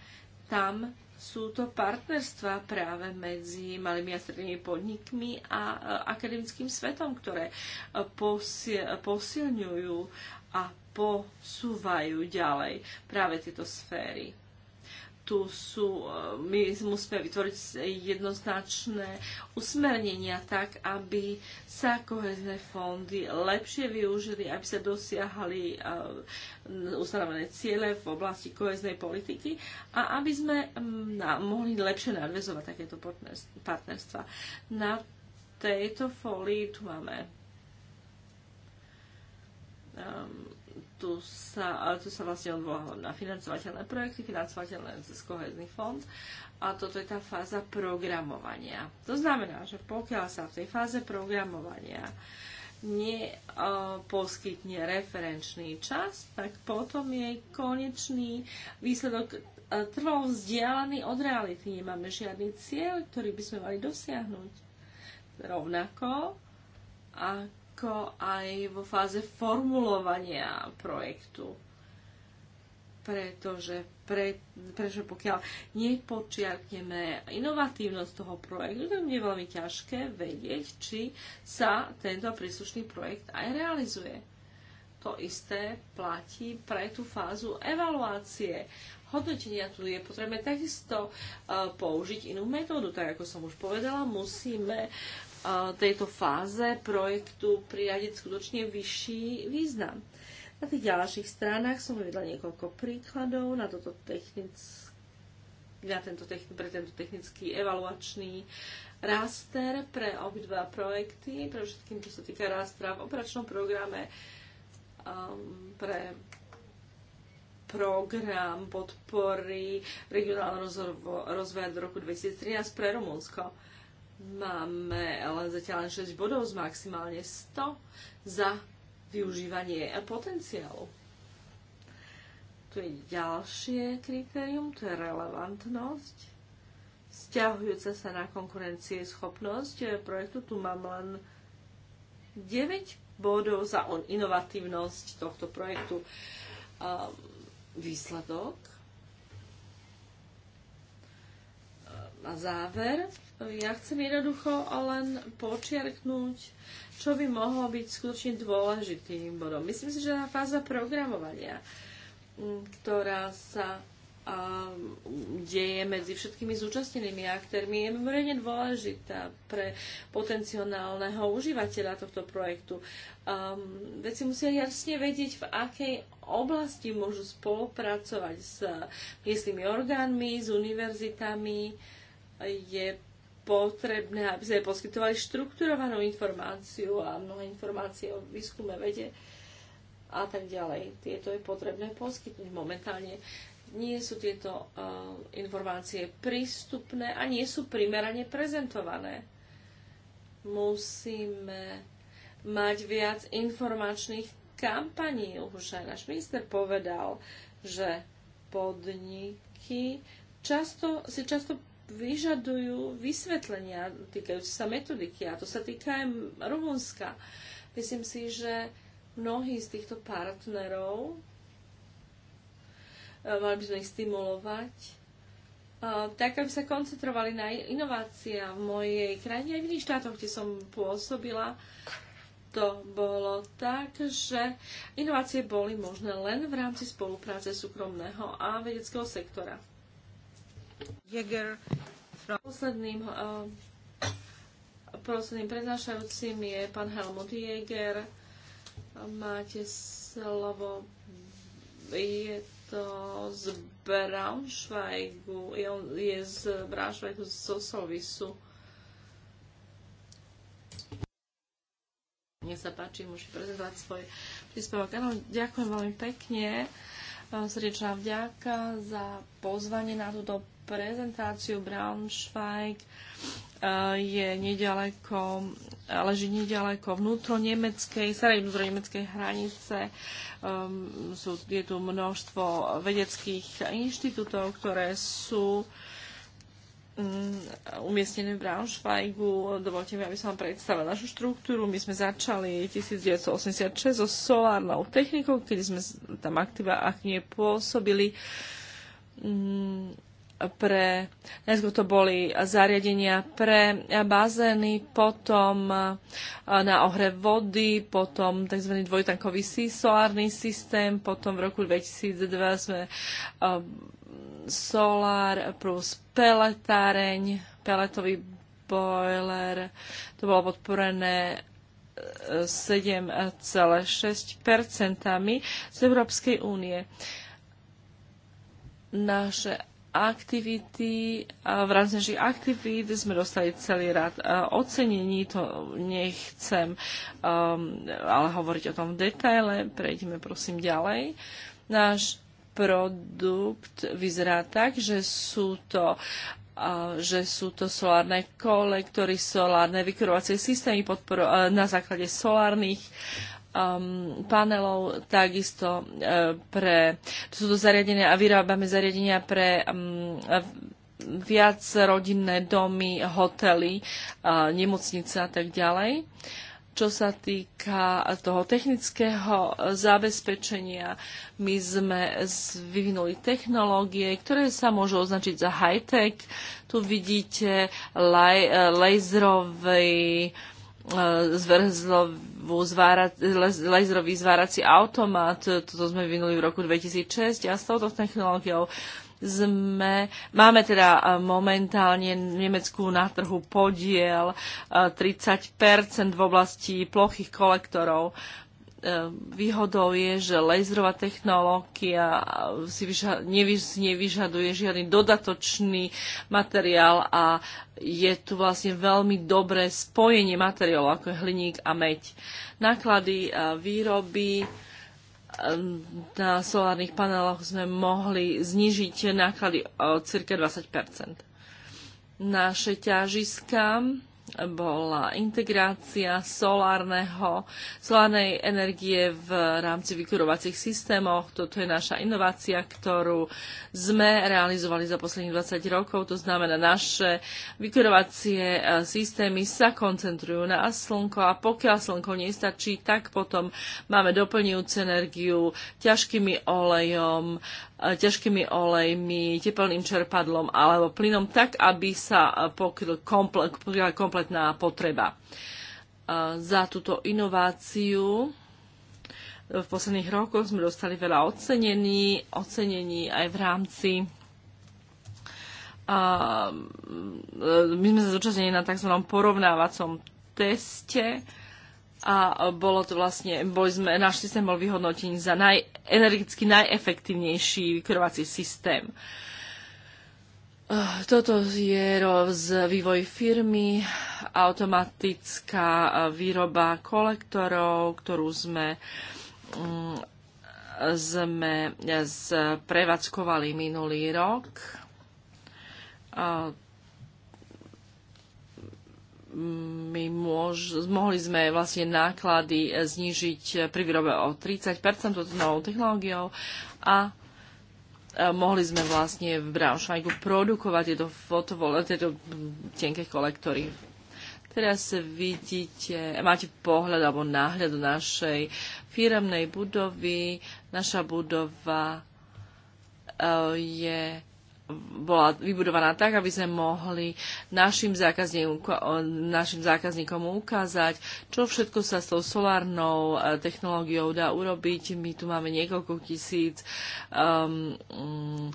tam sú to partnerstva práve medzi malými a strednými podnikmi a e, akademickým svetom, ktoré e, posilňujú a posúvajú ďalej práve tieto sféry tu sú, e, my musíme vytvoriť jednoznačné usmernenia tak, aby sa kohezné fondy lepšie využili, aby sa dosiahali e, ustanovené ciele v oblasti koheznej politiky a aby sme mohli lepšie nadvezovať takéto partnerstva. Na tejto folii tu máme um, tu sa, tu sa vlastne odvolávam na financovateľné projekty, financovateľné cez kohezný fond a toto je tá fáza programovania. To znamená, že pokiaľ sa v tej fáze programovania neposkytne e, referenčný čas, tak potom je konečný výsledok e, trvalo vzdialený od reality. Nemáme žiadny cieľ, ktorý by sme mali dosiahnuť. Rovnako, ako ako aj vo fáze formulovania projektu. Pretože, pre, pretože pokiaľ nepočiarkneme inovatívnosť toho projektu, tak je veľmi ťažké vedieť, či sa tento príslušný projekt aj realizuje. To isté platí pre tú fázu evaluácie. Hodnotenia tu je potrebné takisto e, použiť inú metódu. Tak ako som už povedala, musíme tejto fáze projektu prijadiť skutočne vyšší význam. Na tých ďalších stránach som uvedla niekoľko príkladov na, toto technic- na tento techn- pre tento technický evaluačný raster pre obidva projekty, pre všetkým, čo sa týka rastra v operačnom programe um, pre program podpory regionálneho rozvoja do roku 2013 pre Rumunsko. Uh, Máme ale zatiaľ len 6 bodov z maximálne 100 za využívanie potenciálu. Tu je ďalšie kritérium, to je relevantnosť. Sťahujúca sa na konkurencie schopnosť projektu, tu mám len 9 bodov za inovatívnosť tohto projektu. Ehm, výsledok na ehm, záver ja chcem jednoducho len počiarknúť, čo by mohlo byť skutočne dôležitým bodom. Myslím si, že tá fáza programovania, ktorá sa a, deje medzi všetkými zúčastnenými aktérmi, je mimoriadne dôležitá pre potenciálneho užívateľa tohto projektu. Um, veci musia jasne vedieť, v akej oblasti môžu spolupracovať s miestnymi orgánmi, s univerzitami. Je potrebné, aby sme poskytovali štrukturovanú informáciu a mnohé informácie o výskume vede a tak ďalej. Tieto je potrebné poskytnúť momentálne. Nie sú tieto uh, informácie prístupné a nie sú primerane prezentované. Musíme mať viac informačných kampaní. Už aj náš minister povedal, že podniky často, si často vyžadujú vysvetlenia týkajúce sa metodiky a to sa týka aj Rumunska. Myslím si, že mnohí z týchto partnerov e, mali by sme ich stimulovať, e, tak aby sa koncentrovali na inovácia v mojej krajine aj v iných štátoch, kde som pôsobila. To bolo tak, že inovácie boli možné len v rámci spolupráce súkromného a vedeckého sektora. Posledným, uh, posledným prednášajúcim je pán Helmut Jäger. Máte slovo. Je to z Braunschweigu. Je, on, je z Braunschweigu z Sosovisu. Nech sa páči, môžete prezentovať svoj príspevok. Áno, ďakujem veľmi pekne. Eh, srdečná vďaka za pozvanie na túto prezentáciu. Braunschweig eh, je nedaleko, leží nedaleko vnútro nemeckej, starej vnútro nemeckej hranice. Um, sú, je tu množstvo vedeckých inštitútov, ktoré sú um, umiestnené v Braunschweigu. Dovolte mi, aby som vám predstavila našu štruktúru. My sme začali 1986 so solárnou technikou, kedy sme tam aktíva akne pôsobili. Um, pre, najskôr to boli zariadenia pre bazény, potom e, na ohre vody, potom tzv. dvojtankový solárny systém, potom v roku 2002 sme e, solár plus peletáreň, peletový boiler, to bolo podporené 7,6 e, z Európskej únie. Naše aktivity, v rámci našich aktivít sme dostali celý rád ocenení, to nechcem um, ale hovoriť o tom v detaile, prejdeme prosím ďalej. Náš produkt vyzerá tak, že sú to že sú to solárne kolektory, solárne vykurovacie systémy podporu, na základe solárnych um, panelov, takisto uh, pre, to sú to zariadenia a vyrábame zariadenia pre um, viac rodinné domy, hotely, uh, nemocnice a tak ďalej. Čo sa týka toho technického zabezpečenia, my sme vyvinuli technológie, ktoré sa môžu označiť za high-tech. Tu vidíte laj, laserový uh, zverzlovú laserový zvárací automat. Toto sme vynuli v roku 2006 a s touto technológiou sme, máme teda momentálne v Nemecku na trhu podiel 30% v oblasti plochých kolektorov. E, výhodou je, že laserová technológia si vyža- nevyžaduje žiadny dodatočný materiál a je tu vlastne veľmi dobré spojenie materiálov ako je hliník a meď. Náklady e, výroby e, na solárnych paneloch sme mohli znižiť náklady o cirka 20 Naše ťažiska bola integrácia solárneho, solárnej energie v rámci vykurovacích systémov. Toto je naša inovácia, ktorú sme realizovali za posledných 20 rokov. To znamená, naše vykurovacie e, systémy sa koncentrujú na slnko a pokiaľ slnko nestačí, tak potom máme doplňujúcu energiu ťažkými olejom, e, ťažkými olejmi, teplným čerpadlom alebo plynom, tak aby sa pokryl komplet, kompletná potreba. Za túto inováciu v posledných rokoch sme dostali veľa ocenení, ocenení aj v rámci a my sme sa zúčastnili na tzv. porovnávacom teste a bolo to vlastne, boli sme, náš systém bol vyhodnotený za naj, energeticky najefektívnejší vykurovací systém. Uh, Eh, toto je z vývoj firmy, automatická eh, výroba kolektorov, ktorú sme mm, sme eh, prevádzkovali minulý rok. My môž, mohli sme vlastne náklady znižiť pri výrobe o 30 touto novou technológiou a mohli sme vlastne v Braunschweigu produkovať tieto fotovole, tieto tenké kolektory. Teraz vidíte, máte pohľad alebo náhľad do našej firemnej budovy. Naša budova e, je bola vybudovaná tak, aby sme mohli našim zákazníkom, našim zákazníkom ukázať, čo všetko sa s tou solárnou e, technológiou dá urobiť. My tu máme niekoľko tisíc um, mm,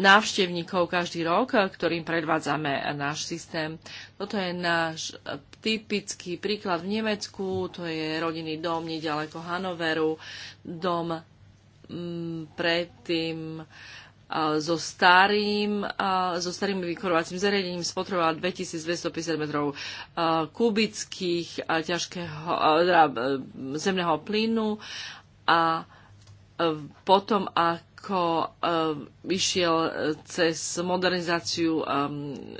návštevníkov každý rok, e, ktorým predvádzame náš systém. Toto je náš e, typický príklad v Nemecku, to je rodinný dom nedaleko Hanoveru, dom mm, predtým so starým, so starým vykurovacím zariadením spotrebovala 2250 metrov kubických ťažkého, teda, e, zemného plynu a e, potom ako vyšiel e, cez modernizáciu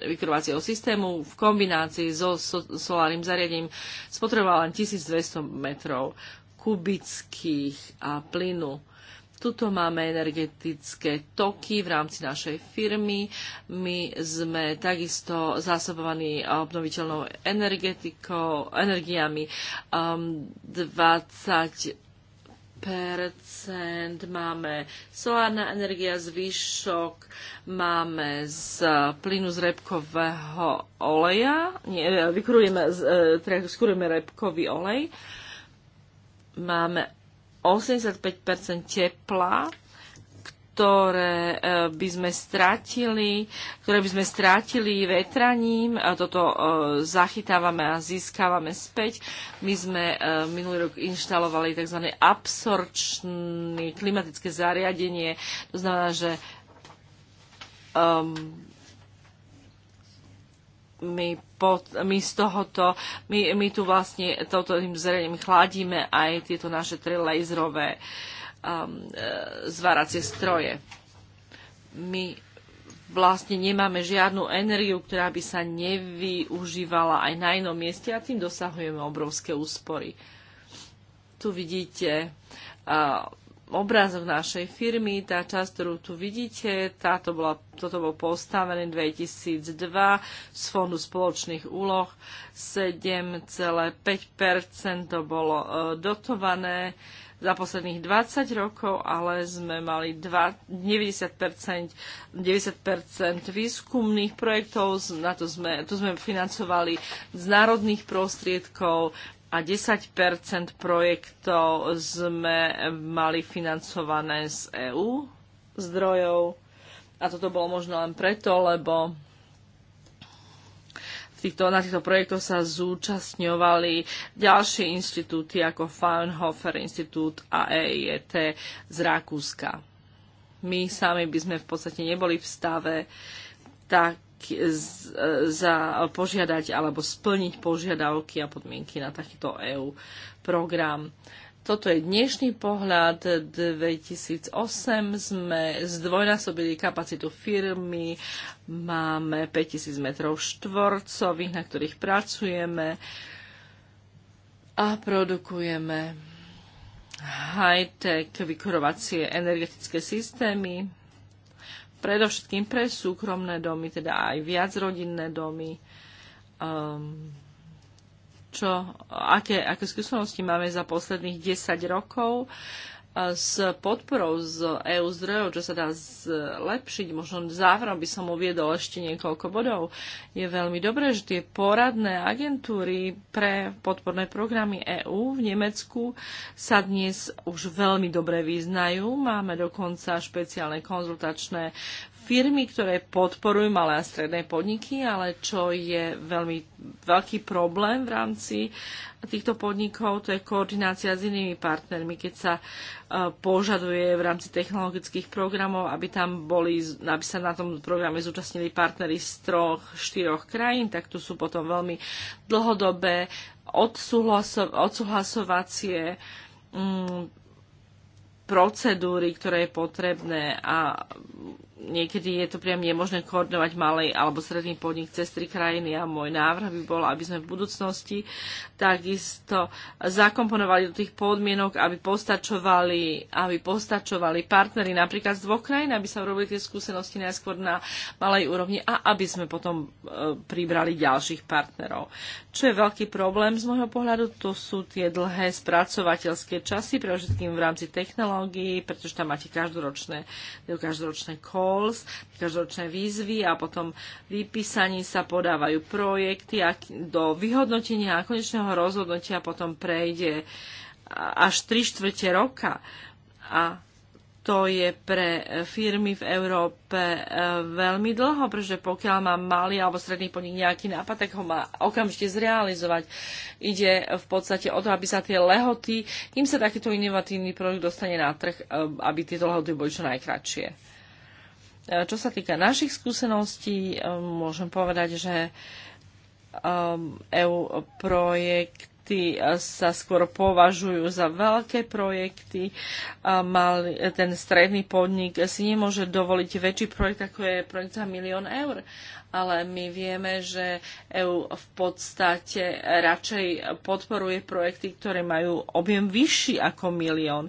vykurovacieho systému v kombinácii so solárnym zariadením spotreboval len 1200 metrov kubických plynu Tuto máme energetické toky v rámci našej firmy. My sme takisto zásobovaní eh, obnoviteľnou energetikou, energiami. Um, ehm, 20 percent, máme solárna energia, zvyšok máme z plynu z repkového oleja, nie, eh, vykurujeme, eh, teda repkový olej, máme 85 tepla, ktoré e, by sme strátili, ktoré by sme strátili vetraním. A toto e, zachytávame a získavame späť. My sme e, minulý rok inštalovali tzv. absorčné klimatické zariadenie. To znamená, že um, my, pod, my z tohoto, my, my tu vlastne touto tým zrením chladíme aj tieto naše tri laserové um, e, zváracie stroje. My vlastne nemáme žiadnu energiu, ktorá by sa nevyužívala aj na inom mieste a tým dosahujeme obrovské úspory. Tu vidíte uh, obrázok našej firmy, tá časť, ktorú tu vidíte, táto bola, toto bol postavený 2002 z Fondu spoločných úloh, 7,5% to bolo e, dotované za posledných 20 rokov, ale sme mali 90%, 90% výskumných projektov, na to sme, to sme financovali z národných prostriedkov, a 10 projektov sme mali financované z EU zdrojov. A toto bolo možno len preto, lebo v týchto, na týchto projektoch sa zúčastňovali ďalšie inštitúty ako Fraunhofer Institút a EIT e z Rakúska. My sami by sme v podstate neboli v stave tak E, za požiadať alebo splniť požiadavky a podmienky na takýto EU program. Toto je dnešný pohľad. 2008 sme zdvojnásobili kapacitu firmy, máme 5000 metrov štvorcových, na ktorých pracujeme a produkujeme high-tech vykurovacie energetické systémy predovšetkým pre súkromné domy, teda aj viacrodinné domy. Um, čo, aké, aké skúsenosti máme za posledných 10 rokov s podporou z EU zdrojov, čo sa dá zlepšiť. Možno záverom by som uviedol ešte niekoľko bodov. Je veľmi dobré, že tie poradné agentúry pre podporné programy EÚ v Nemecku sa dnes už veľmi dobre vyznajú. Máme dokonca špeciálne konzultačné firmy, ktoré podporujú malé a stredné podniky, ale čo je veľmi veľký problém v rámci týchto podnikov, to je koordinácia s inými partnermi, keď sa e, požaduje v rámci technologických programov, aby tam boli, aby sa na tom programe zúčastnili partnery z troch, štyroch krajín, tak tu sú potom veľmi dlhodobé odsúhlasovacie mm, procedúry, ktoré je potrebné a niekedy je to priam nemožné koordinovať malý alebo stredný podnik cez tri krajiny a môj návrh by bol, aby sme v budúcnosti takisto zakomponovali do tých podmienok, aby postačovali, aby postačovali partnery napríklad z dvoch krajín, aby sa urobili tie skúsenosti najskôr na malej úrovni a aby sme potom e, pribrali ďalších partnerov. Čo je veľký problém z môjho pohľadu, to sú tie dlhé spracovateľské časy, pre všetkým v rámci technológií, pretože tam máte každoročné, každoročné kódy calls, každoročné výzvy a potom vypísaní sa podávajú projekty a do vyhodnotenia a konečného rozhodnutia potom prejde až 3 štvrte roka. A to je pre firmy v Európe e, veľmi dlho, pretože pokiaľ má malý alebo stredný podnik nejaký nápad, tak ho má okamžite zrealizovať. Ide v podstate o to, aby sa tie lehoty, kým sa takýto inovatívny produkt dostane na trh, e, aby tieto lehoty boli čo najkračšie. E, čo sa týka našich skúseností, e, môžem povedať, že EU e projekt projekty sa skôr považujú za veľké projekty. ten stredný podnik si nemôže dovoliť väčší projekt, ako je projekt za milión eur. Ale my vieme, že EU v podstate radšej podporuje projekty, ktoré majú objem vyšší ako milión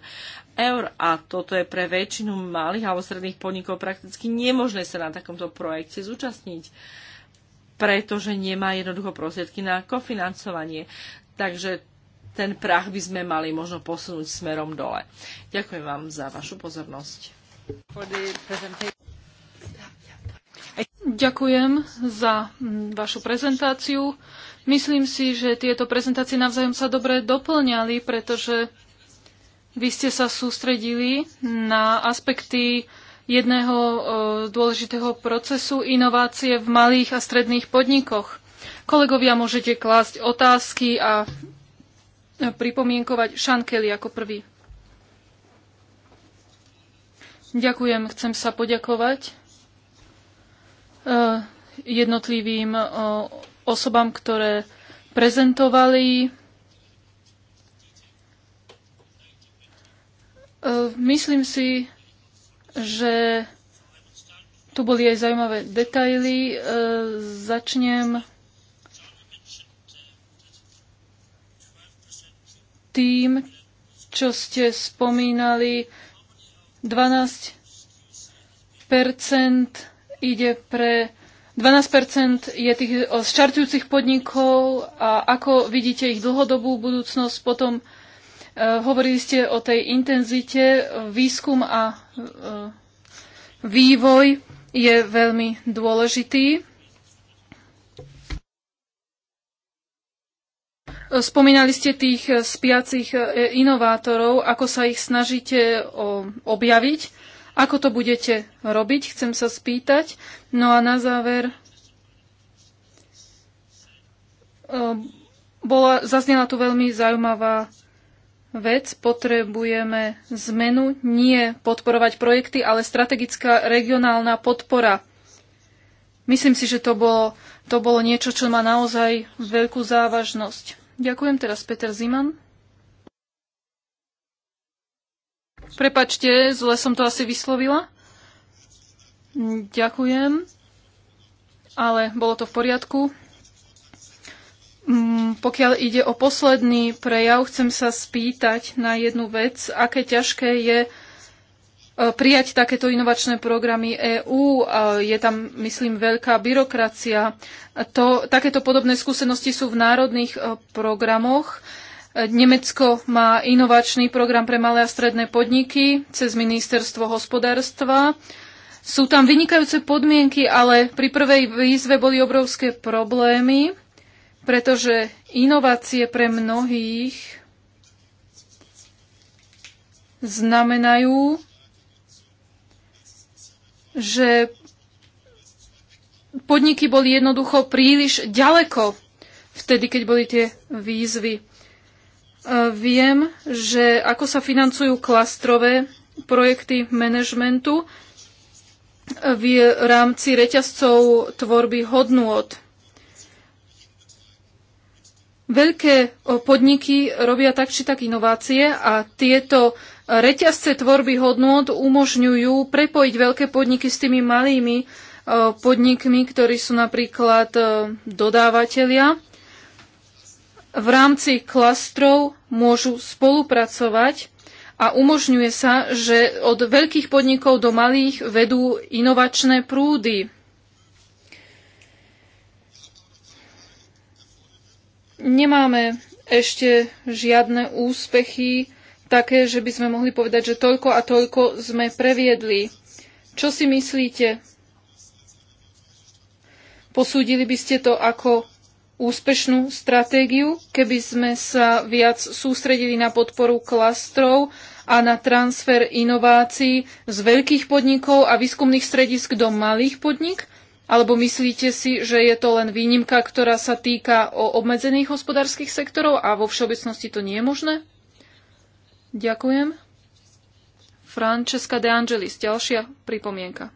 eur a toto je pre väčšinu malých alebo stredných podnikov prakticky nemožné sa na takomto projekte zúčastniť pretože nemá jednoducho prostriedky na kofinancovanie. Takže ten prach by sme mali možno posunúť smerom dole. Ďakujem vám za vašu pozornosť. Ďakujem za vašu prezentáciu. Myslím si, že tieto prezentácie navzájom sa dobre doplňali, pretože vy ste sa sústredili na aspekty jedného e, dôležitého procesu inovácie v malých a stredných podnikoch. Kolegovia, môžete klásť otázky a pripomienkovať Šankeli ako prvý. Ďakujem, chcem sa poďakovať e, jednotlivým e, osobám, ktoré prezentovali. E, myslím si, že tu boli aj zaujímavé detaily. Začnem tým, čo ste spomínali, 12 ide pre 12 je tých z podnikov a ako vidíte ich dlhodobú budúcnosť, potom e, hovorili ste o tej intenzite, výskum a e, vývoj je veľmi dôležitý. Spomínali ste tých eh, spiacich eh, inovátorov, ako sa ich snažíte objaviť, ako to budete robiť, chcem sa spýtať. No a na záver eh, bola, zaznela tu veľmi zaujímavá vec. Potrebujeme zmenu, nie podporovať projekty, ale strategická regionálna podpora. Myslím si, že to bolo, to bolo niečo, čo má naozaj veľkú závažnosť. Ďakujem teraz Peter Ziman. Prepačte, zle som to asi vyslovila. Ďakujem, ale bolo to v poriadku. Mm, pokiaľ ide o posledný prejav, chcem sa spýtať na jednu vec, aké ťažké je E, prijať takéto inovačné programy EÚ. E, je tam, myslím, veľká byrokracia. To, takéto podobné skúsenosti sú v národných e, programoch. Nemecko má inovačný program pre malé a stredné podniky cez ministerstvo hospodárstva. Sú tam vynikajúce podmienky, ale pri prvej výzve boli obrovské problémy, pretože inovácie pre mnohých znamenajú že podniky boli jednoducho príliš ďaleko vtedy, keď boli tie výzvy. E, viem, že ako sa financujú klastrové projekty manažmentu e, v rámci reťazcov tvorby od Veľké podniky robia tak či tak inovácie a tieto reťazce tvorby hodnôt umožňujú prepojiť veľké podniky s tými malými podnikmi, ktorí sú napríklad dodávateľia. V rámci klastrov môžu spolupracovať a umožňuje sa, že od veľkých podnikov do malých vedú inovačné prúdy. nemáme ešte žiadne úspechy také, že by sme mohli povedať, že toľko a toľko sme previedli. Čo si myslíte? Posúdili by ste to ako úspešnú stratégiu, keby sme sa viac sústredili na podporu klastrov a na transfer inovácií z veľkých podnikov a výskumných stredisk do malých podnik? Alebo myslíte si, že je to len výnimka, ktorá sa týka o obmedzených hospodárskych sektorov a vo všeobecnosti to nie je možné? Ďakujem. Francesca De Angelis, ďalšia pripomienka.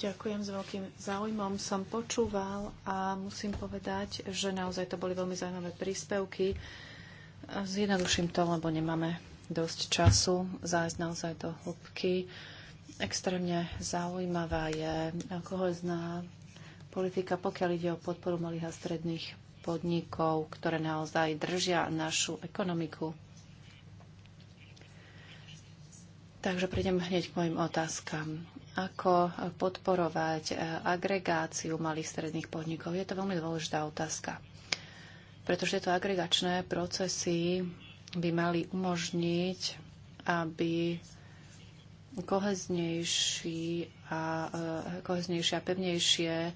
Ďakujem, s veľkým záujmom som počúval a musím povedať, že naozaj to boli veľmi zaujímavé príspevky. Zjednoduším to, lebo nemáme dosť času zájsť naozaj do hĺbky. Extrémne zaujímavá je kohozná politika, pokiaľ ide o podporu malých a stredných podnikov, ktoré naozaj držia našu ekonomiku. Takže prejdem hneď k mojim otázkam. Ako podporovať eh, agregáciu malých stredných podnikov? Je to veľmi dôležitá otázka, pretože tieto agregačné procesy by mali umožniť, aby koheznejší a, e, koheznejšie a pevnejšie e,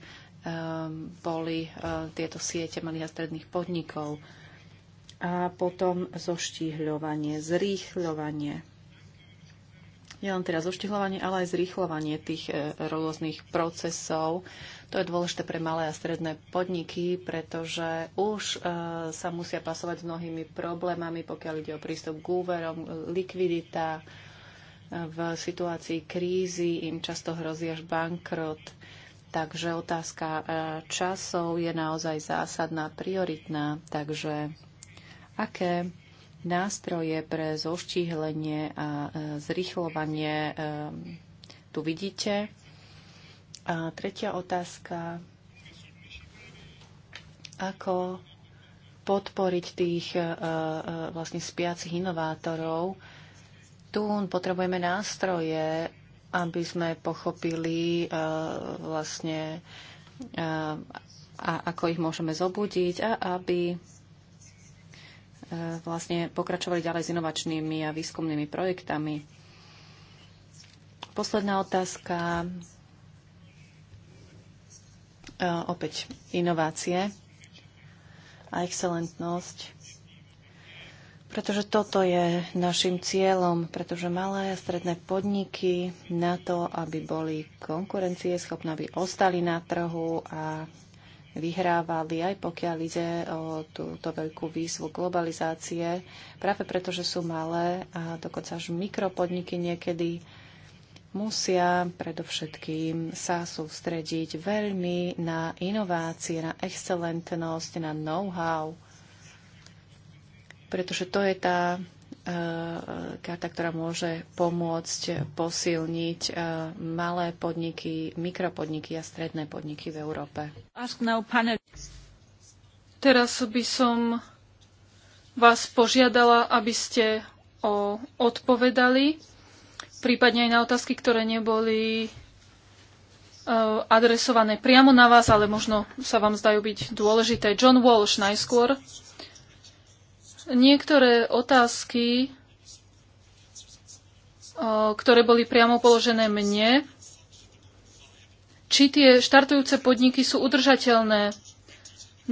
boli e, tieto siete malých a stredných podnikov. A potom zoštihľovanie, zrýchľovanie. Nie len teraz zoštihľovanie, ale aj zrýchľovanie tých rôznych procesov. To je dôležité pre malé a stredné podniky, pretože už sa musia pasovať s mnohými problémami, pokiaľ ide o prístup k úverom, likvidita, v situácii krízy im často hrozí až bankrot. Takže otázka e, časov je naozaj zásadná, prioritná. Takže aké nástroje pre zoštíhlenie a e, zrychľovanie e, tu vidíte? A tretia otázka. Ako podporiť tých vlastne spiacich inovátorov, tu potrebujeme nástroje, aby sme pochopili uh, vlastne, uh, a ako ich môžeme zobudiť a aby uh, vlastne pokračovali ďalej s inovačnými a výskumnými projektami. Posledná otázka. Uh, opäť inovácie a excelentnosť pretože toto je našim cieľom, pretože malé a stredné podniky na to, aby boli konkurencieschopné, aby ostali na trhu a vyhrávali, aj pokiaľ ide o túto veľkú výzvu globalizácie, práve preto, že sú malé a dokonca až mikropodniky niekedy musia predovšetkým sa sústrediť veľmi na inovácie, na excelentnosť, na know-how, pretože to je tá e, karta, ktorá môže pomôcť posilniť e, malé podniky, mikropodniky a stredné podniky v Európe. Teraz by som vás požiadala, aby ste o odpovedali, prípadne aj na otázky, ktoré neboli e, adresované priamo na vás, ale možno sa vám zdajú byť dôležité. John Walsh najskôr. Niektoré otázky, ktoré boli priamo položené mne, či tie štartujúce podniky sú udržateľné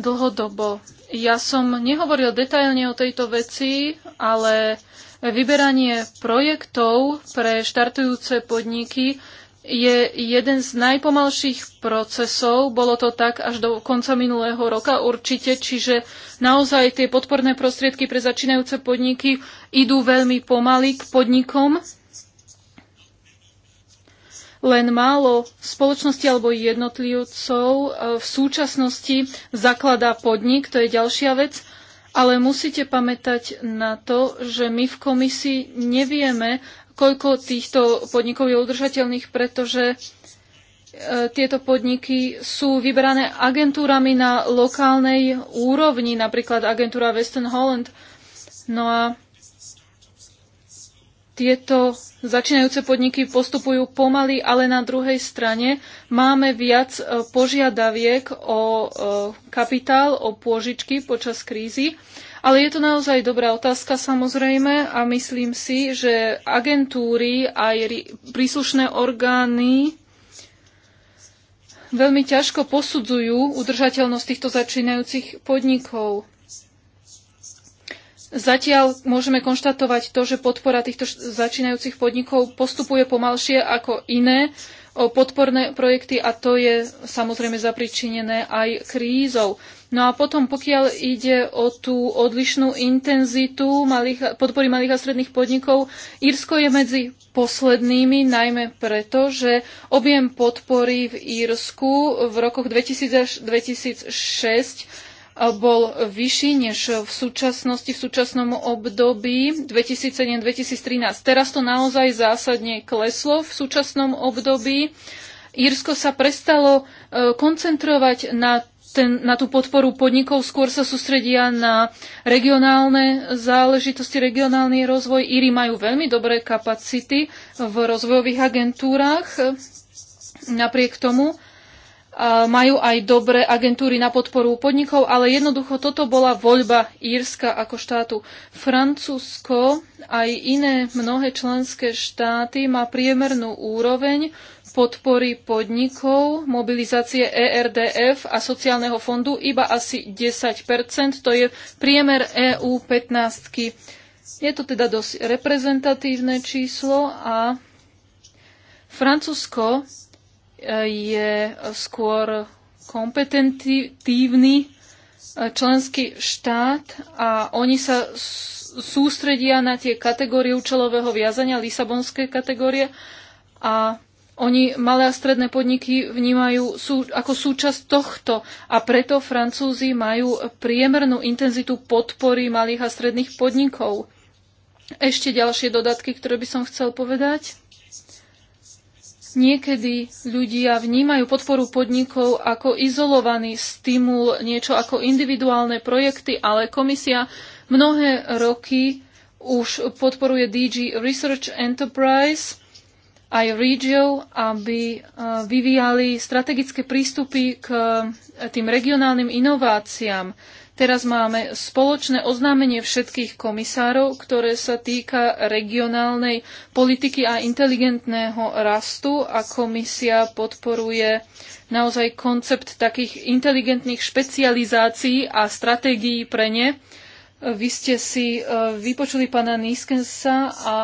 dlhodobo. Ja som nehovoril detailne o tejto veci, ale vyberanie projektov pre štartujúce podniky je jeden z najpomalších procesov. Bolo to tak až do konca minulého roka určite, čiže naozaj tie podporné prostriedky pre začínajúce podniky idú veľmi pomaly k podnikom. Len málo spoločnosti alebo jednotlivcov e, v súčasnosti zakladá podnik, to je ďalšia vec. Ale musíte pamätať na to, že my v komisii nevieme, koľko týchto podnikov je udržateľných, pretože e, tieto podniky sú vyberané agentúrami na lokálnej úrovni, napríklad agentúra Western Holland. No a tieto začínajúce podniky postupujú pomaly, ale na druhej strane máme viac e, požiadaviek o e, kapitál, o pôžičky počas krízy ale je to naozaj dobrá otázka samozrejme a myslím si, že agentúry a príslušné orgány veľmi ťažko posudzujú udržateľnosť týchto začínajúcich podnikov. Zatiaľ môžeme konštatovať to, že podpora týchto začínajúcich podnikov postupuje pomalšie ako iné podporné projekty a to je samozrejme zapričinené aj krízou. No a potom, pokiaľ ide o tú odlišnú intenzitu malých, podpory malých a stredných podnikov, Írsko je medzi poslednými, najmä preto, že objem podpory v Írsku v rokoch 2000 až 2006 eh, bol vyšší než v súčasnosti, v súčasnom období 2007-2013. Teraz to naozaj zásadne kleslo v súčasnom období. Írsko sa prestalo eh, koncentrovať na ten, na tú podporu podnikov, skôr sa sústredia na regionálne záležitosti, regionálny rozvoj. Íry majú veľmi dobré kapacity v rozvojových agentúrach. E, napriek tomu majú aj dobré agentúry na podporu podnikov, ale jednoducho toto bola voľba Írska ako štátu. Francúzsko aj iné mnohé členské štáty má priemernú úroveň podpory podnikov, mobilizácie ERDF a sociálneho fondu iba asi 10 to je priemer EU 15. Je to teda dosť reprezentatívne číslo a Francúzsko e, je skôr kompetentívny e, členský štát a oni sa sústredia na tie kategórie účelového viazania, lisabonské kategórie a oni malé a stredné podniky vnímajú sú, ako súčasť tohto a preto Francúzi majú priemernú intenzitu podpory malých a stredných podnikov. Ešte ďalšie dodatky, ktoré by som chcel povedať. Niekedy ľudia vnímajú podporu podnikov ako izolovaný stimul, niečo ako individuálne projekty, ale komisia mnohé roky už podporuje DG Research Enterprise – aj regiou, aby e, vyvíjali strategické prístupy k e, tým regionálnym inováciám. Teraz máme spoločné oznámenie všetkých komisárov, ktoré sa týka regionálnej politiky a inteligentného rastu a komisia podporuje naozaj koncept takých inteligentných špecializácií a stratégií pre ne. Vy ste si e, vypočuli pána Niskensa a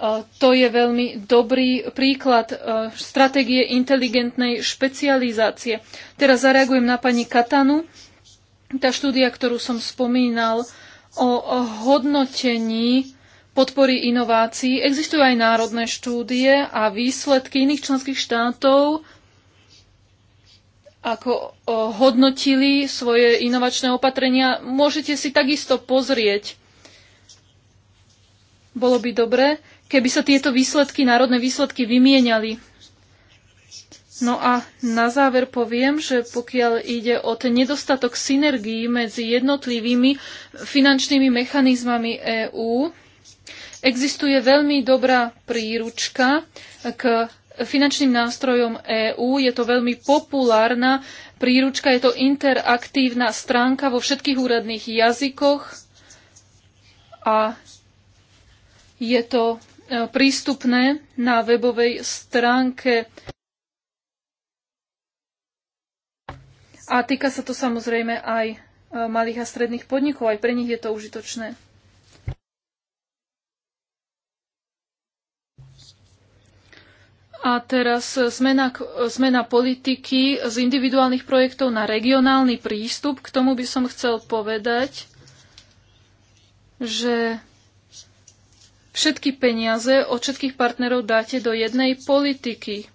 E, to je veľmi dobrý príklad e, stratégie inteligentnej špecializácie. Teraz zareagujem na pani Katanu. Tá štúdia, ktorú som spomínal o hodnotení podpory inovácií, existujú aj národné štúdie a výsledky iných členských štátov ako hodnotili svoje inovačné opatrenia, môžete si takisto pozrieť. Bolo by dobre, keby sa tieto výsledky, národné výsledky vymieniali. No a na záver poviem, že pokiaľ ide o ten nedostatok synergií medzi jednotlivými finančnými mechanizmami EÚ, existuje veľmi dobrá príručka k finančným nástrojom EÚ. Je to veľmi populárna príručka, je to interaktívna stránka vo všetkých úradných jazykoch a je to E, prístupné na webovej stránke. A týka sa to samozrejme aj e, malých a stredných podnikov, aj pre nich je to užitočné. A teraz zmena, zmena politiky z individuálnych projektov na regionálny prístup. K tomu by som chcel povedať, že všetky peniaze od všetkých partnerov dáte do jednej politiky.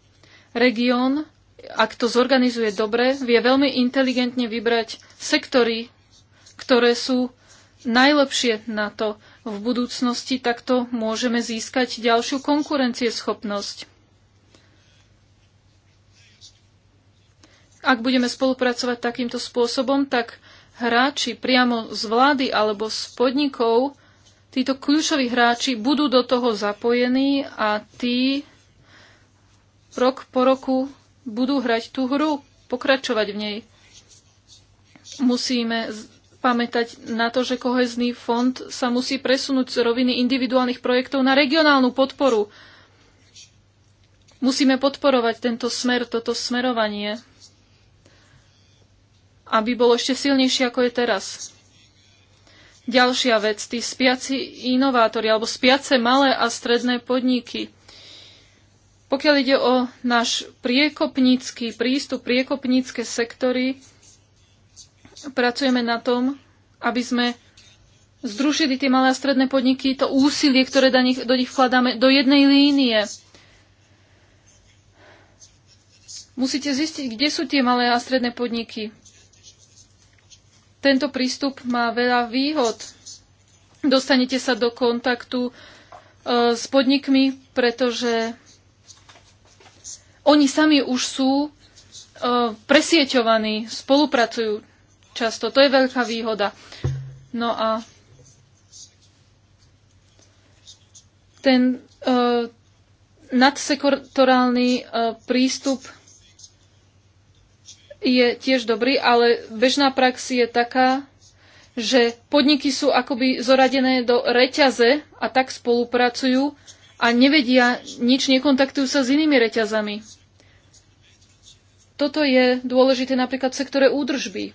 Región, ak to zorganizuje dobre, vie veľmi inteligentne vybrať sektory, ktoré sú najlepšie na to. V budúcnosti takto môžeme získať ďalšiu konkurencieschopnosť. Ak budeme spolupracovať takýmto spôsobom, tak hráči priamo z vlády alebo z podnikov títo kľúčoví hráči budú do toho zapojení a tí rok po roku budú hrať tú hru, pokračovať v nej. Musíme pamätať na to, že kohezný fond sa musí presunúť z roviny individuálnych projektov na regionálnu podporu. Musíme podporovať tento smer, toto smerovanie, aby bolo ešte silnejšie, ako je teraz. Ďalšia vec, tí spiaci inovátori alebo spiace malé a stredné podniky. Pokiaľ ide o náš priekopnícky prístup, priekopnícke sektory, pracujeme na tom, aby sme združili tie malé a stredné podniky, to úsilie, ktoré do nich, do nich vkladáme, do jednej línie. Musíte zistiť, kde sú tie malé a stredné podniky. Tento prístup má veľa výhod. Dostanete sa do kontaktu e, s podnikmi, pretože oni sami už sú e, presieťovaní, spolupracujú často. To je veľká výhoda. No a ten e, nadsektorálny e, prístup je tiež dobrý, ale bežná prax je taká, že podniky sú akoby zoradené do reťaze a tak spolupracujú a nevedia nič, nekontaktujú sa s inými reťazami. Toto je dôležité napríklad v sektore údržby.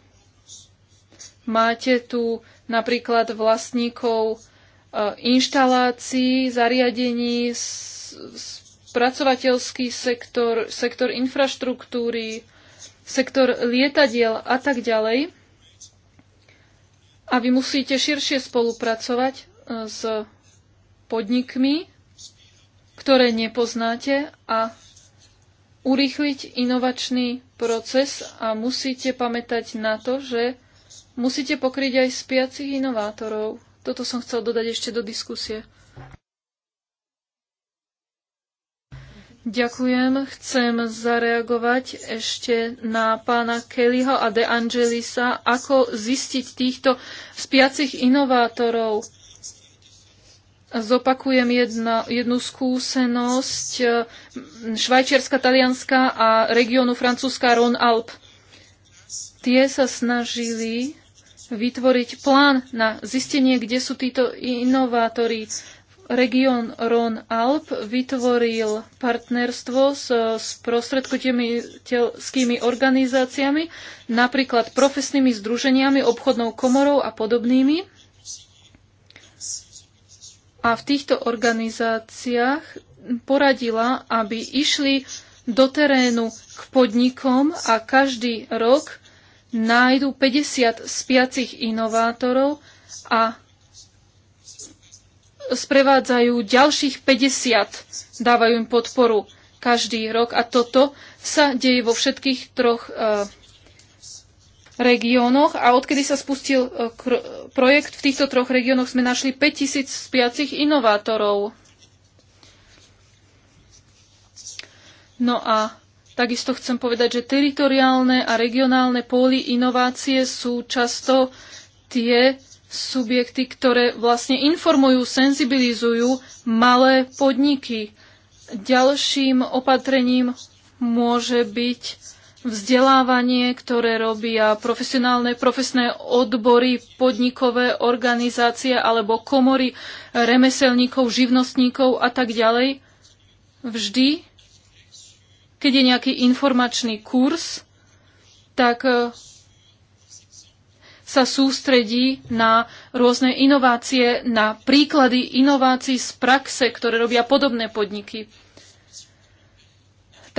Máte tu napríklad vlastníkov e, inštalácií, zariadení, spracovateľský sektor, sektor infraštruktúry, sektor lietadiel a tak ďalej. A vy musíte širšie spolupracovať e, s podnikmi, ktoré nepoznáte a urýchliť inovačný proces a musíte pamätať na to, že musíte pokryť aj spiacich inovátorov. Toto som chcel dodať ešte do diskusie. Ďakujem. Chcem zareagovať ešte na pána Kellyho a De Angelisa, ako zistiť týchto spiacich inovátorov. Zopakujem jedna, jednu skúsenosť švajčiarska, talianska a regiónu francúzska Ron alp Tie sa snažili vytvoriť plán na zistenie, kde sú títo inovátori. Región Rhône-Alp vytvoril partnerstvo s, s organizáciami, napríklad profesnými združeniami, obchodnou komorou a podobnými. A v týchto organizáciách poradila, aby išli do terénu k podnikom a každý rok nájdu 50 spiacich inovátorov a sprevádzajú ďalších 50, dávajú im podporu každý rok a toto sa deje vo všetkých troch e, regiónoch a odkedy sa spustil e, projekt v týchto troch regiónoch sme našli 5000 spiacich inovátorov. No a takisto chcem povedať, že teritoriálne a regionálne póly inovácie sú často tie, subjekty, ktoré vlastne informujú, senzibilizujú malé podniky. Ďalším opatrením môže byť vzdelávanie, ktoré robia profesionálne, profesné odbory, podnikové organizácie alebo komory remeselníkov, živnostníkov a tak ďalej. Vždy, keď je nejaký informačný kurz, tak sa sústredí na rôzne inovácie, na príklady inovácií z praxe, ktoré robia podobné podniky.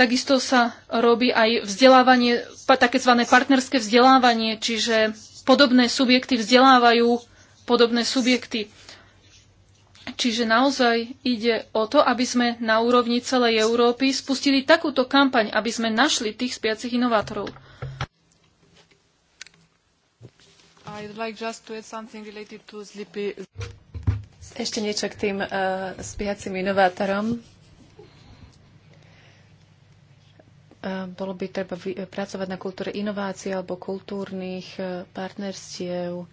Takisto sa robí aj vzdelávanie, také zvané partnerské vzdelávanie, čiže podobné subjekty vzdelávajú podobné subjekty. Čiže naozaj ide o to, aby sme na úrovni celej Európy spustili takúto kampaň, aby sme našli tých spiacich inovátorov. Ešte niečo k tým uh, spiacim inovátorom. Eh, bolo by treba eh, pracovať na kultúre inovácií alebo kultúrnych partnerstiev.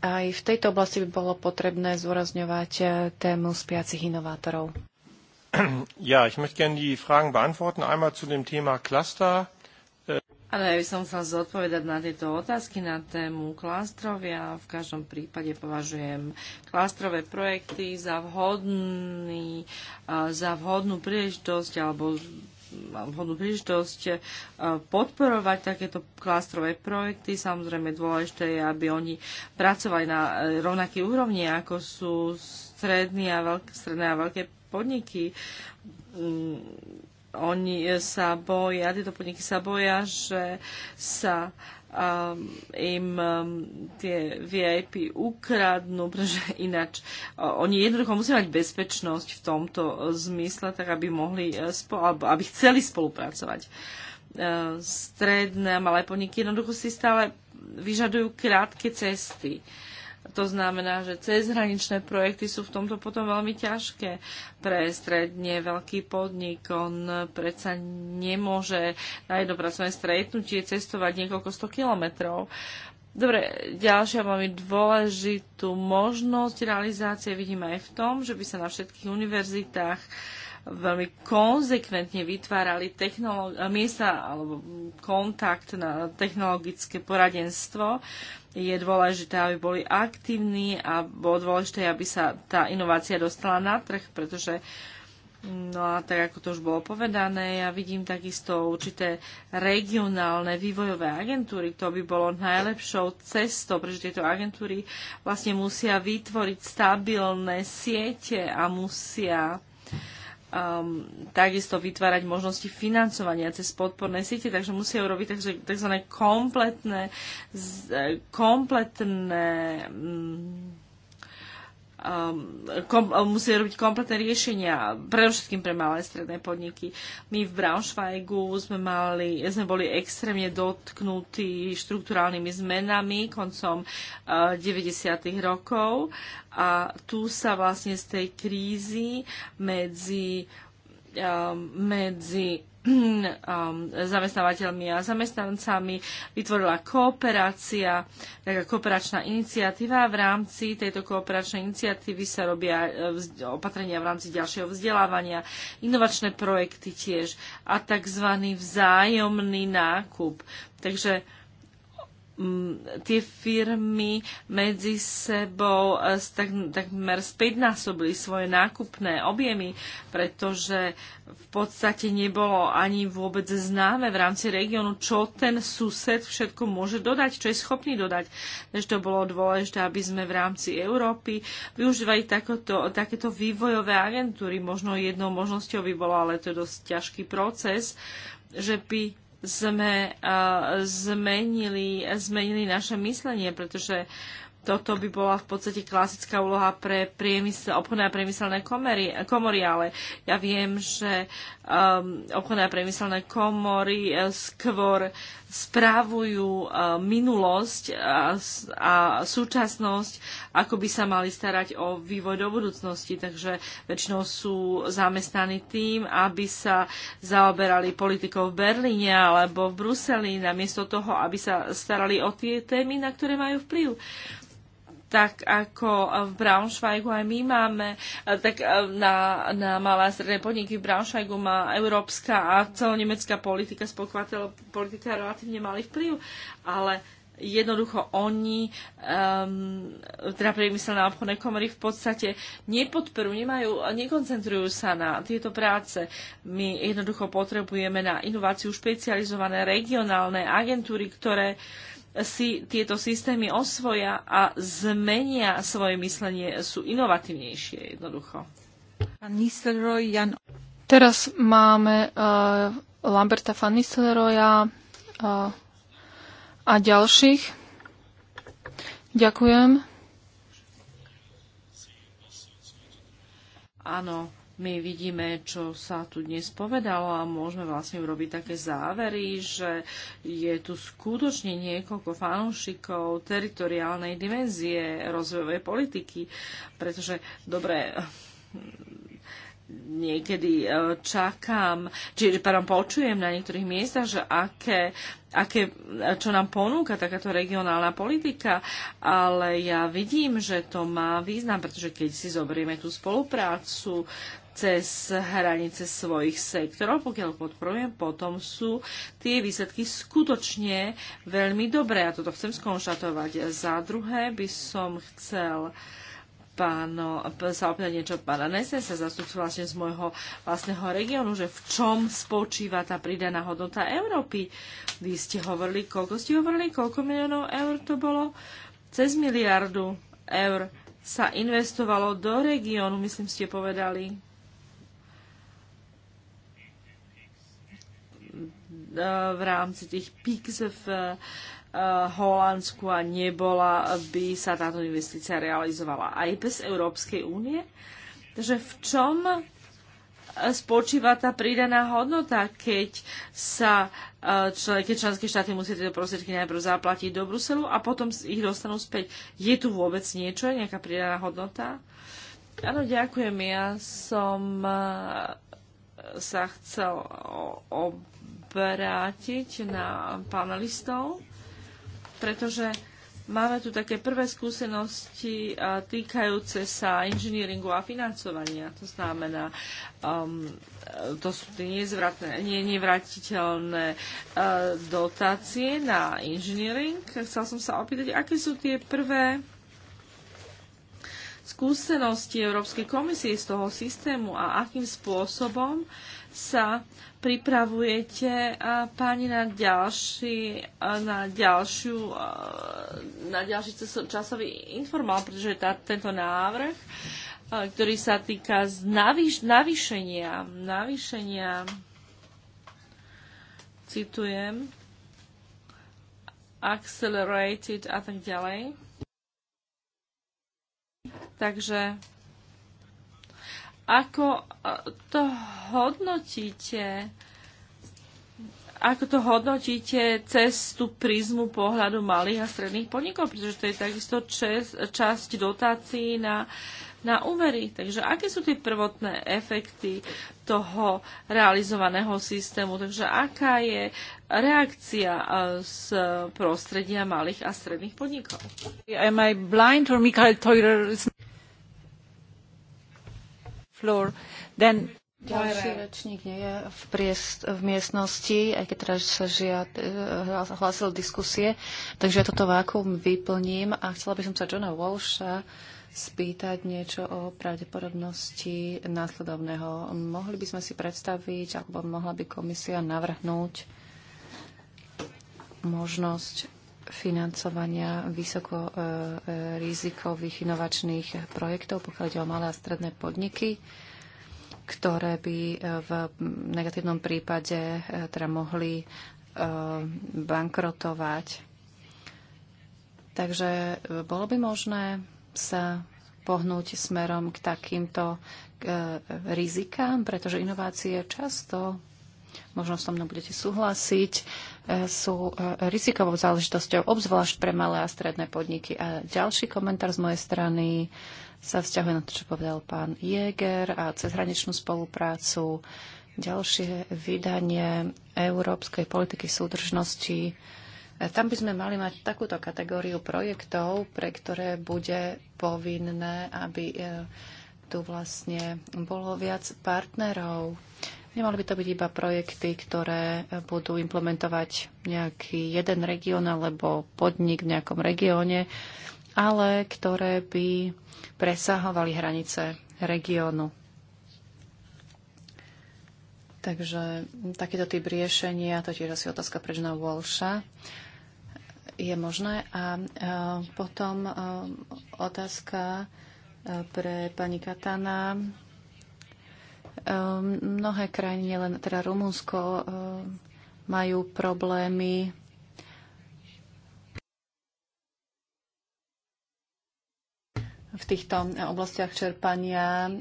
Aj v tejto oblasti by bolo potrebné zúrazňovať tému spiacich inovátorov. Ja, ich möchte gerne die Fragen beantworten. Einmal zu dem Thema Cluster. Ale ja by som chcel zodpovedať na tieto otázky na tému klástrovia. Ja v každom prípade považujem klástrové projekty za, vhodný, za vhodnú príležitosť alebo vhodnú príležitosť podporovať takéto klástrové projekty. Samozrejme dôležité je, aby oni pracovali na e, rovnakej úrovni, ako sú stredné a stredné a veľké podniky mm, oni e, sa boja, tieto podniky sa boja, že sa um, im um, tie VIP ukradnú, pretože ináč uh, oni jednoducho musia mať bezpečnosť v tomto e, zmysle, tak aby mohli, uh, e, spol- alebo aby chceli spolupracovať. Uh, stredné a malé podniky jednoducho si stále vyžadujú krátke cesty. Uh, to znamená, že cezhraničné projekty sú v tomto potom veľmi ťažké pre stredne veľký podnik. On predsa nemôže na jedno pracovné stretnutie cestovať niekoľko sto kilometrov. Dobre, ďalšia veľmi dôležitú možnosť realizácie vidíme aj v tom, že by sa na všetkých univerzitách veľmi konzekventne vytvárali miesta alebo kontakt na technologické poradenstvo, je dôležité, aby boli aktívni a bolo dôležité, aby sa tá inovácia dostala na trh, pretože No a tak, ako to už bolo povedané, ja vidím takisto určité regionálne vývojové agentúry. To by bolo najlepšou cestou, pretože tieto agentúry vlastne musia vytvoriť stabilné siete a musia um, takisto vytvárať možnosti financovania cez podporné siete, takže musia urobiť tzv. tzv. kompletné, eh, kompletné um, Um, kom, um, musí robiť kompletné riešenia, všetkým pre malé stredné podniky. My v Braunschweigu sme, mali, sme boli extrémne dotknutí štruktúrálnymi zmenami koncom uh, 90. rokov a tu sa vlastne z tej krízy medzi, uh, medzi Hmm, um, zamestnávateľmi a zamestnancami, vytvorila kooperácia, taká kooperačná iniciatíva. V rámci tejto kooperačnej iniciatívy sa robia eh, opatrenia v rámci ďalšieho vzdelávania, inovačné projekty tiež a tzv. vzájomný nákup. Takže tie firmy medzi sebou e, tak, takmer späťnásobili svoje nákupné objemy, pretože v podstate nebolo ani vôbec známe v rámci regiónu, čo ten sused všetko môže dodať, čo je schopný dodať. Takže to bolo dôležité, aby sme v rámci Európy využívali takoto, takéto vývojové agentúry. Možno jednou možnosťou by bolo, ale to je dosť ťažký proces, že by sme zmenili, zmenili naše myslenie, pretože toto by bola v podstate klasická úloha pre priemysel, obchodné a priemyselné komory, komory ale ja viem, že um, obchodné a priemyselné komory e, skôr správujú uh, minulosť a, e, a súčasnosť, ako by sa mali starať o vývoj do budúcnosti. Takže väčšinou sú zamestnaní tým, aby sa zaoberali politikou v Berlíne alebo v Bruseli, namiesto toho, aby sa starali o tie témy, na ktoré majú vplyv tak ako v Braunschweigu aj my máme, eh, tak eh, na, na malé a stredné podniky v Braunschweigu má európska a celonemecká politika spolkovateľ politika relatívne malý vplyv, ale jednoducho oni, um, teda priemyselné obchodné komory v podstate nepodperujú, nemajú, nekoncentrujú sa na tieto práce. My jednoducho potrebujeme na inováciu špecializované regionálne agentúry, ktoré uh, si tieto systémy osvoja a zmenia svoje myslenie, sú inovatívnejšie jednoducho. Teraz máme uh, Lamberta van Nistelrooya uh, a ďalších. Ďakujem. Áno, my vidíme, čo sa tu dnes povedalo a môžeme vlastne urobiť také závery, že je tu skutočne niekoľko fanúšikov teritoriálnej dimenzie rozvojovej politiky, pretože dobre niekedy e, čakám, či pardon, počujem na niektorých miestach, že aké, aké, čo nám ponúka takáto regionálna politika, ale ja vidím, že to má význam, pretože keď si zoberieme tú spoluprácu cez hranice svojich sektorov, pokiaľ podporujem, potom sú tie výsledky skutočne veľmi dobré. A toto chcem skonštatovať. Za druhé by som chcel páno, sa opýtať niečo pána Nesensa, zastupcu vlastne z môjho vlastného regiónu, že v čom spočíva tá pridaná hodnota Európy. Vy ste hovorili, koľko ste hovorili, koľko miliónov eur to bolo? Cez miliardu eur sa investovalo do regiónu, myslím ste povedali. Eh, v rámci tých PIX v eh, Holandsku a nebola, by sa táto investícia realizovala aj bez Európskej únie. Takže v čom eh, spočíva tá pridaná hodnota, keď sa človek, keď členské štáty musia tieto prostriedky najprv zaplatiť do Bruselu a potom ich dostanú späť. Je tu vôbec niečo, nejaká pridaná hodnota? Áno, ďakujem. Ja som sa chcel vrátiť na panelistov, pretože máme tu také prvé skúsenosti týkajúce sa inžinieringu a financovania. To znamená, um, to sú tie nie, nevratiteľné uh, dotácie na inžiniering. Chcel som sa opýtať, aké sú tie prvé skúsenosti Európskej komisie z toho systému a akým spôsobom sa pripravujete páni na, ďalší, na, ďalšiu, na ďalší časový informál, pretože tá, tento návrh, ktorý sa týka navýš, navýšenia, navýšenia, citujem, accelerated a tak ďalej. Takže ako e, to hodnotíte? Ako to hodnotíte cez tú prízmu pohľadu malých a stredných podnikov? Pretože to je takisto čas, časť dotácií na, na úvery. Takže aké sú tie prvotné efekty toho realizovaného systému? Takže aká je reakcia e, z prostredia malých a stredných podnikov? Am I blind or Michael Teurer is floor, then... Ďalší rečník nie je v, priest, v miestnosti, aj keď teraz sa žiad, eh, hlásil diskusie, takže ja toto vákuum vyplním a chcela by som sa Johna Walsha spýtať niečo o pravdepodobnosti následovného. Mohli by sme si predstaviť, alebo mohla by komisia navrhnúť možnosť financovania vysoko e, e, rizikových inovačných projektov, pokiaľ ide o malé a stredné podniky, ktoré by e, v negatívnom prípade teda mohli bankrotovať. Takže bolo by možné sa pohnúť smerom k takýmto rizikám, pretože inovácie často, možno so mnou budete súhlasiť, sú e, rizikovou záležitosťou, obzvlášť pre malé a stredné podniky. A ďalší komentár z mojej strany sa vzťahuje na to, čo povedal pán Jäger a cezhraničnú spoluprácu. Ďalšie vydanie Európskej politiky súdržnosti. E, tam by sme mali mať takúto kategóriu projektov, pre ktoré bude povinné, aby e, tu vlastne bolo viac partnerov. Nemali by to byť iba projekty, ktoré budú implementovať nejaký jeden región alebo podnik v nejakom regióne, ale ktoré by presahovali hranice regiónu. Takže takýto typ riešenia, to tiež asi otázka pre Johna Walsha, je možné. A, potom otázka e, pre pani Katana Ehm, mnohé krajiny, len teda Rumunsko, ehm, majú problémy v týchto oblastiach čerpania ehm,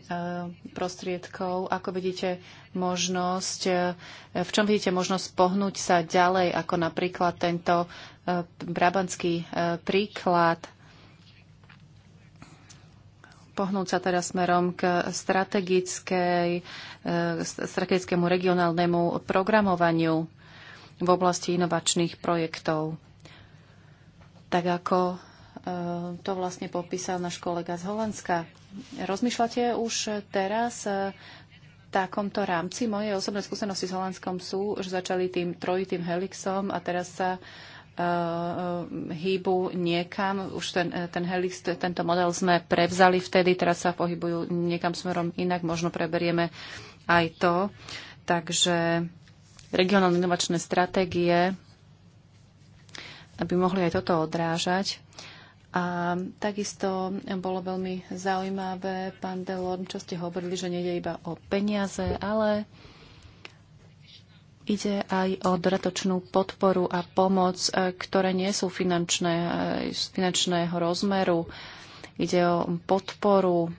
prostriedkov. Ako vidíte možnosť, v čom vidíte možnosť pohnúť sa ďalej, ako napríklad tento brabanský príklad? pohnúť sa teraz smerom k strategickej, e, strategickému regionálnemu programovaniu v oblasti inovačných projektov. Tak ako e, to vlastne popísal náš kolega z Holandska. Rozmýšľate už teraz e, takomto rámci. Moje osobné skúsenosti s Holandskom sú, že začali tým trojitým helixom a teraz sa Eh, eh, hýbu niekam. Už ten, eh, ten helix, tento model sme prevzali vtedy, teraz sa pohybujú niekam smerom inak, možno preberieme aj to. Takže regionálne inovačné stratégie aby mohli aj toto odrážať. A takisto bolo veľmi zaujímavé, pán Delorm, čo ste hovorili, že nejde iba o peniaze, ale Ide aj o dodatočnú podporu a pomoc, e, ktoré nie sú finančné, e, z finančného rozmeru. Ide o podporu.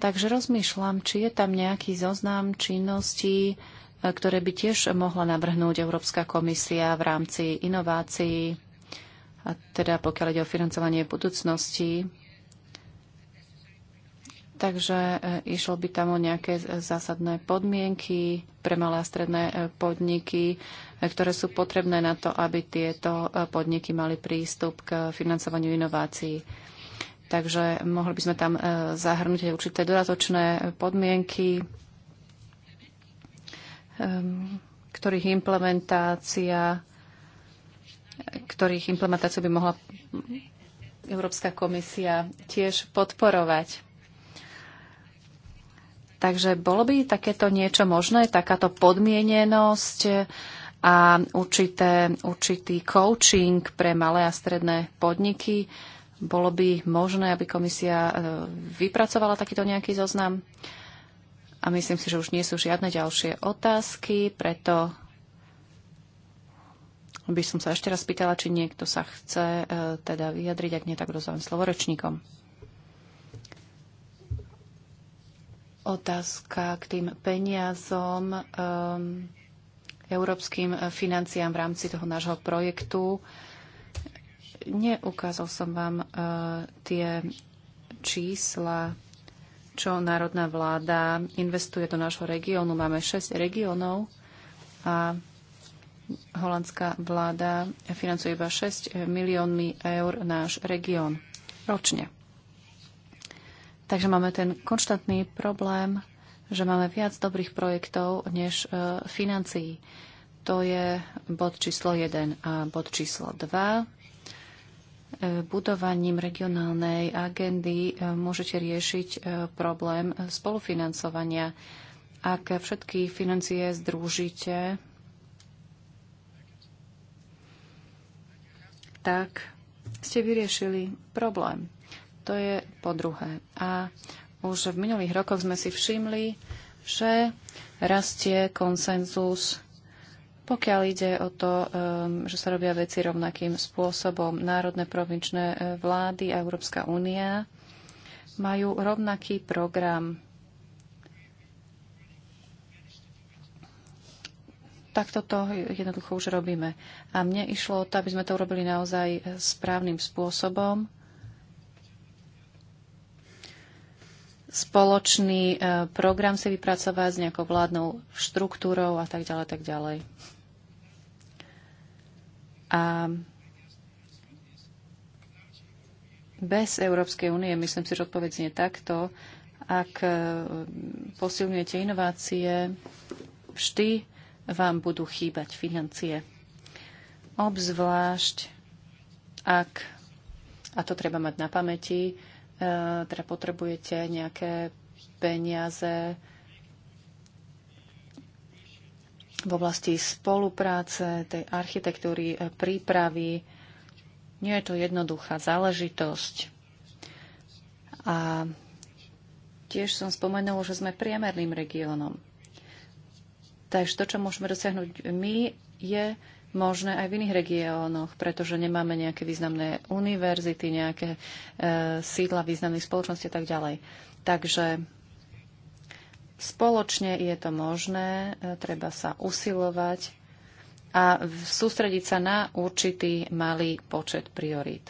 Takže rozmýšľam, či je tam nejaký zoznam činností, e, ktoré by tiež mohla navrhnúť Európska komisia v rámci inovácií, a teda pokiaľ ide o financovanie budúcnosti Takže e, išlo by tam o nejaké zásadné podmienky pre malé a stredné e, podniky, e, ktoré sú potrebné na to, aby tieto podniky mali prístup k financovaniu inovácií. Takže mohli by sme tam zahrnúť aj určité dodatočné podmienky, ehm, ktorých implementácia ktorých implementáciu by mohla Európska komisia tiež podporovať. Takže bolo by takéto niečo možné, takáto podmienenosť a určité, určitý coaching pre malé a stredné podniky. Bolo by možné, aby komisia e, vypracovala takýto nejaký zoznam? A myslím si, že už nie sú žiadne ďalšie otázky, preto by som sa ešte raz pýtala, či niekto sa chce e, teda vyjadriť, ak nie, tak rozdávam slovorečníkom. Otázka k tým peniazom, um, európskym financiám v rámci toho nášho projektu. Neukázal som vám uh, tie čísla, čo národná vláda investuje do nášho regiónu. Máme 6 regiónov a holandská vláda financuje iba 6 miliónmi eur náš región ročne. Takže máme ten konštantný problém, že máme viac dobrých projektov než e, financií. To je bod číslo 1 a bod číslo 2. E, budovaním regionálnej agendy e, môžete riešiť e, problém spolufinancovania. Ak všetky financie združíte, tak ste vyriešili problém. To je po druhé. A už v minulých rokoch sme si všimli, že rastie konsenzus, pokiaľ ide o to, um, že sa robia veci rovnakým spôsobom. Národné provinčné e, vlády a Európska únia majú rovnaký program. Takto to jednoducho už robíme. A mne išlo o to, aby sme to urobili naozaj správnym spôsobom spoločný e, program si vypracovať s nejakou vládnou štruktúrou a tak ďalej, tak ďalej. A bez Európskej únie, myslím si, že odpoveď znie takto, ak e, posilňujete inovácie, vždy vám budú chýbať financie. Obzvlášť, ak, a to treba mať na pamäti, Eh, teda potrebujete nejaké peniaze v oblasti spolupráce, tej architektúry, eh, prípravy. Nie je to jednoduchá záležitosť. A tiež som spomenul, že sme priemerným regiónom. Takže to, čo môžeme dosiahnuť my, je možné aj v iných regiónoch, pretože nemáme nejaké významné univerzity, nejaké e, sídla významných spoločností a tak ďalej. Takže spoločne je to možné, e, treba sa usilovať a sústrediť sa na určitý malý počet priorít.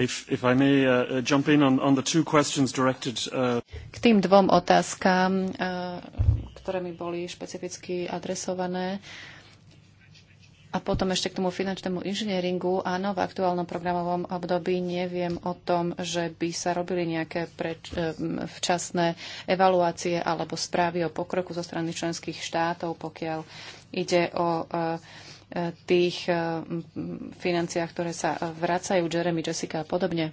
If, if may, uh, uh on, on directed, uh... K tým dvom otázkám. E, ktoré mi boli špecificky adresované. A potom ešte k tomu finančnému inžinieringu. Áno, v aktuálnom programovom období neviem o tom, že by sa robili nejaké preč, e, včasné evaluácie alebo správy o pokroku zo strany členských štátov, pokiaľ ide o e, e, tých financiách, ktoré sa vracajú, Jeremy, Jessica a podobne.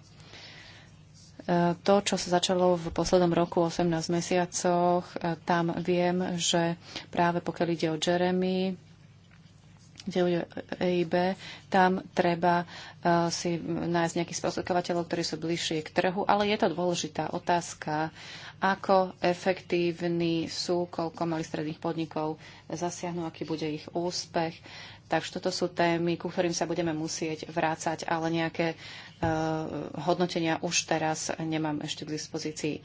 To, čo sa začalo v poslednom roku 18 mesiacoch, e, tam viem, že práve pokiaľ ide o Jeremy, kde EIB, tam treba e, si nájsť nejakých sprostredkovateľov, ktorí sú bližšie k trhu, ale je to dôležitá otázka, ako efektívni sú, koľko malých stredných podnikov zasiahnu, aký bude ich úspech. Takže toto sú témy, ku ktorým sa budeme musieť vrácať, ale nejaké Eh, hodnotenia už teraz nemám ešte k dispozícii.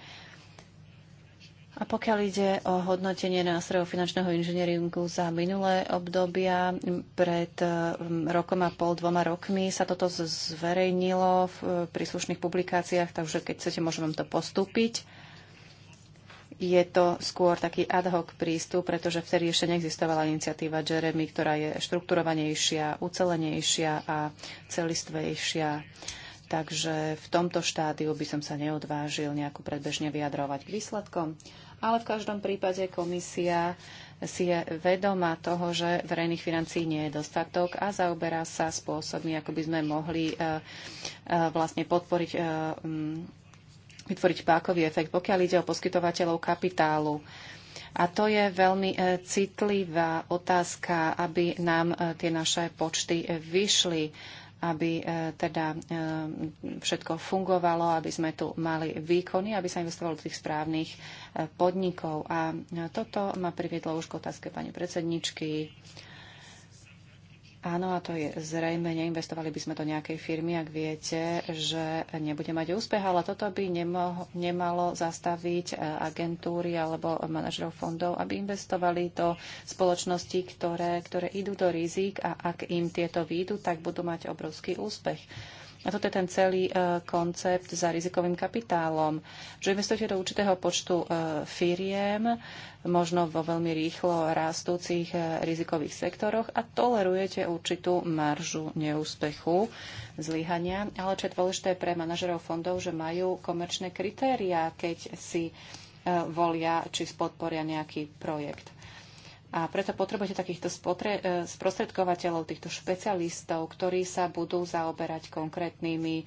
A pokiaľ ide o hodnotenie nástrojov finančného inžinieringu za minulé obdobia, pred eh, rokom a pol, dvoma rokmi sa toto zverejnilo v eh, príslušných publikáciách, takže keď chcete, môžem vám to postúpiť. Je to skôr taký ad hoc prístup, pretože vtedy ešte neexistovala iniciatíva Jeremy, ktorá je štrukturovanejšia, ucelenejšia a celistvejšia takže v tomto štádiu by som sa neodvážil nejako predbežne vyjadrovať k výsledkom. Ale v každom prípade komisia si je vedomá toho, že verejných financií nie je dostatok a zaoberá sa spôsobmi, ako by sme mohli e, e, vlastne podporiť e, mm, vytvoriť pákový efekt, pokiaľ ide o poskytovateľov kapitálu. A to je veľmi citlivá otázka, aby nám tie naše počty vyšli aby e, teda e, všetko fungovalo, aby sme tu mali výkony, aby sa investovalo do tých správnych e, podnikov. A toto ma priviedlo už k otázke pani predsedničky Áno, a to je zrejme, neinvestovali by sme do nejakej firmy, ak viete, že nebude mať úspech, ale toto by nemoh, nemalo zastaviť e, agentúry alebo manažerov fondov, aby investovali do spoločností, ktoré, ktoré idú do rizik a ak im tieto výjdu, tak budú mať obrovský úspech. A toto je ten celý e, koncept za rizikovým kapitálom, že investujete do určitého počtu e, firiem, možno vo veľmi rýchlo rastúcich e, rizikových sektoroch a tolerujete určitú maržu neúspechu, zlyhania. Ale čo je dôležité pre manažerov fondov, že majú komerčné kritériá, keď si volia, či spodporia nejaký projekt. A preto potrebujete takýchto spotre- e, sprostredkovateľov, týchto špecialistov, ktorí sa budú zaoberať konkrétnymi e,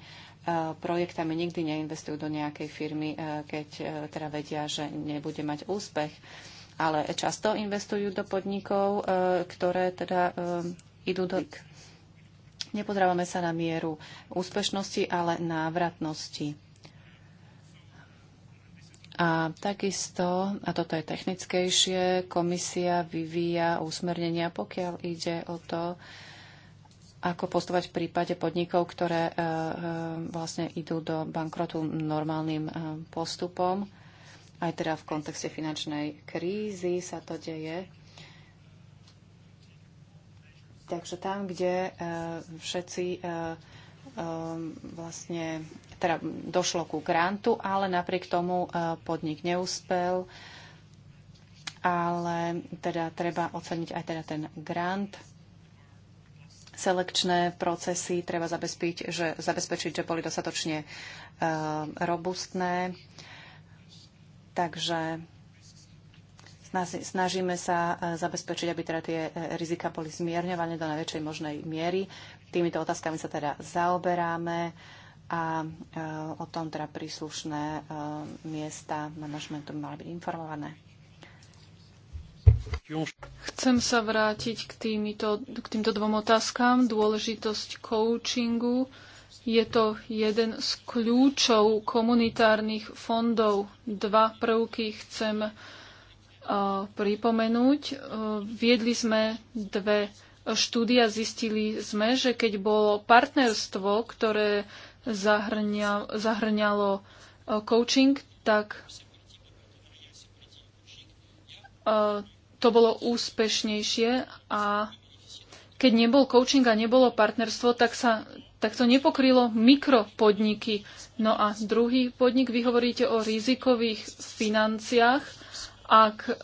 projektami. Nikdy neinvestujú do nejakej firmy, e, keď teda vedia, že nebude mať úspech. Ale často investujú do podnikov, ktoré teda idú do... Nepodrávame sa na mieru úspešnosti, ale návratnosti. A takisto, a toto je technickejšie, komisia vyvíja usmernenia, pokiaľ ide o to, ako postovať v prípade podnikov, ktoré e, e, vlastne idú do bankrotu normálnym e, postupom. Aj teda v kontexte finančnej krízy sa to deje. Takže tam, kde všetci Ehm, vlastne teda došlo ku grantu, ale napriek tomu eh, podnik neúspel. Ale teda treba oceniť aj teda ten grant. Selekčné procesy treba zabezpečiť, že, zabezpečiť, že boli dostatočne eh, robustné. Takže snažíme sa eh, zabezpečiť, aby teda tie rizika boli zmierňované do najväčšej možnej miery. Týmito otázkami sa teda zaoberáme a e, o tom teda príslušné e, miesta manažmentu by mali byť informované. Chcem sa vrátiť k, týmito, k týmto dvom otázkám. Dôležitosť coachingu. Je to jeden z kľúčov komunitárnych fondov. Dva prvky chcem uh, pripomenúť. Uh, viedli sme dve štúdia zistili sme, že keď bolo partnerstvo, ktoré zahrňa, zahrňalo e, coaching, tak e, to bolo úspešnejšie a keď nebol coaching a nebolo partnerstvo, tak, sa, tak to nepokrylo mikropodniky. No a druhý podnik, vy hovoríte o rizikových financiách. Ak e,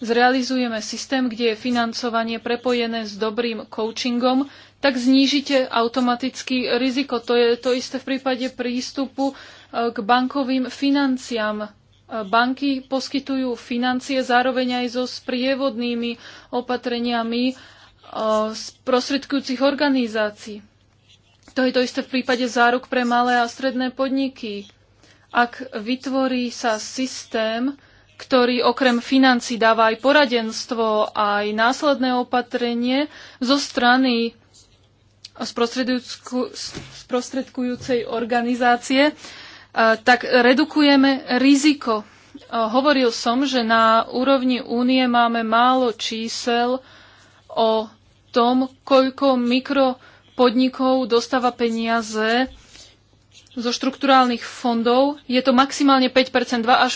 zrealizujeme systém, kde je financovanie prepojené s dobrým coachingom, tak znížite automaticky riziko. To je to isté v prípade prístupu e, k bankovým financiám. E, banky poskytujú financie zároveň aj so sprievodnými opatreniami e, z prostredkujúcich organizácií. To je to isté v prípade záruk pre malé a stredné podniky. Ak vytvorí sa systém, ktorý okrem financí dáva aj poradenstvo, aj následné opatrenie zo strany sprostredkujúcej organizácie, tak redukujeme riziko. Hovoril som, že na úrovni únie máme málo čísel o tom, koľko mikropodnikov dostáva peniaze zo štrukturálnych fondov je to maximálne 5%, 2 až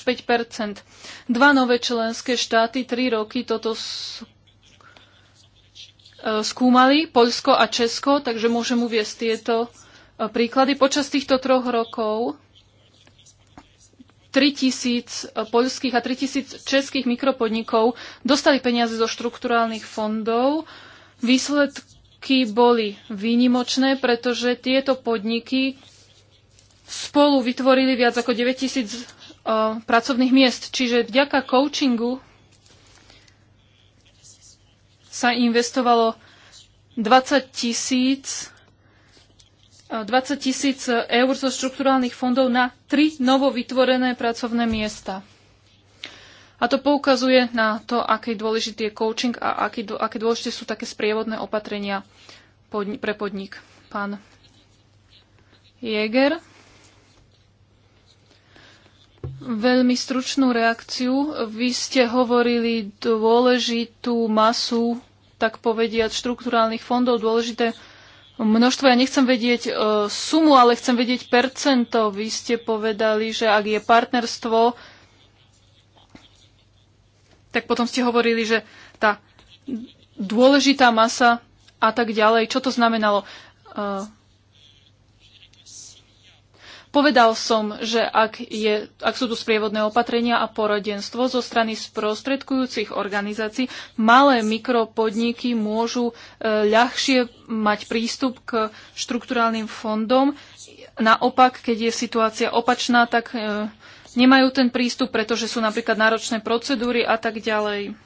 5%. Dva nové členské štáty, tri roky toto e, skúmali, Poľsko a Česko, takže môžem uviesť tieto e, príklady. Počas týchto troch rokov 3000 e, poľských a 3000 českých mikropodnikov dostali peniaze zo štrukturálnych fondov. Výsledky boli výnimočné, pretože tieto podniky spolu vytvorili viac ako 9000 uh, e, pracovných miest. Čiže vďaka coachingu sa investovalo 20 tisíc 20 e, tisíc eur zo štrukturálnych fondov na tri novovytvorené pracovné miesta. A to poukazuje na to, aký dôležitý je coaching a aký, aké dôležité sú také sprievodné opatrenia pre podnik. Pán Jäger. Veľmi stručnú reakciu. Vy ste hovorili dôležitú masu, tak povediať, štruktúrálnych fondov, dôležité množstvo. Ja nechcem vedieť e, sumu, ale chcem vedieť percento. Vy ste povedali, že ak je partnerstvo, tak potom ste hovorili, že tá dôležitá masa a tak ďalej. Čo to znamenalo? E, Povedal som, že ak, je, ak sú tu sprievodné opatrenia a poradenstvo zo strany sprostredkujúcich organizácií, malé mikropodniky môžu e, ľahšie mať prístup k štrukturálnym fondom. Naopak, keď je situácia opačná, tak e, nemajú ten prístup, pretože sú napríklad náročné procedúry a tak ďalej.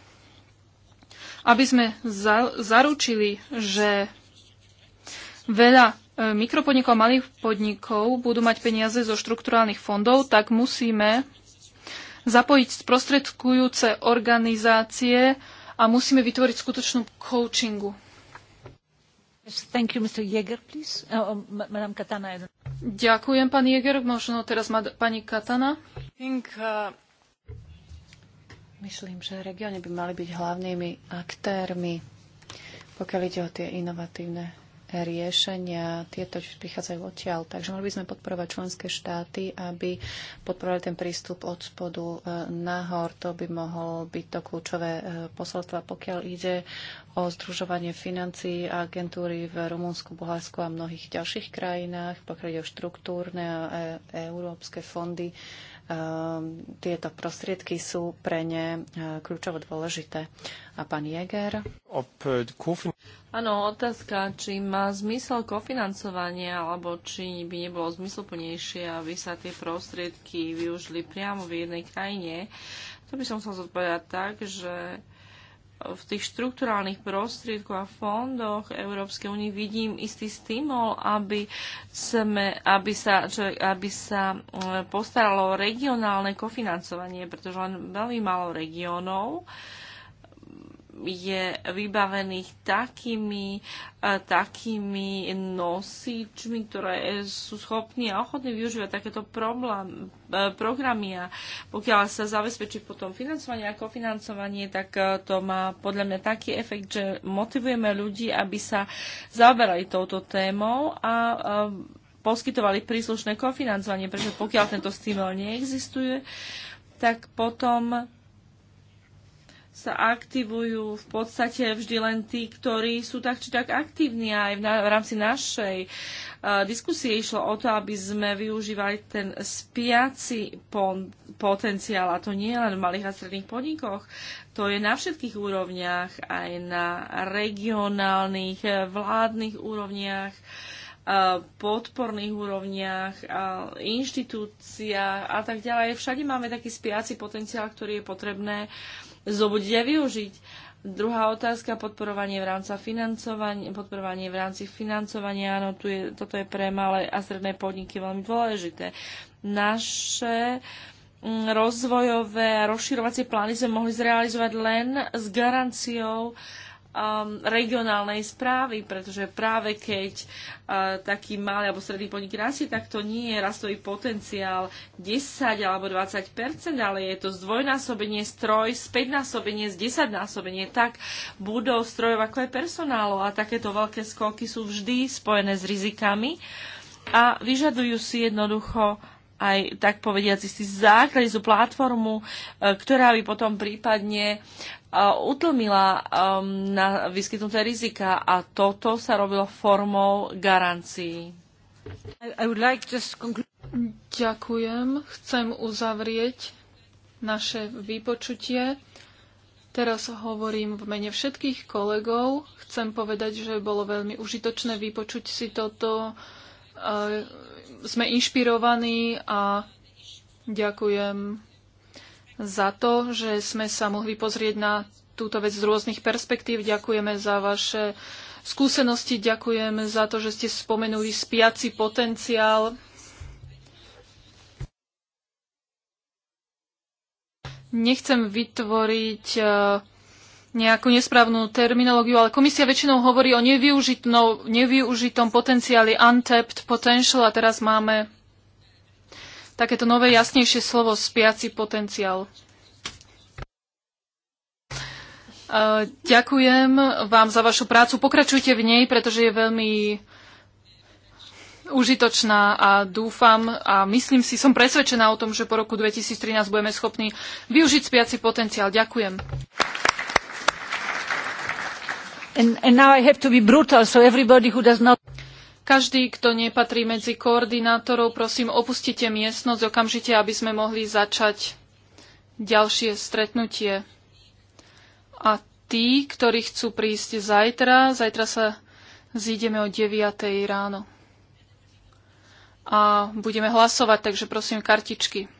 Aby sme za, zaručili, že veľa mikropodnikov a malých podnikov budú mať peniaze zo štrukturálnych fondov, tak musíme zapojiť sprostredkujúce organizácie a musíme vytvoriť skutočnú coachingu. Thank you, Mr. Jäger, please. Oh, oh Madame Katana. Ďakujem, pani Jäger. Možno teraz má pani Katana. Think, uh... Myslím, že regióny by mali byť hlavnými aktérmi, pokiaľ ide o tie inovatívne riešenia, tieto prichádzajú odtiaľ. Takže mali by sme podporovať členské štáty, aby podporovali ten prístup od spodu e, nahor. To by mohol byť to kľúčové e, posolstvo. pokiaľ ide o združovanie financií a agentúry v Rumunsku, Bulharsku a mnohých ďalších krajinách, pokiaľ ide o štruktúrne a e európske fondy Ehm, tieto prostriedky sú pre ne eh, kľúčovo dôležité. A pán Jäger? Eh, Áno, otázka, či má zmysel kofinancovanie, alebo či by nebolo zmysluplnejšie, aby sa tie prostriedky využili priamo v jednej krajine. To by som chcel zodpovedať tak, že v tých štruktúrálnych prostriedkoch a fondoch Európskej únie vidím istý stimul, aby, sme, aby, sa, čo, aby sa e, postaralo regionálne kofinancovanie, pretože len veľmi málo regiónov uh, je vybavených takými, eh, takými nosičmi, ktoré sú schopní a ochotní využívať takéto problém, eh, programy a pokiaľ sa zabezpečí potom financovanie a kofinancovanie, tak eh, to má podľa mňa taký efekt, že motivujeme ľudí, aby sa zaoberali touto témou a poskytovali príslušné kofinancovanie, pretože pokiaľ tento stimul neexistuje, tak potom sa aktivujú v podstate vždy len tí, ktorí sú tak či tak aktívni. Aj v, na, v rámci našej uh, diskusie išlo o to, aby sme využívali ten spiaci pon, potenciál, a to nie len v malých a stredných podnikoch, to je na všetkých úrovniach, aj na regionálnych, e, vládnych úrovniach e, podporných úrovniach, inštitúciách a tak ďalej. Všade máme taký spiaci potenciál, ktorý je potrebné uh, zobudiť a využiť. Druhá otázka, podporovanie v rámci financovania. Podporovanie v rámci financovania, áno, tu je, toto je pre malé a stredné podniky veľmi dôležité. Naše mm, rozvojové a rozširovacie plány sme mohli zrealizovať len s garanciou uh, um, regionálnej správy, pretože práve keď uh, taký malý alebo stredný podnik rastie, tak to nie je rastový potenciál 10 alebo 20 ale je to zdvojnásobenie stroj, späťnásobenie, zdesaťnásobenie, tak budou strojov ako aj personálu a takéto veľké skoky sú vždy spojené s rizikami a vyžadujú si jednoducho aj tak povediať si základ, tú platformu, e, ktorá by potom prípadne e, utlmila e, na vyskytnuté rizika a toto sa robilo formou garancií. Like Ďakujem. Chcem uzavrieť naše vypočutie. Teraz hovorím v mene všetkých kolegov. Chcem povedať, že bolo veľmi užitočné vypočuť si toto sme inšpirovaní a ďakujem za to, že sme sa mohli pozrieť na túto vec z rôznych perspektív. Ďakujeme za vaše skúsenosti, ďakujem za to, že ste spomenuli spiaci potenciál. Nechcem vytvoriť uh, nejakú nesprávnu terminológiu, ale komisia väčšinou hovorí o nevyužitom potenciáli untapped potential a teraz máme takéto nové jasnejšie slovo spiaci potenciál. E, ďakujem vám za vašu prácu. Pokračujte v nej, pretože je veľmi užitočná a dúfam a myslím si, som presvedčená o tom, že po roku 2013 budeme schopní využiť spiaci potenciál. Ďakujem. Každý, kto nepatrí medzi koordinátorov, prosím, opustite miestnosť okamžite, aby sme mohli začať ďalšie stretnutie. A tí, ktorí chcú prísť zajtra, zajtra sa zídeme o 9. ráno. A budeme hlasovať, takže prosím kartičky.